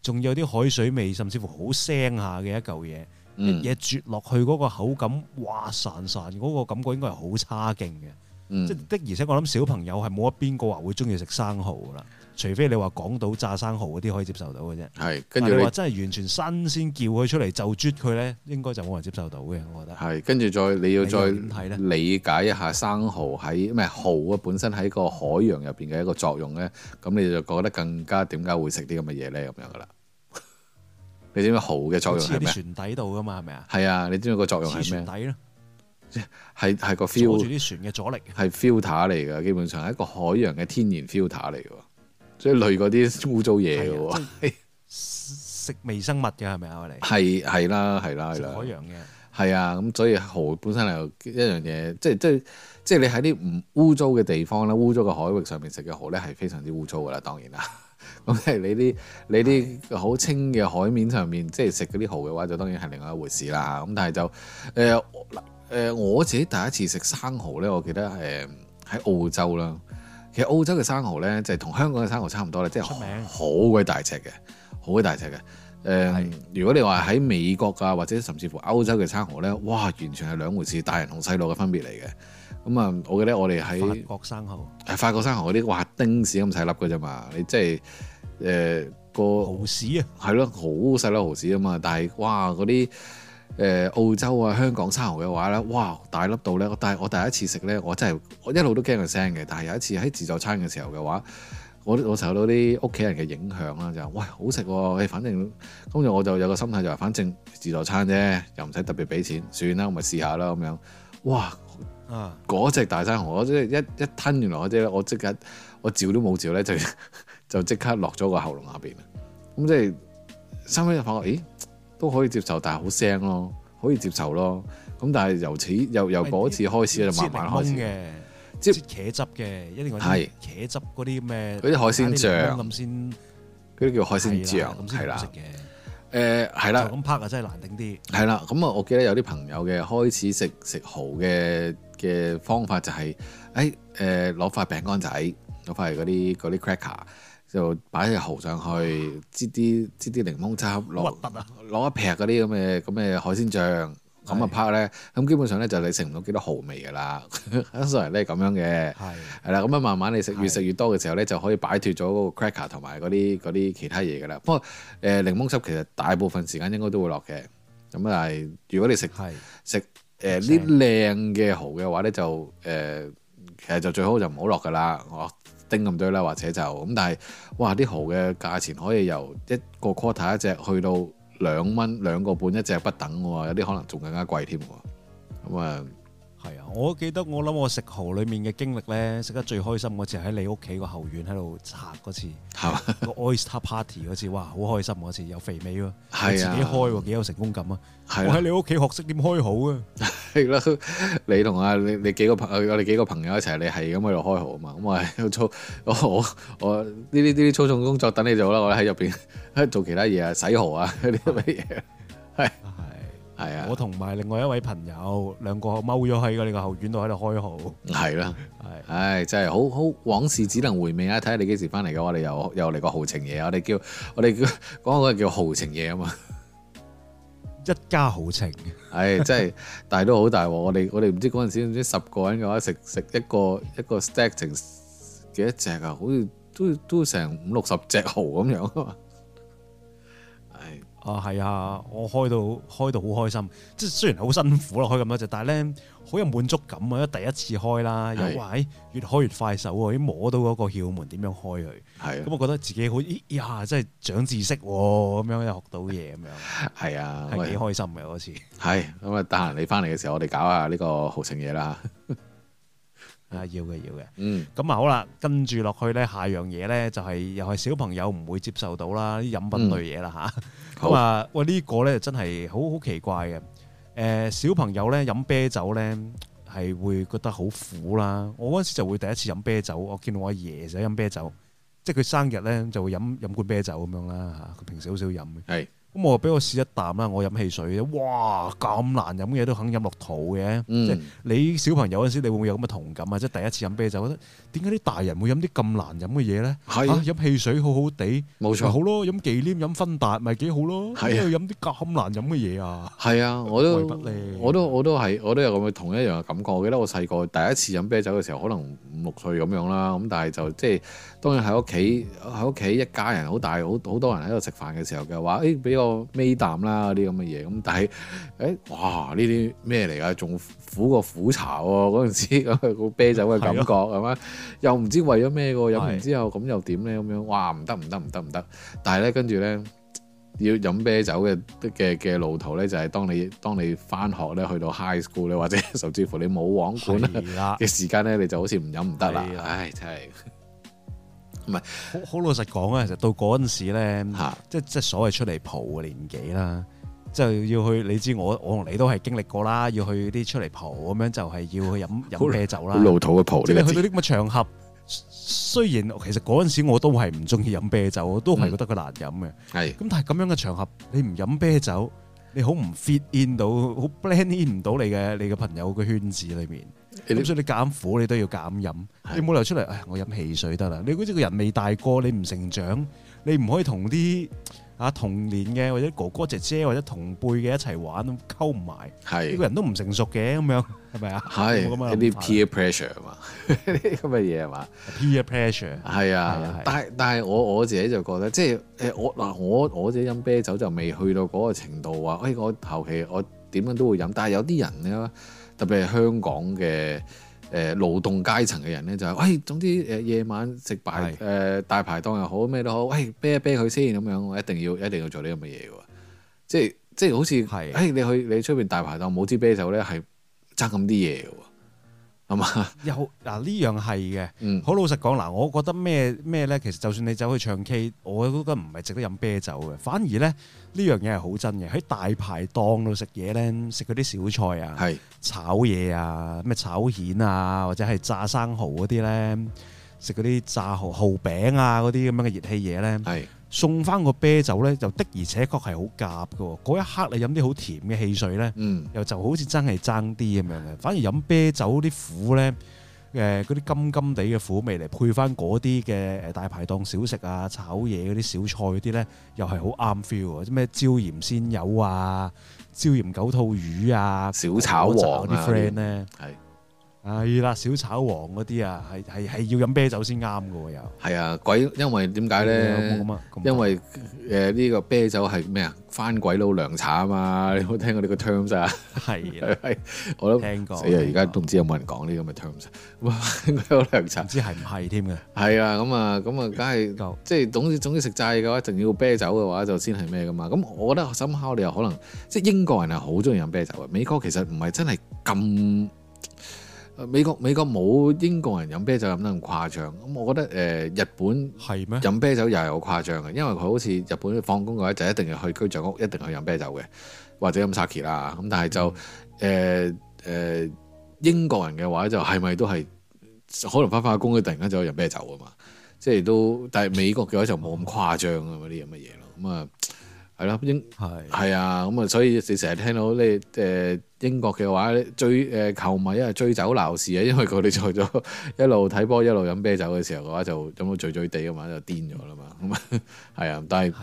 仲有啲海水味，甚至乎好腥、嗯、下嘅一嚿嘢，嘢啜落去嗰個口感，哇滑潺潺嗰個感覺應該係好差勁嘅。即、嗯、的而且，我諗小朋友係冇一邊個話會中意食生蠔噶啦，除非你話港島炸生蠔嗰啲可以接受到嘅啫。係，跟住但係你話真係完全新鮮叫佢出嚟就啜佢咧，應該就冇人接受到嘅，我覺得。係，跟住再你要再理解一下生蠔喺咩是蠔啊，本身喺個海洋入邊嘅一個作用咧，咁你就覺得更加點解會食啲咁嘅嘢咧咁樣噶啦？你知唔知蠔嘅作用係咩？船底度噶嘛係咪啊？係啊，你知唔知個作用係咩？船底咯。係係個 feel，阻住啲船嘅阻力。係 filter 嚟噶，基本上係一個海洋嘅天然 filter 嚟噶，即係濾嗰啲污糟嘢噶。食微生物嘅係咪啊？我哋係係啦係啦係啦，啊、海洋嘅係啊。咁、嗯、所以蚝本身係一樣嘢，即係即係即係你喺啲唔污糟嘅地方咧，污糟嘅海域上面食嘅蚝咧係非常之污糟噶啦。當然啦，咁 係你啲你啲好是清嘅海面上面，即係食嗰啲蚝嘅話，就當然係另外一回事啦。咁但係就誒。呃呃誒我自己第一次食生蠔咧，我記得誒喺澳洲啦。其實澳洲嘅生蠔咧，就係同香港嘅生蠔差唔多咧，名即係好鬼大隻嘅，好鬼大隻嘅。誒、嗯，是如果你話喺美國啊或者甚至乎歐洲嘅生蠔咧，哇，完全係兩回事，大人同細路嘅分別嚟嘅。咁、嗯、啊，我記得我哋喺法國生蠔，係法國生蠔嗰啲，哇，丁屎咁細粒嘅啫嘛，你即係誒、呃那個蠔屎啊，係咯，好細粒蠔屎啊嘛，但係哇嗰啲。誒澳洲啊香港生蠔嘅話咧，哇大粒到咧，但係我第一次食咧，我真係我一路都驚佢聲嘅。但係有一次喺自助餐嘅時候嘅話，我我受到啲屋企人嘅影響啦，就喂好食、哦，誒反正今日我就有個心態就話，反正自助餐啫，又唔使特別俾錢，算啦，我咪試下啦咁樣。哇，嗰、啊、隻大生蠔，我即係一一吞完落去啫。我即刻我嚼都冇嚼咧，就就即刻落咗個喉嚨下邊。咁即係心諗就發覺，咦？都可以接受，但係好腥咯，可以接受咯。咁但係由此由又嗰次開始就慢慢開始嘅，接茄汁嘅，一定係茄汁嗰啲咩？嗰啲海鮮醬咁先，嗰啲叫海鮮醬，係啦，食嘅。係啦，咁拍 a 真係難頂啲。係啦，咁啊，我記得有啲朋友嘅開始食食蠔嘅嘅方法就係，誒誒攞塊餅乾仔，攞塊嗰啲嗰啲 cracker。就擺一隻蠔上去，擠啲擠啲檸檬汁攞攞一劈嗰啲咁嘅咁嘅海鮮醬，咁啊泡咧，咁基本上咧就你食唔到幾多蠔味噶啦，通常咧咁樣嘅，係係啦，咁啊慢慢你食越食越多嘅時候咧，就可以擺脫咗個 cracker 同埋嗰啲啲其他嘢噶啦。不過誒檸檬汁其實大部分時間應該都會落嘅，咁啊，如果你食食誒啲靚嘅蠔嘅話咧，就誒其實就最好就唔好落噶啦，丁咁多啦，或者就咁，但係哇，啲蠔嘅價錢可以由一個 quarter 一隻去到兩蚊兩個半一隻不等喎，有啲可能仲更加貴添喎，咁、嗯、啊～、呃係啊，我記得我諗我食蠔裡面嘅經歷咧，食得最開心嗰次喺你屋企個後院喺度插嗰次， 個 Oyster Party 嗰次，哇，好開心嗰次，又肥美喎， 自己開喎，幾 有成功感啊！ 我喺你屋企學識點開蠔啊！係咯，你同啊你你幾個朋友我哋幾個朋友一齊，你係咁喺度開蠔啊嘛，咁 我係操我我呢啲呢啲操縱工作等你做啦，我喺入邊喺度做其他嘢啊，洗蠔啊嗰啲乜嘢，係。係啊！我同埋另外一位朋友，兩個踎咗喺個呢個後院度喺度開蚝，係啦的，係的，唉，真係好好往事只能回味啊！睇下你幾時翻嚟嘅話，我哋又又嚟個豪情嘢。我哋叫我哋叫講嗰個叫豪情嘢啊嘛， 一家豪情，唉， 真係大都好大喎！我哋我哋唔知嗰陣時唔知十個人嘅話食食一個一個 stack 成幾多隻啊？好似都都,都成五六十隻蚝咁樣 啊，係啊！我開到開到好開心，即係雖然好辛苦咯，開咁多隻，但係咧好有滿足感啊！因為第一次開啦，又話是、欸、越開越快手喎，摸到嗰個竅門點樣開佢，係咁、啊嗯、我覺得自己好咦、哎、呀，真係長知識喎、啊！咁樣又學到嘢咁樣，係啊，幾開心嘅嗰次。係咁啊！得閒、 嗯、你翻嚟嘅時候，我哋搞下呢個豪情嘢啦。啊、要嘅要嘅，咁啊、嗯嗯、好啦，跟住落去咧，下樣嘢咧就係、是、又係小朋友唔會接受到啦，啲飲品類嘢啦吓，咁、嗯、啊，喂好、啊這個、呢個咧真係好好奇怪嘅。誒、呃，小朋友咧飲啤酒咧係會覺得好苦啦。我嗰陣時就會第一次飲啤酒，我見到我阿爺仔飲啤酒，即係佢生日咧就會飲飲罐啤酒咁樣啦嚇。佢平時好少飲嘅。係。咁我俾我試一啖啦，我飲汽水啫，哇咁難飲嘅嘢都肯飲落肚嘅，嗯、即係你小朋友嗰陣時，你會唔會有咁嘅同感啊？即係第一次飲啤酒，我覺得點解啲大人會飲啲咁難飲嘅嘢咧？係啊、啊、飲汽水好好地，冇錯，好咯，飲忌廉、飲芬達，咪幾好咯，邊度飲啲咁難飲嘅嘢啊？係啊，我都我都我都係我都有咁嘅同一樣嘅感覺。我記得我細個第一次飲啤酒嘅時候，可能五六、六歲咁樣啦，咁但係就即係。當然喺屋企，喺屋企一家人好大，好好多人喺度食飯嘅時候嘅話，誒俾我咪啖啦，嗰啲咁嘅嘢咁，但係誒，哇呢啲咩嚟㗎？仲苦過苦茶喎！嗰陣時個啤酒嘅感覺係嘛？又唔知為咗咩㗎，飲完之後咁又點咧？咁樣，哇，唔得唔得唔得唔得！但係咧，跟住咧，要飲啤酒嘅嘅嘅路途咧，就係當你當你翻學咧，去到 high school 咧，或者甚至乎你冇網管嘅時間咧，你就好似唔飲唔得啦！唉，真係～唔係，好好老實講啊，其實到嗰陣時咧，即、啊、即所謂出嚟蒲嘅年紀啦，就要去你知我我同你都係經歷過啦，要去啲出嚟蒲咁樣就係、是、要去飲飲啤酒啦，老土嘅蒲，即係去到啲咁嘅場合。雖然其實嗰陣時我都係唔中意飲啤酒，我都係覺得佢難飲嘅。係、嗯，咁但係咁樣嘅場合，你唔飲啤酒，你好唔 fit in 到，好 blend in 唔到你嘅你嘅朋友嘅圈子裏面。就算你減苦，你都要減飲。是的 你冇理由出嚟，唉，我飲汽水得啦。你估知個人未大個，你唔成長，你唔可以同啲啊童年嘅或者哥哥姐姐或者同輩嘅一齊玩，溝唔埋。係呢是的 個人都唔成熟嘅咁樣，係咪啊？係一啲 peer pressure 嘛，啲咁嘅嘢係嘛？peer pressure 係啊。但係但係我我自己就覺得，即係誒我嗱我我自己飲啤酒就未去到嗰個程度話，喂、欸、我後期我點樣都會飲。但係有啲人咧。特別係香港嘅誒、呃、勞動階層嘅人咧，就係、是，喂、哎，總之誒夜晚食排誒大排檔又好，咩都好，喂、哎，啤一啤佢先咁樣，我、呃呃呃呃呃呃呃、一定要一定要做呢啲咁嘅嘢喎，即係即係好似，係是的、哎，誒你去你出面大排檔冇支啤酒咧，係爭咁啲嘢嘅喎。又嗱呢樣係嘅。嗯、好老實講嗱，我覺得咩咩咧，其實就算你走去唱 K，我覺得唔係值得飲啤酒嘅。反而咧呢樣嘢係好真嘅，喺大排檔度食嘢咧，食嗰啲小菜啊，是炒嘢啊，咩炒蜆啊，或者係炸生蠔嗰啲咧，食嗰啲炸蠔蠔餅啊嗰啲咁樣嘅熱氣嘢咧。送翻個啤酒呢，就的而且確係好夾嘅。嗰一刻你飲啲好甜嘅汽水咧，嗯、又就好似真係爭啲咁樣嘅。嗯、反而飲啤酒啲苦呢，誒嗰啲甘甘地嘅苦味嚟配翻嗰啲嘅誒大排檔小食啊、炒嘢嗰啲小菜嗰啲呢，又係好啱 feel 啊！啲咩椒鹽鮮魷啊、椒鹽九肚魚啊、小炒王嗰啲 friend 呢？係啦，小炒王嗰啲啊，係係係要飲啤酒先啱噶。又係啊，鬼，因為點解咧？嗯嗯嗯、因為誒呢、呃這個啤酒係咩啊？翻鬼佬涼茶啊嘛？嗯、你有冇聽過呢個 terms 啊？係啊，係、啊、我都聽過。死啊！而家都唔知有冇人講呢啲咁嘅 terms。鬼佬涼茶，唔知係唔係添嘅？係啊好，咁啊、就是，咁啊，梗係即係總之總之食齋嘅話，一定要啤酒嘅話，就先係咩噶嘛？咁我覺得深刻你又可能即係英國人係好中意飲啤酒嘅，美國其實唔係真係咁。美國美國冇英國人飲啤酒飲得咁誇張，咁我覺得誒、呃、日本係咩飲啤酒又係好誇張嘅，因為佢好似日本放工嘅話就一定要去居酒屋，一定要去飲啤酒嘅，或者飲 sake 啦。咁但係就誒誒、呃呃、英國人嘅話就係咪都係可能翻返工佢突然間就去飲啤酒啊嘛，即係都但係美國嘅話就冇咁誇張咁啲咁嘅嘢咯，咁啊。係啦，英係係啊，咁啊，所以你成日聽到咧，誒英國嘅話追誒球迷，因為追酒鬧事啊，因為佢哋除咗一路睇波一路飲啤酒嘅時候嘅話，就飲到醉醉地嘅嘛，就癲咗啦嘛，咁啊係啊，但係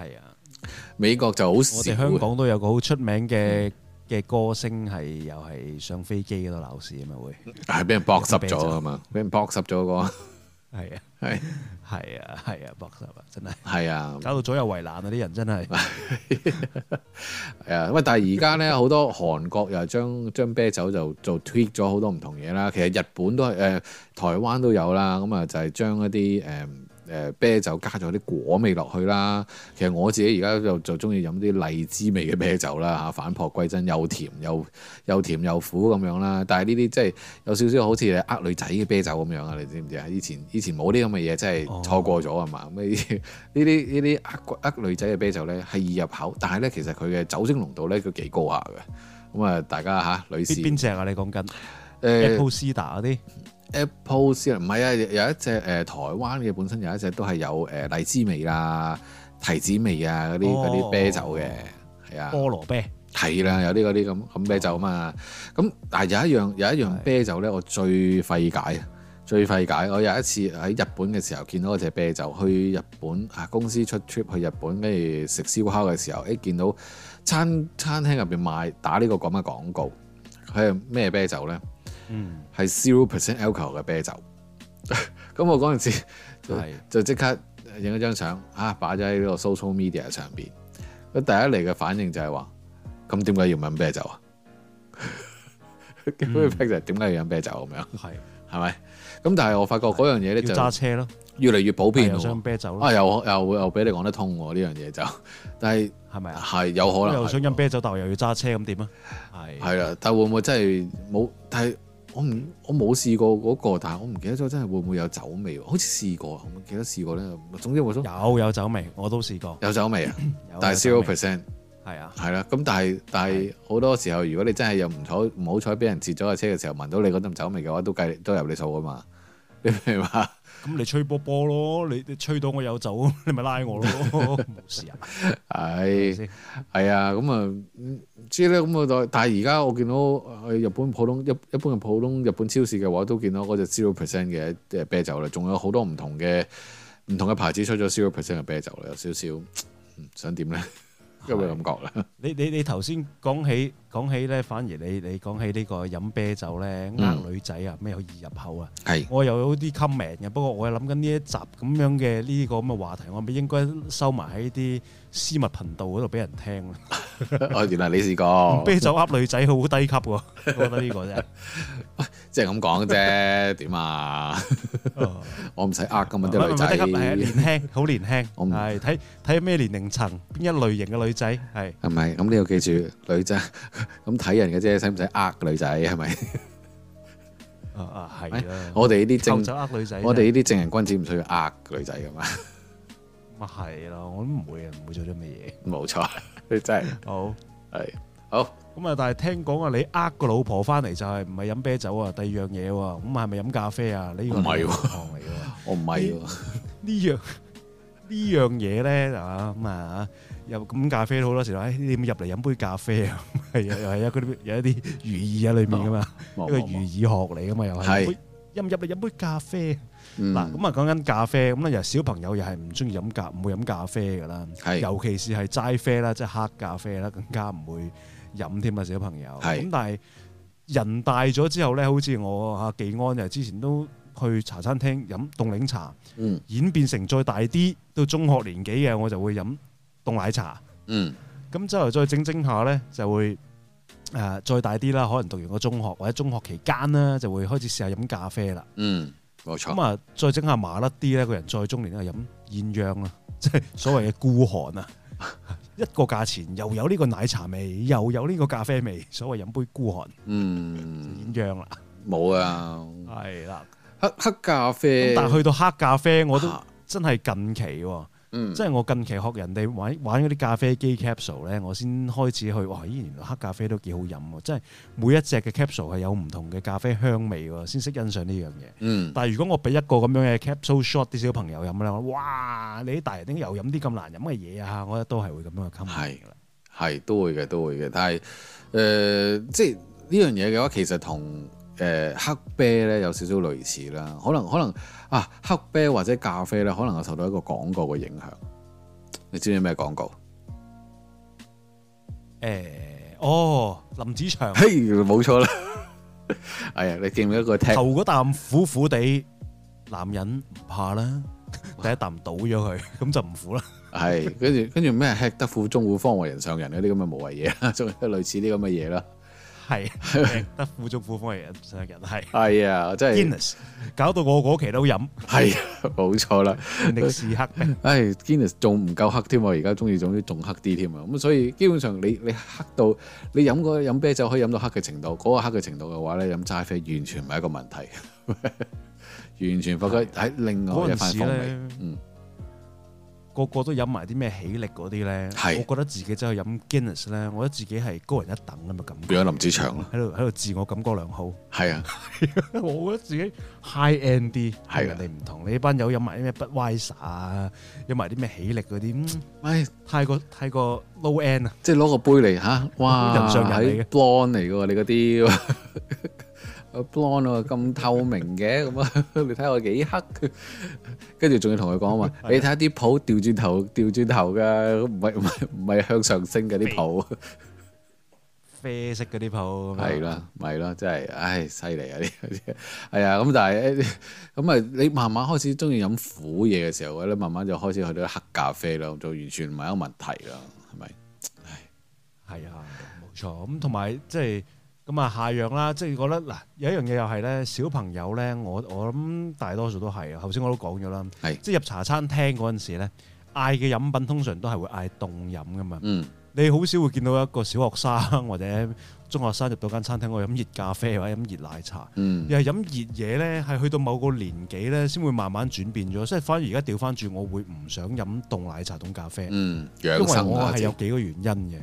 美國就好少。香港都有個好出名嘅嘅歌星，係又係上飛機嗰度鬧事啊嘛，會但係俾人 box 咗啊嘛，俾人 box 咗個。係啊，係，係啊，係啊，搏死啊，真係，係啊，搞到左右為難啊，啲、啊、人真係，係 啊，喂，但係而家咧好多韓國又係將將啤酒就做 tweak 咗好多唔同嘢啦，其實日本都係，誒、呃，台灣都有啦，咁、嗯、啊就係、是、將一啲誒。呃誒、呃、啤酒加咗啲果味落去啦，其實我自己而家就就中意飲啲荔枝味嘅啤酒啦嚇，返璞歸真又甜又又甜又苦咁樣啦，但係呢啲即係有少少好似呃女仔嘅啤酒咁樣啊，你知唔知啊？以前以前冇啲咁嘅嘢真係錯過咗係嘛？咁呢啲呢啲呃呃女仔嘅啤酒咧係易入口，但係咧其實佢嘅酒精濃度咧佢幾高下嘅，咁、嗯、啊大家吓、呃，女士邊隻啊？你講緊誒 Apple Cider 嗰啲。欸 Apple 先唔係啊，有一隻誒、呃、台灣嘅本身有一隻都係有誒荔枝味啊、提子味啊嗰啲啲啤酒嘅係、哦哦、啊，菠蘿啤係啦、啊，有啲嗰啲咁咁啤酒嘛。咁但係有一樣、哦、有一樣啤酒咧，我最費解，是最費解。我有一次喺日本嘅時候見到嗰隻啤酒，去日本啊公司出 trip 去日本，跟住食燒烤嘅時候，誒見到餐餐廳入邊賣打呢、這個咁嘅廣告，佢係咩啤酒咧？嗯，係 zero percent alcohol 嘅啤酒。咁 我嗰陣時就即刻影咗張相，啊擺咗喺呢個 social media 上邊。咁第一嚟嘅反應就係、是、話，咁點解要飲啤酒啊？咁 嘅啤酒點解要飲啤酒咁樣？係係咪？咁但係我發覺嗰樣嘢咧就揸車咯，越嚟越普遍嘅喎、 啊。又想啤酒，啊又又又俾你講得通喎呢樣嘢就， 但係係咪啊？係有可能。又想飲啤酒，但係又要揸車，咁點啊？係係啊，但會唔會，會真係冇？但係。 我我冇試過嗰個，但係我唔記得咗，真係會唔會有酒味喎？好似試過，我唔記得試過咧。總之我有，有有酒味，我都試過有酒味啊，但係 zero percent 係啊，係啦。咁但係但係好多時候，如果你真係又唔彩唔好彩俾人截咗架車嘅時候，聞到你嗰陣酒味嘅話，都計都入你數啊嘛，你明嘛？咁你吹波波咯，你你吹到我有酒，你咪拉我咯，冇 事啊，係，係啊，咁啊，唔知咧，咁啊，但係而家我見到去日本普通一一般嘅普通日本超市嘅話，都見到嗰隻 zero percent 嘅嘅啤酒啦，仲有好多唔同嘅唔同嘅牌子出咗 zero percent 嘅啤酒啦，有少少想點咧，有冇感覺咧？你你你頭先講起。講起咧，反而你你講起呢個飲啤酒咧，呃女仔啊，咩好易入口啊？係，我又有啲 comment 嘅。不過我係諗緊呢一集咁樣嘅呢個咁嘅話題，我咪應該收埋喺啲私密頻道嗰度俾人聽咯。哦，原來你試過啤酒呃女仔，好低級嘅，我覺得呢個啫。即係咁講啫，點啊？我唔使呃㗎嘛啲女仔，年輕好年輕，係睇睇咩年齡層、邊一類型嘅女仔係。係咪？咁你要記住女仔，咁睇人嘅啫，使唔使呃女仔係咪？啊啊係啊！我哋呢啲正，我哋呢啲正人君子唔需要呃女仔噶嘛。咪係咯，我都唔會啊，唔會做啲咩嘢。冇錯，你真係好係好。咁啊，但係聽講啊，你呃個老婆翻嚟就係唔係飲啤酒啊？第二樣嘢喎，咁係咪飲咖啡啊？呢樣唔係喎，唔係喎，我唔係喎。呢樣呢樣嘢咧啊咁啊。又咁咖啡好多時候，哎，你入嚟飲杯咖啡，係 又係一啲有一啲寓意喺裏面噶嘛， 一個寓意學嚟噶嘛，又係飲唔入嚟飲杯咖啡。嗱、嗯，咁啊講緊咖啡，咁啊又小朋友又係唔中意飲咖，唔會飲咖啡噶啦，是尤其是係齋啡啦，即係黑咖啡啦，更加唔會飲添啊！小朋友咁，是但係人大咗之後咧，好似我阿紀安又之前都去茶餐廳飲凍檸茶，嗯、演變成再大啲到中學年紀嘅，我就會飲。凍奶茶，嗯，咁之後再整整下咧，就會誒、啊、再大啲啦，可能讀完個中學或者中學期間啦，就會開始試下飲咖啡啦，嗯，冇錯。咁啊，再整下麻甩啲咧，個人再中年咧飲鴛鴦啦，即係所謂嘅孤寒啊，嗯、一個價錢又有呢個奶茶味，又有呢個咖啡味，所謂飲杯孤寒，嗯，鴛鴦啦，冇啊，係啦了，黑黑咖啡，但係去到黑咖啡，我都真係近期喎、啊。嗯、即係我近期學人哋玩玩嗰啲咖啡機 capsule 咧，我先開始去哇！咦，原來黑咖啡都幾好飲喎！即係每一隻嘅 capsule 係有唔同嘅咖啡香味喎，先識欣賞呢樣嘢。嗯、但係如果我俾一個咁樣嘅 capsule shot 啲小朋友飲咧，哇！你啲大人點解又飲啲咁難飲嘅嘢啊？我覺得都係會咁樣嘅是。係了，係都會嘅，都會嘅。但係誒、呃，即係呢樣嘢嘅話，其實同誒、呃、黑啤咧有少少類，類似啦。可能，可能。啊，黑啤或者咖啡咧，可能我受到一個廣告嘅影響，你知唔知咩廣告？誒、欸，哦，林子祥，嘿，冇錯啦，係 啊、 哎，你見到一個聽頭嗰啖苦苦地，男人唔怕啦， 第一啖倒咗佢，咁就唔苦啦。係， 跟住跟住咩？吃得苦中苦，方為人上人呢啲咁嘅無謂嘢，啦，仲有類似啲咁嘅嘢啦。係得苦中苦方嘅人，上人係。係啊、哎，真、就、係、是。Guinness, 搞到我嗰期都飲。係，冇錯啦，你試 黑,、哎、黑。唉 Guinness 仲唔夠黑添啊！而家中意總之仲黑啲添啊！咁所以基本上你你黑到你飲嗰飲啤酒可以飲到黑嘅程度，嗰、那個黑嘅程度嘅話咧，飲齋啡完全唔係一個問題， 完全發覺喺另外一番風味。嗯。個個都飲埋啲咩喜力嗰啲咧，是我覺得自己真係飲 Guinness 咧，我覺得自己係高人一等咁嘛。感覺。變林子祥啦，喺度喺度自我感覺良好。係啊， 我覺得自己 high end 啲，同、啊、人哋唔同。你班友飲埋啲咩 Budweiser 啊，飲埋啲咩喜力嗰啲，唉、嗯，哎、太過太過 low end 啊。即係攞個杯嚟吓、啊？哇！飲上嚟嘅 Blond 嚟嘅你嗰啲。 brown 咁透明嘅咁啊！ 你睇我幾黑 跟住仲要同佢講話，你睇啲泡掉轉頭，掉轉頭噶，唔係唔係唔係向上升嘅啲泡，啡色嗰啲泡，係 啦，咪啦，真係，唉，犀利啊！啲，係啊，咁但係，咁啊，你慢慢開始鍾意飲苦嘢嘅時候，咧慢慢就開始去到黑咖啡啦，就完全唔係一個問題啦，係咪？係啊，冇錯，咁同埋即係。咁啊，下樣啦，即係覺得嗱，有一樣嘢又係咧，小朋友咧，我我諗大多數都係啊。頭先我都講咗啦，是即係入茶餐廳嗰陣時咧，嗌嘅飲品通常都係會嗌凍飲噶嘛。嗯，你好少會見到一個小學生或者中學生入到間餐廳，我飲熱咖啡或者飲熱奶茶。嗯，又係飲熱嘢咧，係去到某個年紀咧，先會慢慢轉變咗。即係反而而家掉翻轉，我會唔想飲凍奶茶、凍咖啡。嗯，因為我啊，係有幾個原因嘅，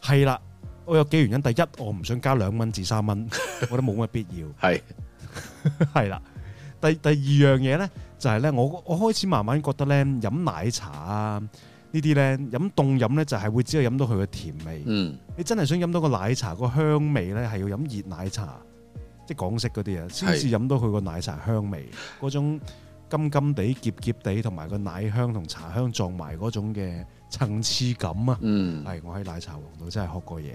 係啦。我有幾原因。第一，我唔想加兩蚊至三蚊，我覺得冇乜必要。係係啦。第第二樣嘢咧，就係咧，我我開始慢慢覺得咧，飲奶茶啊呢啲咧，飲凍飲咧就係會只係飲到佢嘅甜味。嗯，你真係想飲到個奶茶個香味咧，係要飲熱奶茶，即係港式嗰啲啊，先至飲到佢個奶茶香味。嗰種甘甘地、澀澀地，同埋個奶香同茶香撞埋嗰種嘅。層次感啊，係、嗯、我喺奶茶王度真係學過嘢，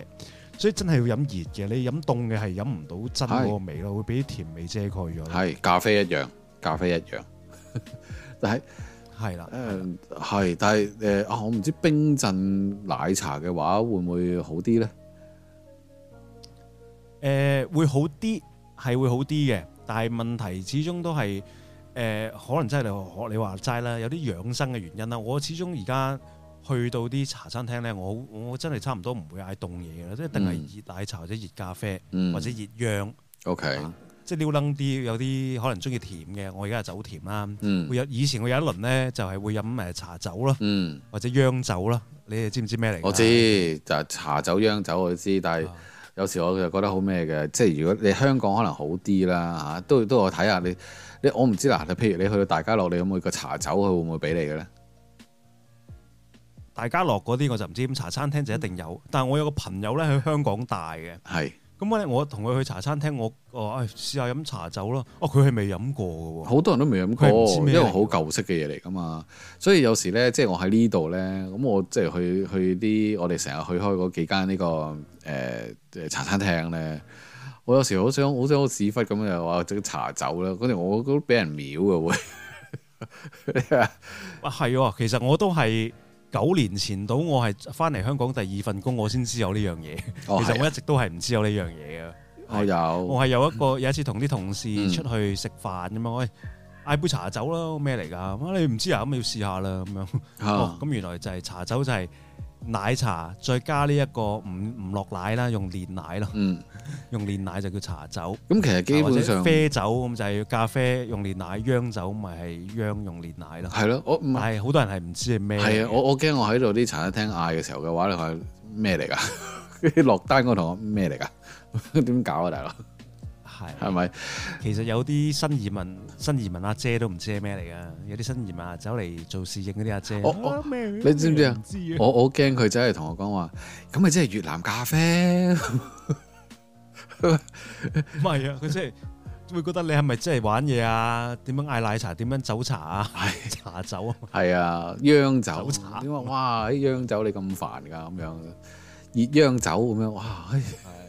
所以真係要飲熱嘅，你飲凍嘅係飲唔到真嗰個味咯，是會俾啲甜味遮蓋咗。係咖啡一樣，咖啡一樣， 但係是係啦，誒係、呃，但係誒啊，我唔知冰鎮奶茶嘅話會唔會好啲咧？誒、呃、會好啲，係會好啲嘅，但係問題始終都係誒、呃，可能真係你學你話齋啦，有啲養生嘅原因啦，我始終而家。去到啲茶餐廳咧，我我真係差唔多唔會嗌凍嘢嘅啦，即係一定係熱奶茶或者熱咖啡、嗯、或者熱薑。O Okay . K，、啊、即係撩冷啲，有啲可能中意甜嘅。我而家係走甜啦。嗯、會有以前我有一輪咧，就係、是、會飲誒茶酒啦，嗯、或者薑酒啦。你哋知唔知咩嚟、就是？我知就係茶酒薑酒我知，但係有時我就覺得好咩嘅。即係如果你香港可能好啲啦嚇，都都我睇下你你，你我唔知嗱。譬如你去到大家樂，你會唔會個茶酒佢會唔會俾你嘅咧？大家樂嗰啲我就唔知，咁茶餐廳就一定有。但係我有個朋友咧，喺香港大嘅，咁咧是我同佢去茶餐廳，我哦，哎、試下飲茶酒咯。哦，佢係未飲過嘅。好多人都未飲過，因為好舊式嘅嘢嚟噶嘛。所以有時咧，即係我喺呢度咧，咁我即係去去啲我哋成日去開嗰幾間呢、呢個誒、呃、茶餐廳咧，我有時好想好想好屎忽咁又話整茶酒啦，嗰啲我都俾人瞄嘅會。啊，係，其實我都係。九年前到我係翻嚟香港第二份工，我先知有呢樣嘢。哦啊、其實我一直都係唔知有呢樣嘢嘅。我有，我係有一個有一次同啲同事出去食飯咁、嗯、樣，我嗌杯茶酒咯，咩嚟㗎？你唔知啊，咁咪要試下啦咁樣。咁、嗯、原來就係、是、茶酒就係、是。奶茶再加呢一個唔唔落奶啦，用煉奶咯。嗯，用煉奶就叫茶走。咁、嗯、其實基本上啡走咁就係、是、咖啡用煉奶，鴦走咪係鴦用煉奶咯。係咯，我唔係好多人係唔知係咩。係啊，我我驚我喺度啲茶餐廳嗌嘅時候嘅話咧，你咩嚟㗎？落 單我同我咩嚟㗎？點 搞啊，大佬？係，係咪？其實有啲新移民，新移民阿姐都唔知係咩嚟噶。有啲新移民啊，走嚟做侍應嗰啲阿姐，麼你知唔知，知啊？我我驚佢走嚟同我講話，咁咪即係越南咖啡？唔 係啊！佢即係會覺得你係咪真係玩嘢啊？點樣嗌奶茶？點樣酒茶， 茶酒 啊？茶酒啊？係啊，鴦酒茶。你話哇，啲鴦酒你咁煩噶咁樣？熱釀酒咁樣，哇！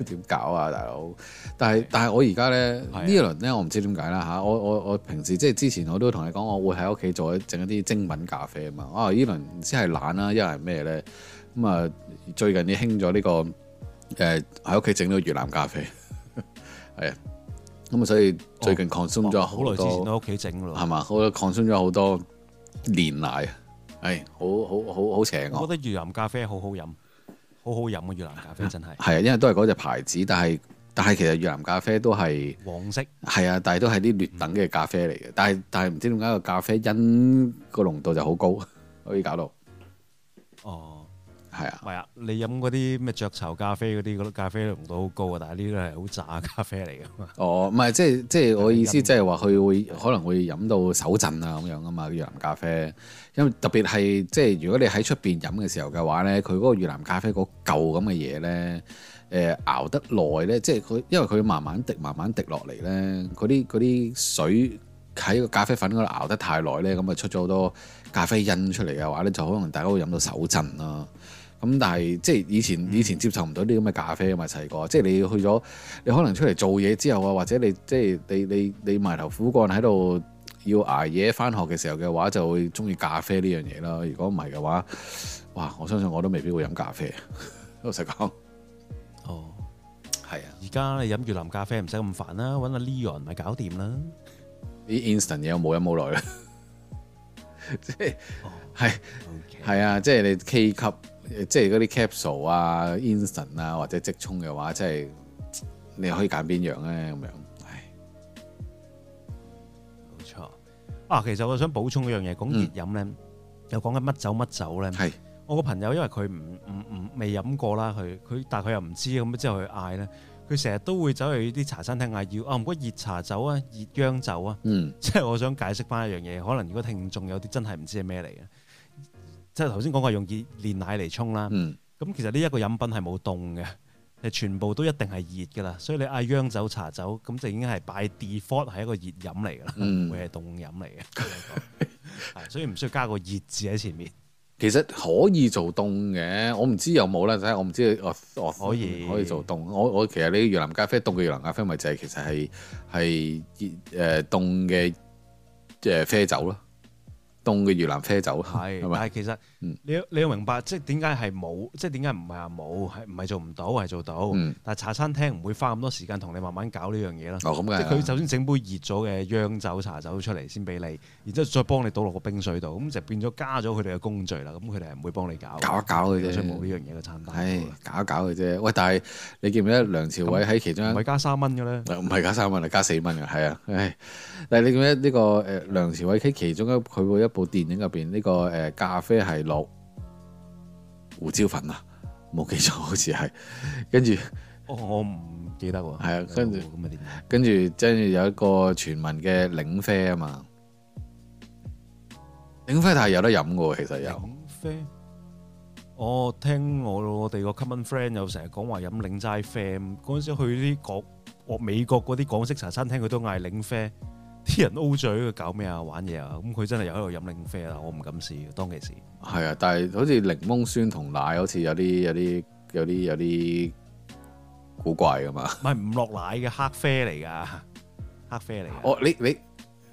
點、哎、搞啊，大佬？但係的但係我而家咧呢的一輪咧，我唔知點解啦嚇。我我我平時即係之前我都同你講，我會喺屋企做整一啲精品咖啡啊嘛。啊，依輪唔知係懶啦，因為係咩咧？咁啊，最近你興咗呢個誒喺屋企整咗越南咖啡，係啊、嗯。咁啊， 所以最近 consume 咗好耐之前，喺屋企整咯。係嘛，我 consume 咗好多煉奶，係、哎、好好好好邪。我覺得越南咖啡好好飲。好好飲啊！越南咖啡真係係啊，因為都係嗰隻牌子，但係但係其實越南咖啡都係黃色，係啊，但係都係啲劣等嘅咖啡嚟嘅、嗯，但係但係唔知點解個咖啡因個濃度就好高，可以搞到哦。係啊，係啊，你飲嗰啲咩雀巢咖啡嗰啲，咖啡濃度好高啊！但係呢個係好渣咖啡嚟㗎嘛。哦，唔係，即係即係我意思，即係話佢會可能會飲到手震啊咁樣㗎嘛。那個、越南咖啡，因為特別係即係如果你喺出邊飲嘅時候嘅話咧，佢嗰個越南咖啡嗰舊咁嘅嘢咧，誒、呃、熬得耐咧，即係佢因為佢慢慢滴慢慢滴落嚟咧，嗰啲啲水喺個咖啡粉嗰度熬得太耐咧，咁啊出咗好多咖啡因出嚟嘅話咧，就可能大家都會飲到手震咯、啊。咁但係即係以前以前接受唔到啲咁嘅咖啡嘛細個，即係你去咗你可能出嚟做嘢之後啊，或者你即係你你你埋頭苦幹喺度要捱夜翻學嘅時候嘅話，就會中意咖啡呢樣嘢啦。如果唔係嘅話，哇！我相信我都未必會飲咖啡。老實講，哦，係啊，而家你飲越南咖啡唔使咁煩啦、啊，揾下、啊、Leon 咪搞掂啦。啲 instant 嘢我冇飲冇耐啦，沒沒 即係係係啊，即係你 K 級。Cup, 即係嗰啲 capsule 啊、instant 啊，或者即沖嘅話，即係你可以揀邊樣咧咁樣。唉，冇錯。啊，其實我想補充一樣嘢，講熱飲咧，嗯、又講緊乜酒乜酒咧。係。是 我個朋友因為佢唔唔唔未飲過啦，佢佢但係佢又唔知咁之後去嗌咧，佢成日都會走去啲茶餐廳嗌要啊唔該熱茶酒啊、熱薑酒啊。嗯、即係我想解釋翻一樣嘢，可能如果聽眾有啲真係唔知係咩嚟嘅。即係頭先講過用熱煉奶嚟沖啦，咁其實呢一個飲品係冇凍嘅，全部都一定係熱噶啦，所以你嗌鴦走茶走咁，就已經係擺 default 係一個熱飲嚟噶啦，唔、嗯、會係凍飲嚟嘅，所以唔 需要加個熱字喺前面。其實可以做凍嘅，我唔知有冇啦，我唔知哦可以可以做凍。我我其實你越南咖啡凍嘅越南咖啡，咪就係其實係係熱誒凍嘅即係啡走咯。凍嘅越南啤酒係，是是是但係其實你你要明白，即係點解係冇，即係點解唔係話冇，係唔係做唔到係做到，嗯、但係茶餐廳唔會花咁多時間同你慢慢搞呢樣嘢啦。咁、哦、即佢首先整杯熱咗嘅鴛鴦茶走出嚟先俾你，然之後再幫你倒落個冰水度，咁就變咗加咗佢哋嘅工序啦。咁佢哋係唔會幫你搞，搞，搞、哎。搞一搞佢啫，冇呢樣嘢嘅餐廳。搞一搞嘅啫。喂，但係你記唔記得？梁朝偉喺其中一，唔係加三蚊嘅咧。唔係加三蚊，係加四蚊嘅，係啊。但係你記咧呢個誒梁朝偉喺其中一，佢會一。部電影入邊呢個誒咖啡係落胡椒粉啊，冇記錯好似係，跟住我唔記得喎。係啊，跟住跟住即係有一個傳聞嘅檸啡啊嘛，檸啡係有得飲嘅喎，其實有。檸啡，我聽我我哋個 common friend 又成日講話飲檸齋啡，嗰陣時去啲國，我美國嗰啲港式茶餐廳佢都嗌檸啡。啲人 o 嘴，佢搞咩啊？玩嘢啊？咁佢真係又喺度飲檸啡啊！我唔敢試，當其時。係啊，但係好似檸檬酸同奶好似有啲有啲有啲有啲古怪噶嘛。唔係唔落奶嘅黑啡嚟㗎，黑啡嚟㗎。哦，你你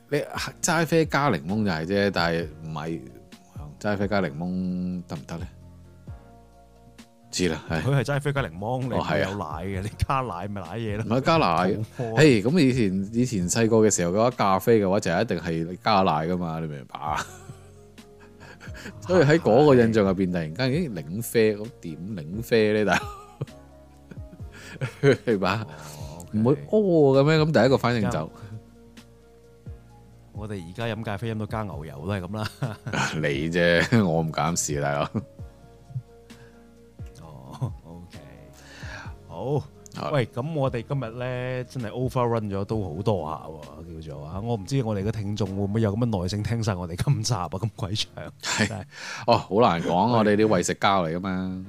你齋啡加檸檬就係啫，但係唔係齋啡加檸檬得唔得咧？知啦，佢係真係啡加檸檬，你、哦啊、有奶嘅，你加奶咪奶嘢咯。唔係加奶，咁以前以前細個嘅時候嘅話，咖啡嘅話就一定係加奶噶嘛，你明唔明白啊？是是所以喺嗰個印象入邊，突然間竟然檸啡，咁點檸啡咧，但 佬吧，明唔唔會哦，嘅、okay、咩？咁、哦、第一個反應就，我哋而家飲咖啡飲到加牛油都係咁啦。就是、 你啫，我唔敢試，大佬。好，喂，咁我哋今日呢，真係 overrun 咗都好多下，叫做啊，我唔知我哋嘅聽眾會唔會有咁嘅耐性聽晒我哋今集啊咁鬼長，係是 的哦，好難講， 我哋啲為食家嚟噶嘛，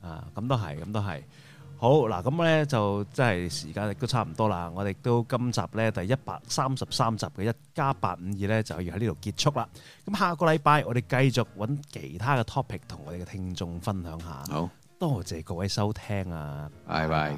啊，咁都係，咁都係，好嗱，咁呢，就真係時間亦都差唔多啦，我哋都今集呢，第一百三十三集嘅一家八五二呢，就要喺呢度結束啦，咁下個禮拜我哋繼續揾其他嘅 topic 同我哋嘅聽眾分享下，好。多謝各位收聽啊！拜拜。